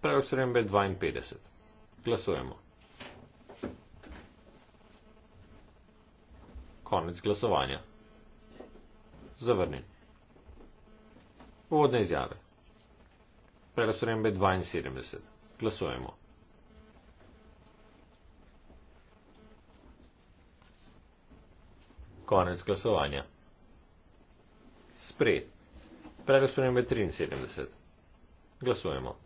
S2: Prenos spremembe 52. Glasujemo glasujemo. Konec glasovanja. Zavrnjen. Uvodne izjave. Prerasorembe 72. Glasujemo. Konec glasovanja. Spred. Prerasorembe 73. Glasujemo.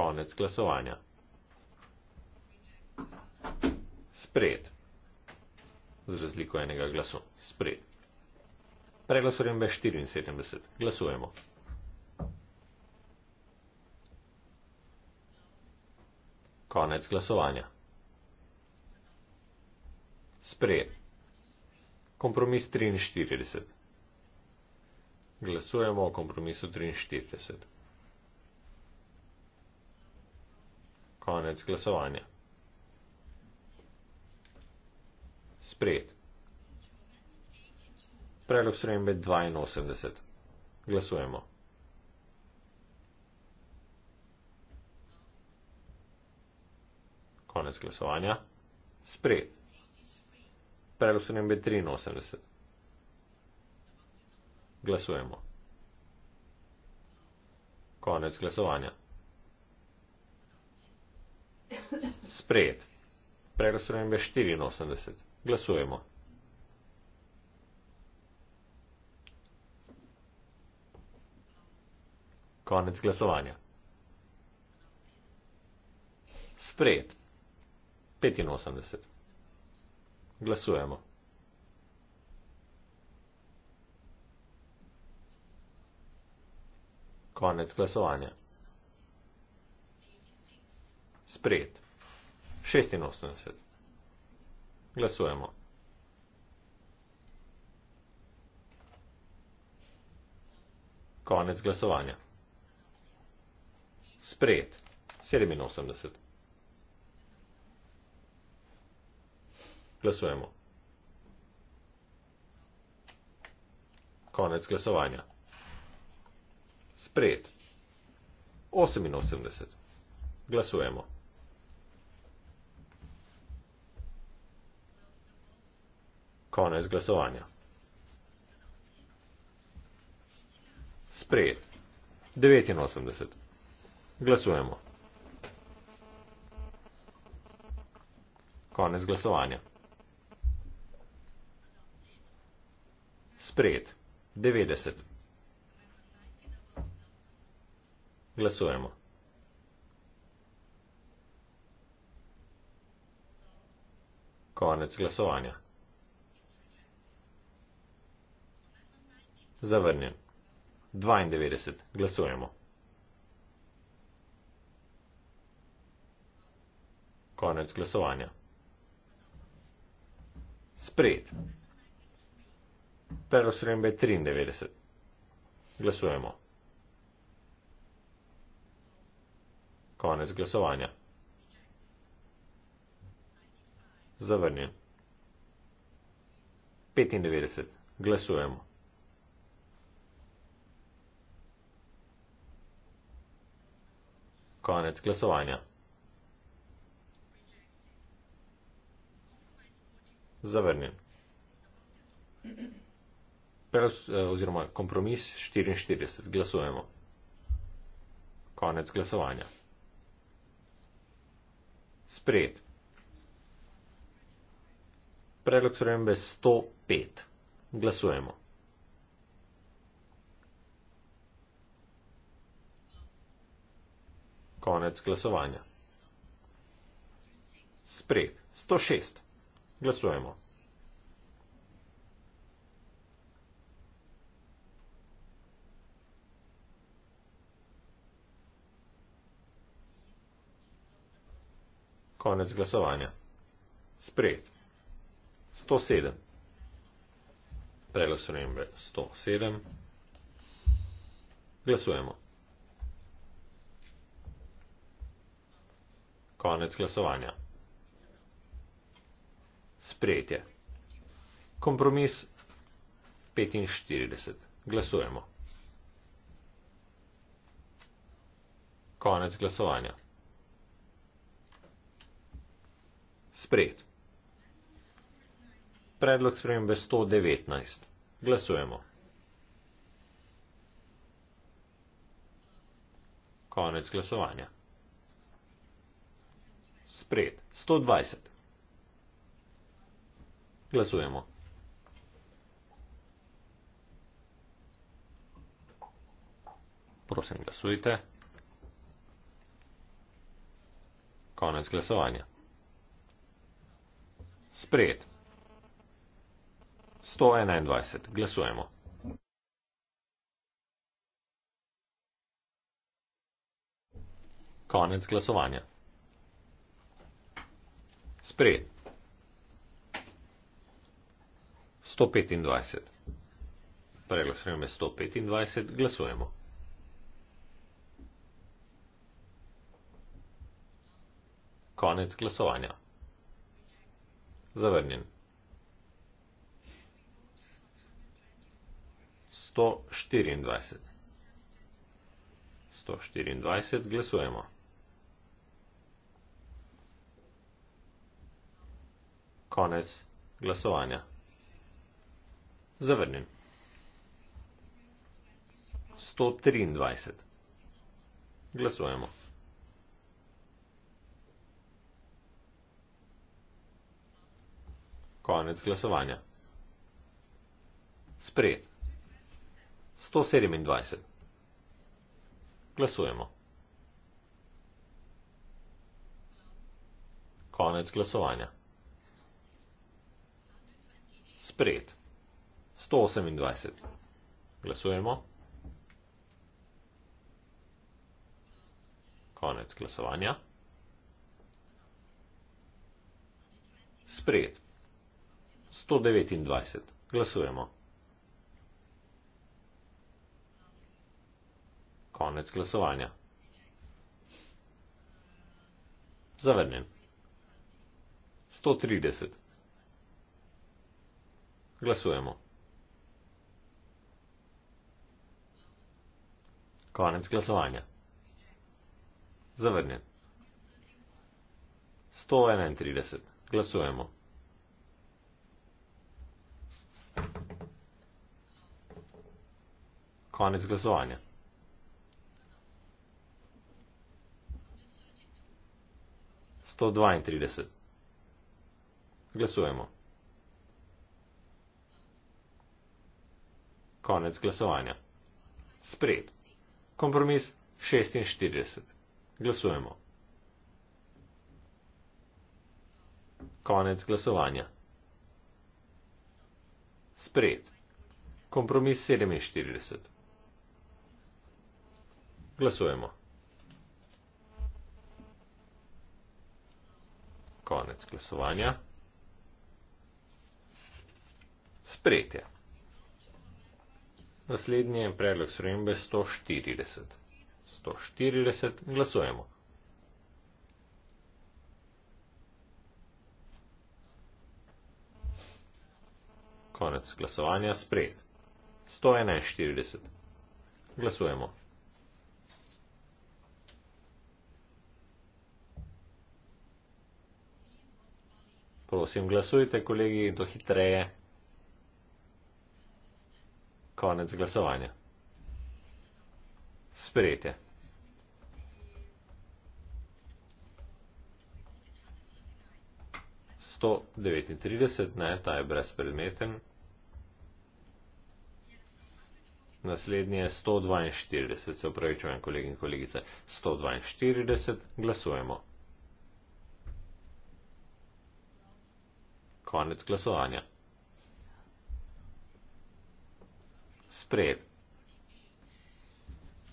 S2: Konec glasovanja. Sprejet. Z razliko enega glasu. Sprejet. Preglasujem B74. Glasujemo. Konec glasovanja. Sprejet. Kompromis 43. Glasujemo o kompromisu 43. konec glasovanja. Sprejet. Predlog srembe 82. Glasujemo. Konec glasovanja. Sprejet. Predlog srembe 83. Glasujemo. Konec glasovanja. Sprejet. Preglasujem je 84. Glasujemo. Konec glasovanja. Sprejet. 85. Glasujemo. Konec glasovanja sprejet. 86. Glasujemo. Konec glasovanja. Sprejet. 87. Glasujemo. Konec glasovanja. Sprejet. 88. Glasujemo. konec glasovanja. Sprejet. 89. Glasujemo. Konec glasovanja. Sprejet. 90. Glasujemo. Konec glasovanja. Zavrnjen. 92. Glasujemo. Konec glasovanja. Sprejet. Prvo srembe 93. Glasujemo. Konec glasovanja. Zavrnjen. 95. Glasujemo. Konec glasovanja. Zavrnjen. Prav, eh, oziroma kompromis 44. Glasujemo. Konec glasovanja. Sprejet. Predlog sprejembe 105. Glasujemo. Konec glasovanja. Spred. 106. Glasujemo. Konec glasovanja. Spred. 107. Preglasujem 107. Glasujemo. Konec glasovanja. Sprejetje. Kompromis 45. Glasujemo. Konec glasovanja. Sprejet. Predlog spremembe 119. Glasujemo. Konec glasovanja sprejet. 120. Glasujemo. Prosim, glasujte. Konec glasovanja. Sprejet. 121. Glasujemo. Konec glasovanja. Sprejet. 125. Preglasujemo 125, glasujemo. Konec glasovanja. Zavrnjen. 124. 124, glasujemo. Konec glasovanja. Zavrnjen. 123. Glasujemo. Konec glasovanja. Sprejet. 127. Glasujemo. Konec glasovanja sprejet. 128. Glasujemo. Konec glasovanja. Sprejet. 129. Glasujemo. Konec glasovanja. Zavrnjen. 130. Glasujemo. Konec glasovanja. Zavrnjen. 131. Glasujemo. Konec glasovanja. Sto dvaintrideset. Glasujemo. konec glasovanja. Sprejet. Kompromis 46. Glasujemo. Konec glasovanja. Sprejet. Kompromis 47. Glasujemo. Konec glasovanja. Sprejet je. Naslednji je predlog spremembe 140. 140 glasujemo. Konec glasovanja sprejet. 141. Glasujemo. Prosim, glasujte, kolegi, do hitreje. Konec glasovanja. Sprejetje. Sto devetintrideset, ne, ta je brezpredmeten. Naslednji je sto dvainštirideset, se upravičujem, kolegi in kolegice. Sto dvainštirideset, glasujemo. Konec glasovanja. sprejet.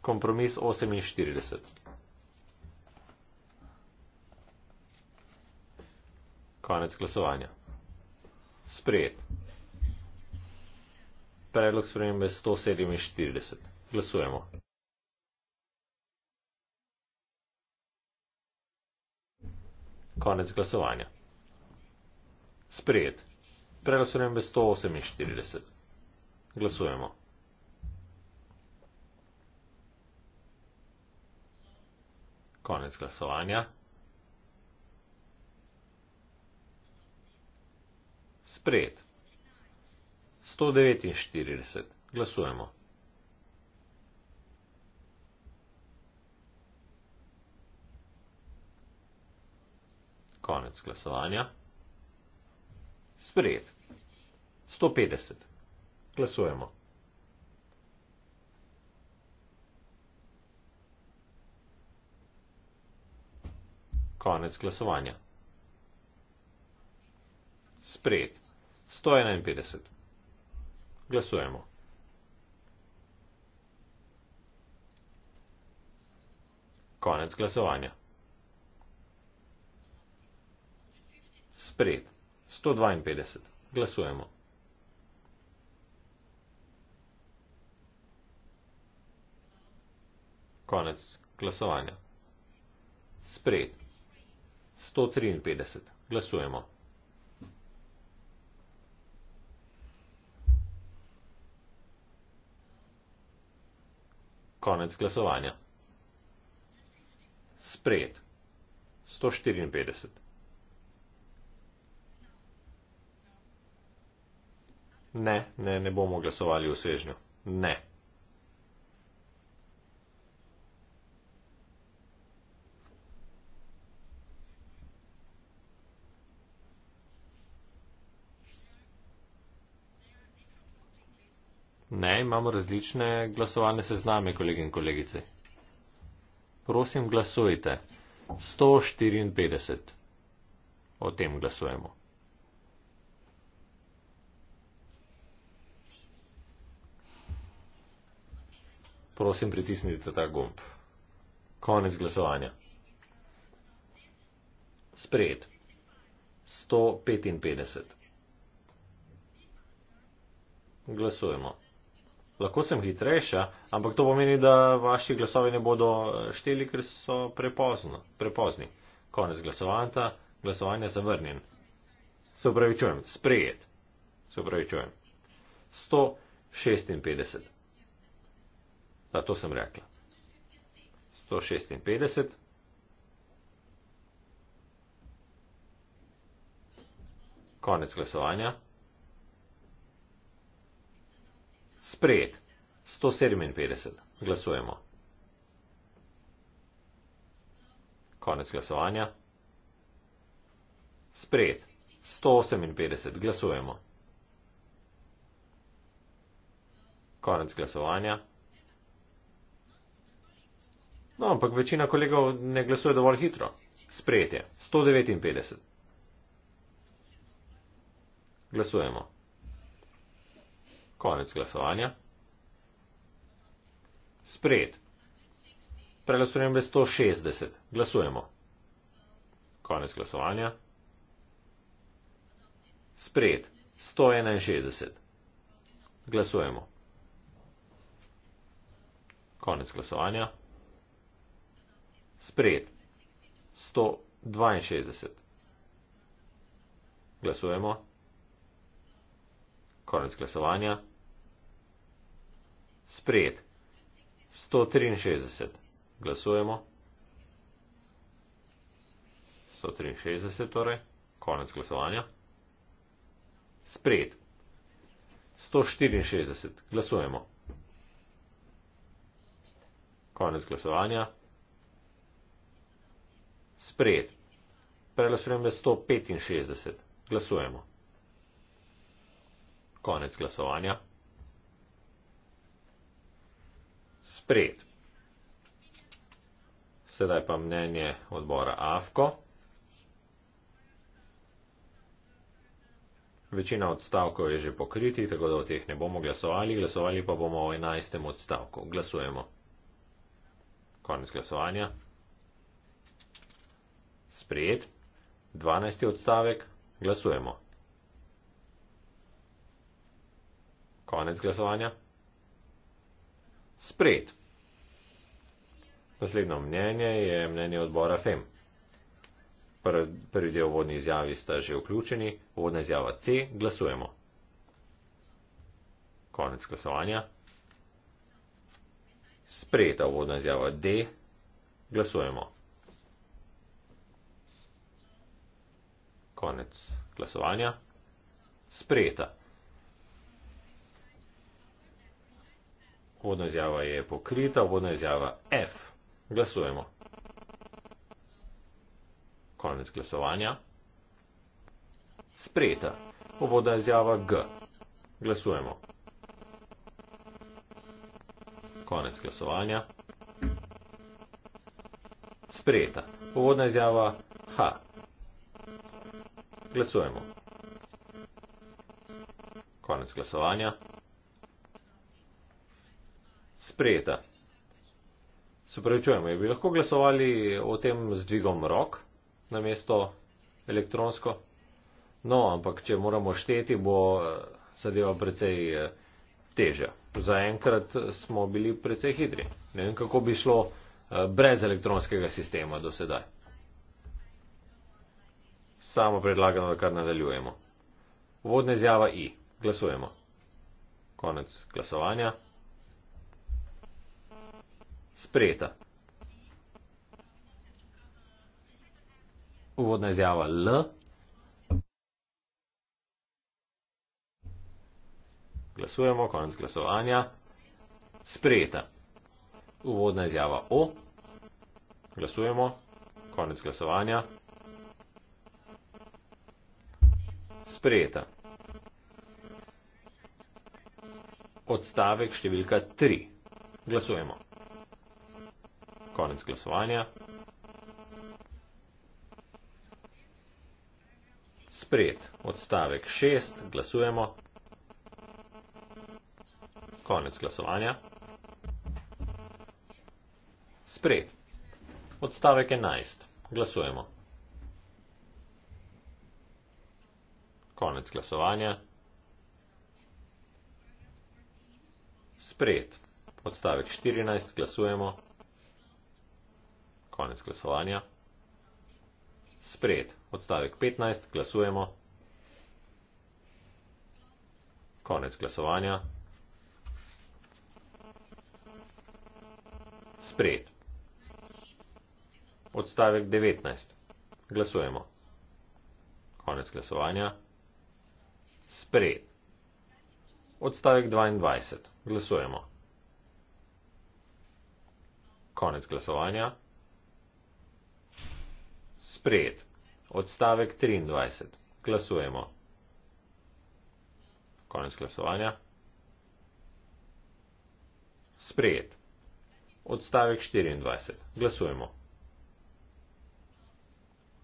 S2: Kompromis 48. Konec glasovanja. Sprejet. Predlog spremembe 147. Glasujemo. Konec glasovanja. Sprejet. Predlog spremembe 148. Glasujemo. Konec glasovanja. Sprejet. 149. Glasujemo. Konec glasovanja. Sprejet. 150. Glasujemo. Konec glasovanja. Sprejet. 151. Glasujemo. Konec glasovanja. Sprejet. 152. Glasujemo. Konec glasovanja. Sprejet. 153. Glasujemo. Konec glasovanja. Sprejet. 154. Ne, ne, ne bomo glasovali v svežnju. Ne. Ne, imamo različne glasovalne sezname, kolegi in kolegice. Prosim, glasujte. 154. O tem glasujemo. Prosim, pritisnite ta gumb. Konec glasovanja. Sprejet. 155. Glasujemo lahko sem hitrejša, ampak to pomeni, da vaši glasovi ne bodo eh, šteli, ker so prepozno, prepozni. Konec glasovanta, glasovanje zavrnjen. Se upravičujem, sprejet. Se upravičujem. 156. Da, to sem rekla. 156. Konec glasovanja. Sprejet. 157. Glasujemo. Konec glasovanja. Sprejet. 158. Glasujemo. Konec glasovanja. No, ampak večina kolegov ne glasuje dovolj hitro. Sprejet je. 159. Glasujemo. Konec glasovanja. Sprejet. Preglasujem ve 160. Glasujemo. Konec glasovanja. Sprejet. 161. Glasujemo. Konec glasovanja. Sprejet. 162. Glasujemo. Konec glasovanja. Sprejet. 163. Glasujemo. 163 torej. Konec glasovanja. Sprejet. 164. Glasujemo. Konec glasovanja. Sprejet. Preglasujem je 165. Glasujemo. Konec glasovanja. sprejet. Sedaj pa mnenje odbora AFKO. Večina odstavkov je že pokriti, tako da o teh ne bomo glasovali. Glasovali pa bomo o enajstem odstavku. Glasujemo. Konec glasovanja. Sprejet. Dvanajsti odstavek. Glasujemo. Konec glasovanja sprejet. Naslednje mnenje je mnenje odbora FEM. Prvi del vodni izjavi sta že vključeni, vodna izjava C, glasujemo. Konec glasovanja. Sprejeta vodna izjava D, glasujemo. Konec glasovanja. Sprejeta. Vodna izjava je pokrita, vodna izjava F. Glasujemo. Konec glasovanja. Sprejeta. Vodna izjava G. Glasujemo. Konec glasovanja. Sprejeta. Vodna izjava H. Glasujemo. Konec glasovanja sprejeta. Se pravičujemo, bi lahko glasovali o tem z dvigom rok na mesto elektronsko? No, ampak če moramo šteti, bo eh, zadeva precej eh, teža. Za enkrat eh, smo bili precej hitri. Ne vem, kako bi šlo brez elektronskega sistema do sedaj. Samo predlagano, da kar nadaljujemo. Vodna izjava I. Glasujemo. Konec glasovanja sprejeta. Uvodna izjava L. Glasujemo, konec glasovanja. Sprejeta. Uvodna izjava O. Glasujemo, konec glasovanja. Sprejeta. Odstavek številka 3. Glasujemo konec glasovanja. Spred odstavek 6 glasujemo. Konec glasovanja. Spred odstavek 11 glasujemo. Konec glasovanja. Spred odstavek 14 glasujemo. Konec glasovanja. Sprejet. Odstavek 15. Glasujemo. Konec glasovanja. Sprejet. Odstavek 19. Glasujemo. Konec glasovanja. Sprejet. Odstavek 22. Glasujemo. Konec glasovanja sprejet. Odstavek 23. Glasujemo. Konec glasovanja. Sprejet. Odstavek 24. Glasujemo.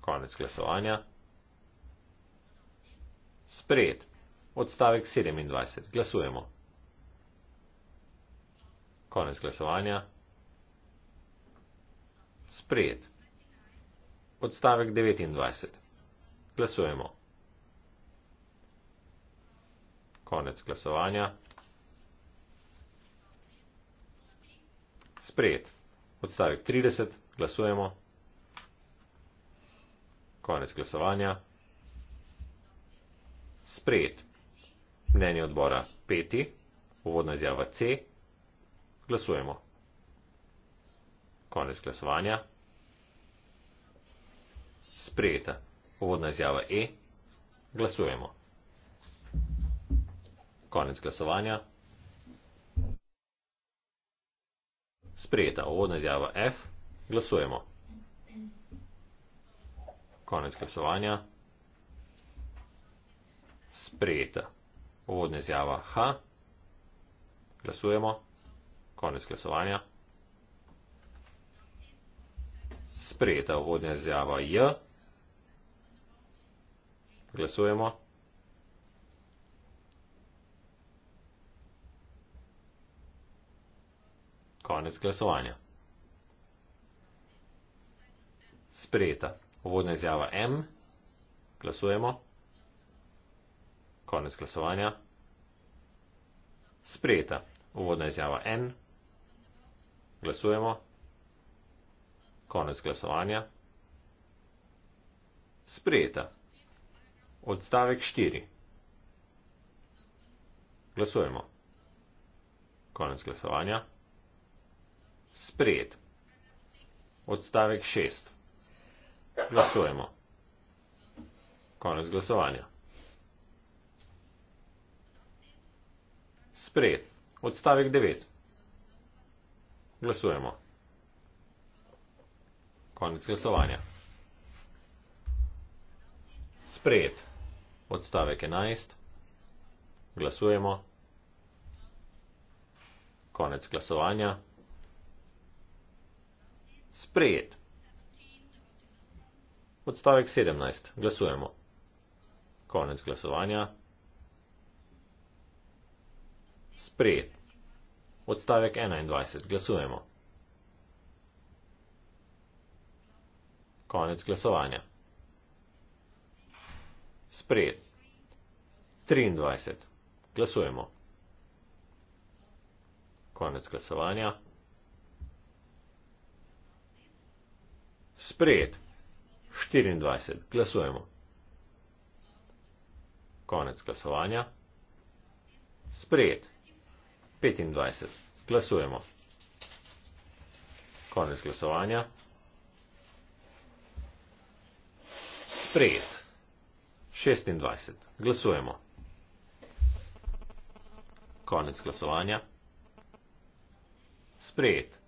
S2: Konec glasovanja. Sprejet. Odstavek 27. Glasujemo. Konec glasovanja. Sprejet odstavek 29. Glasujemo. Konec glasovanja. Sprejet. Odstavek 30. Glasujemo. Konec glasovanja. Sprejet. Mnenje odbora 5. Uvodna izjava C. Glasujemo. Konec glasovanja sprejeta. Uvodna izjava E. Glasujemo. Konec glasovanja. Sprejeta. Uvodna izjava F. Glasujemo. Konec glasovanja. Sprejeta. Uvodna izjava H. Glasujemo. Konec glasovanja. Sprejeta. Uvodna izjava J. Glasujemo. Glasujemo. Konec glasovanja. Sprejeta. Uvodna izjava M. Glasujemo. Konec glasovanja. Sprejeta. Uvodna izjava N. Glasujemo. Konec glasovanja. Sprejeta. Odstavek 4. Glasujemo. Konec glasovanja. Sprejet. Odstavek 6. Glasujemo. Konec glasovanja. Sprejet. Odstavek 9. Glasujemo. Konec glasovanja. Sprejet odstavek 11. Glasujemo. Konec glasovanja. Sprejet. Odstavek 17. Glasujemo. Konec glasovanja. Sprejet. Odstavek 21. Glasujemo. Konec glasovanja. Sprejet. 23. Glasujemo. Konec glasovanja. Sprejet. 24. Glasujemo. Konec glasovanja. Sprejet. 25. Glasujemo. Konec glasovanja. Sprejet šestindvajset glasujemo konec glasovanja sprejet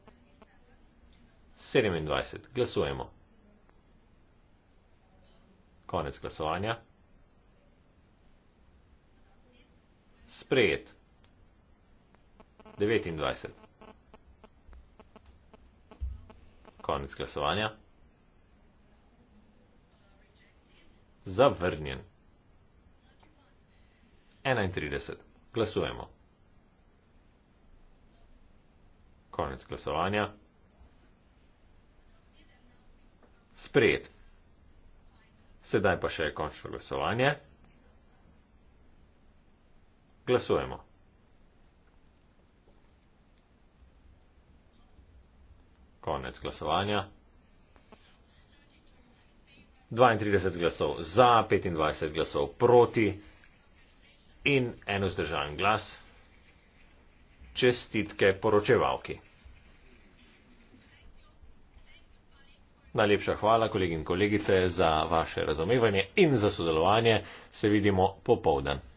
S2: sedemindvajset glasujemo konec glasovanja sprejet devetindvajset konec glasovanja zavrnjen. 31. Glasujemo. Konec glasovanja. Sprejet. Sedaj pa še je končno glasovanje. Glasujemo. Konec glasovanja. 32 glasov za, 25 glasov proti in en vzdržan glas. Čestitke poročevalki. Najlepša hvala, kolegi in kolegice, za vaše razumevanje in za sodelovanje. Se vidimo popovdan.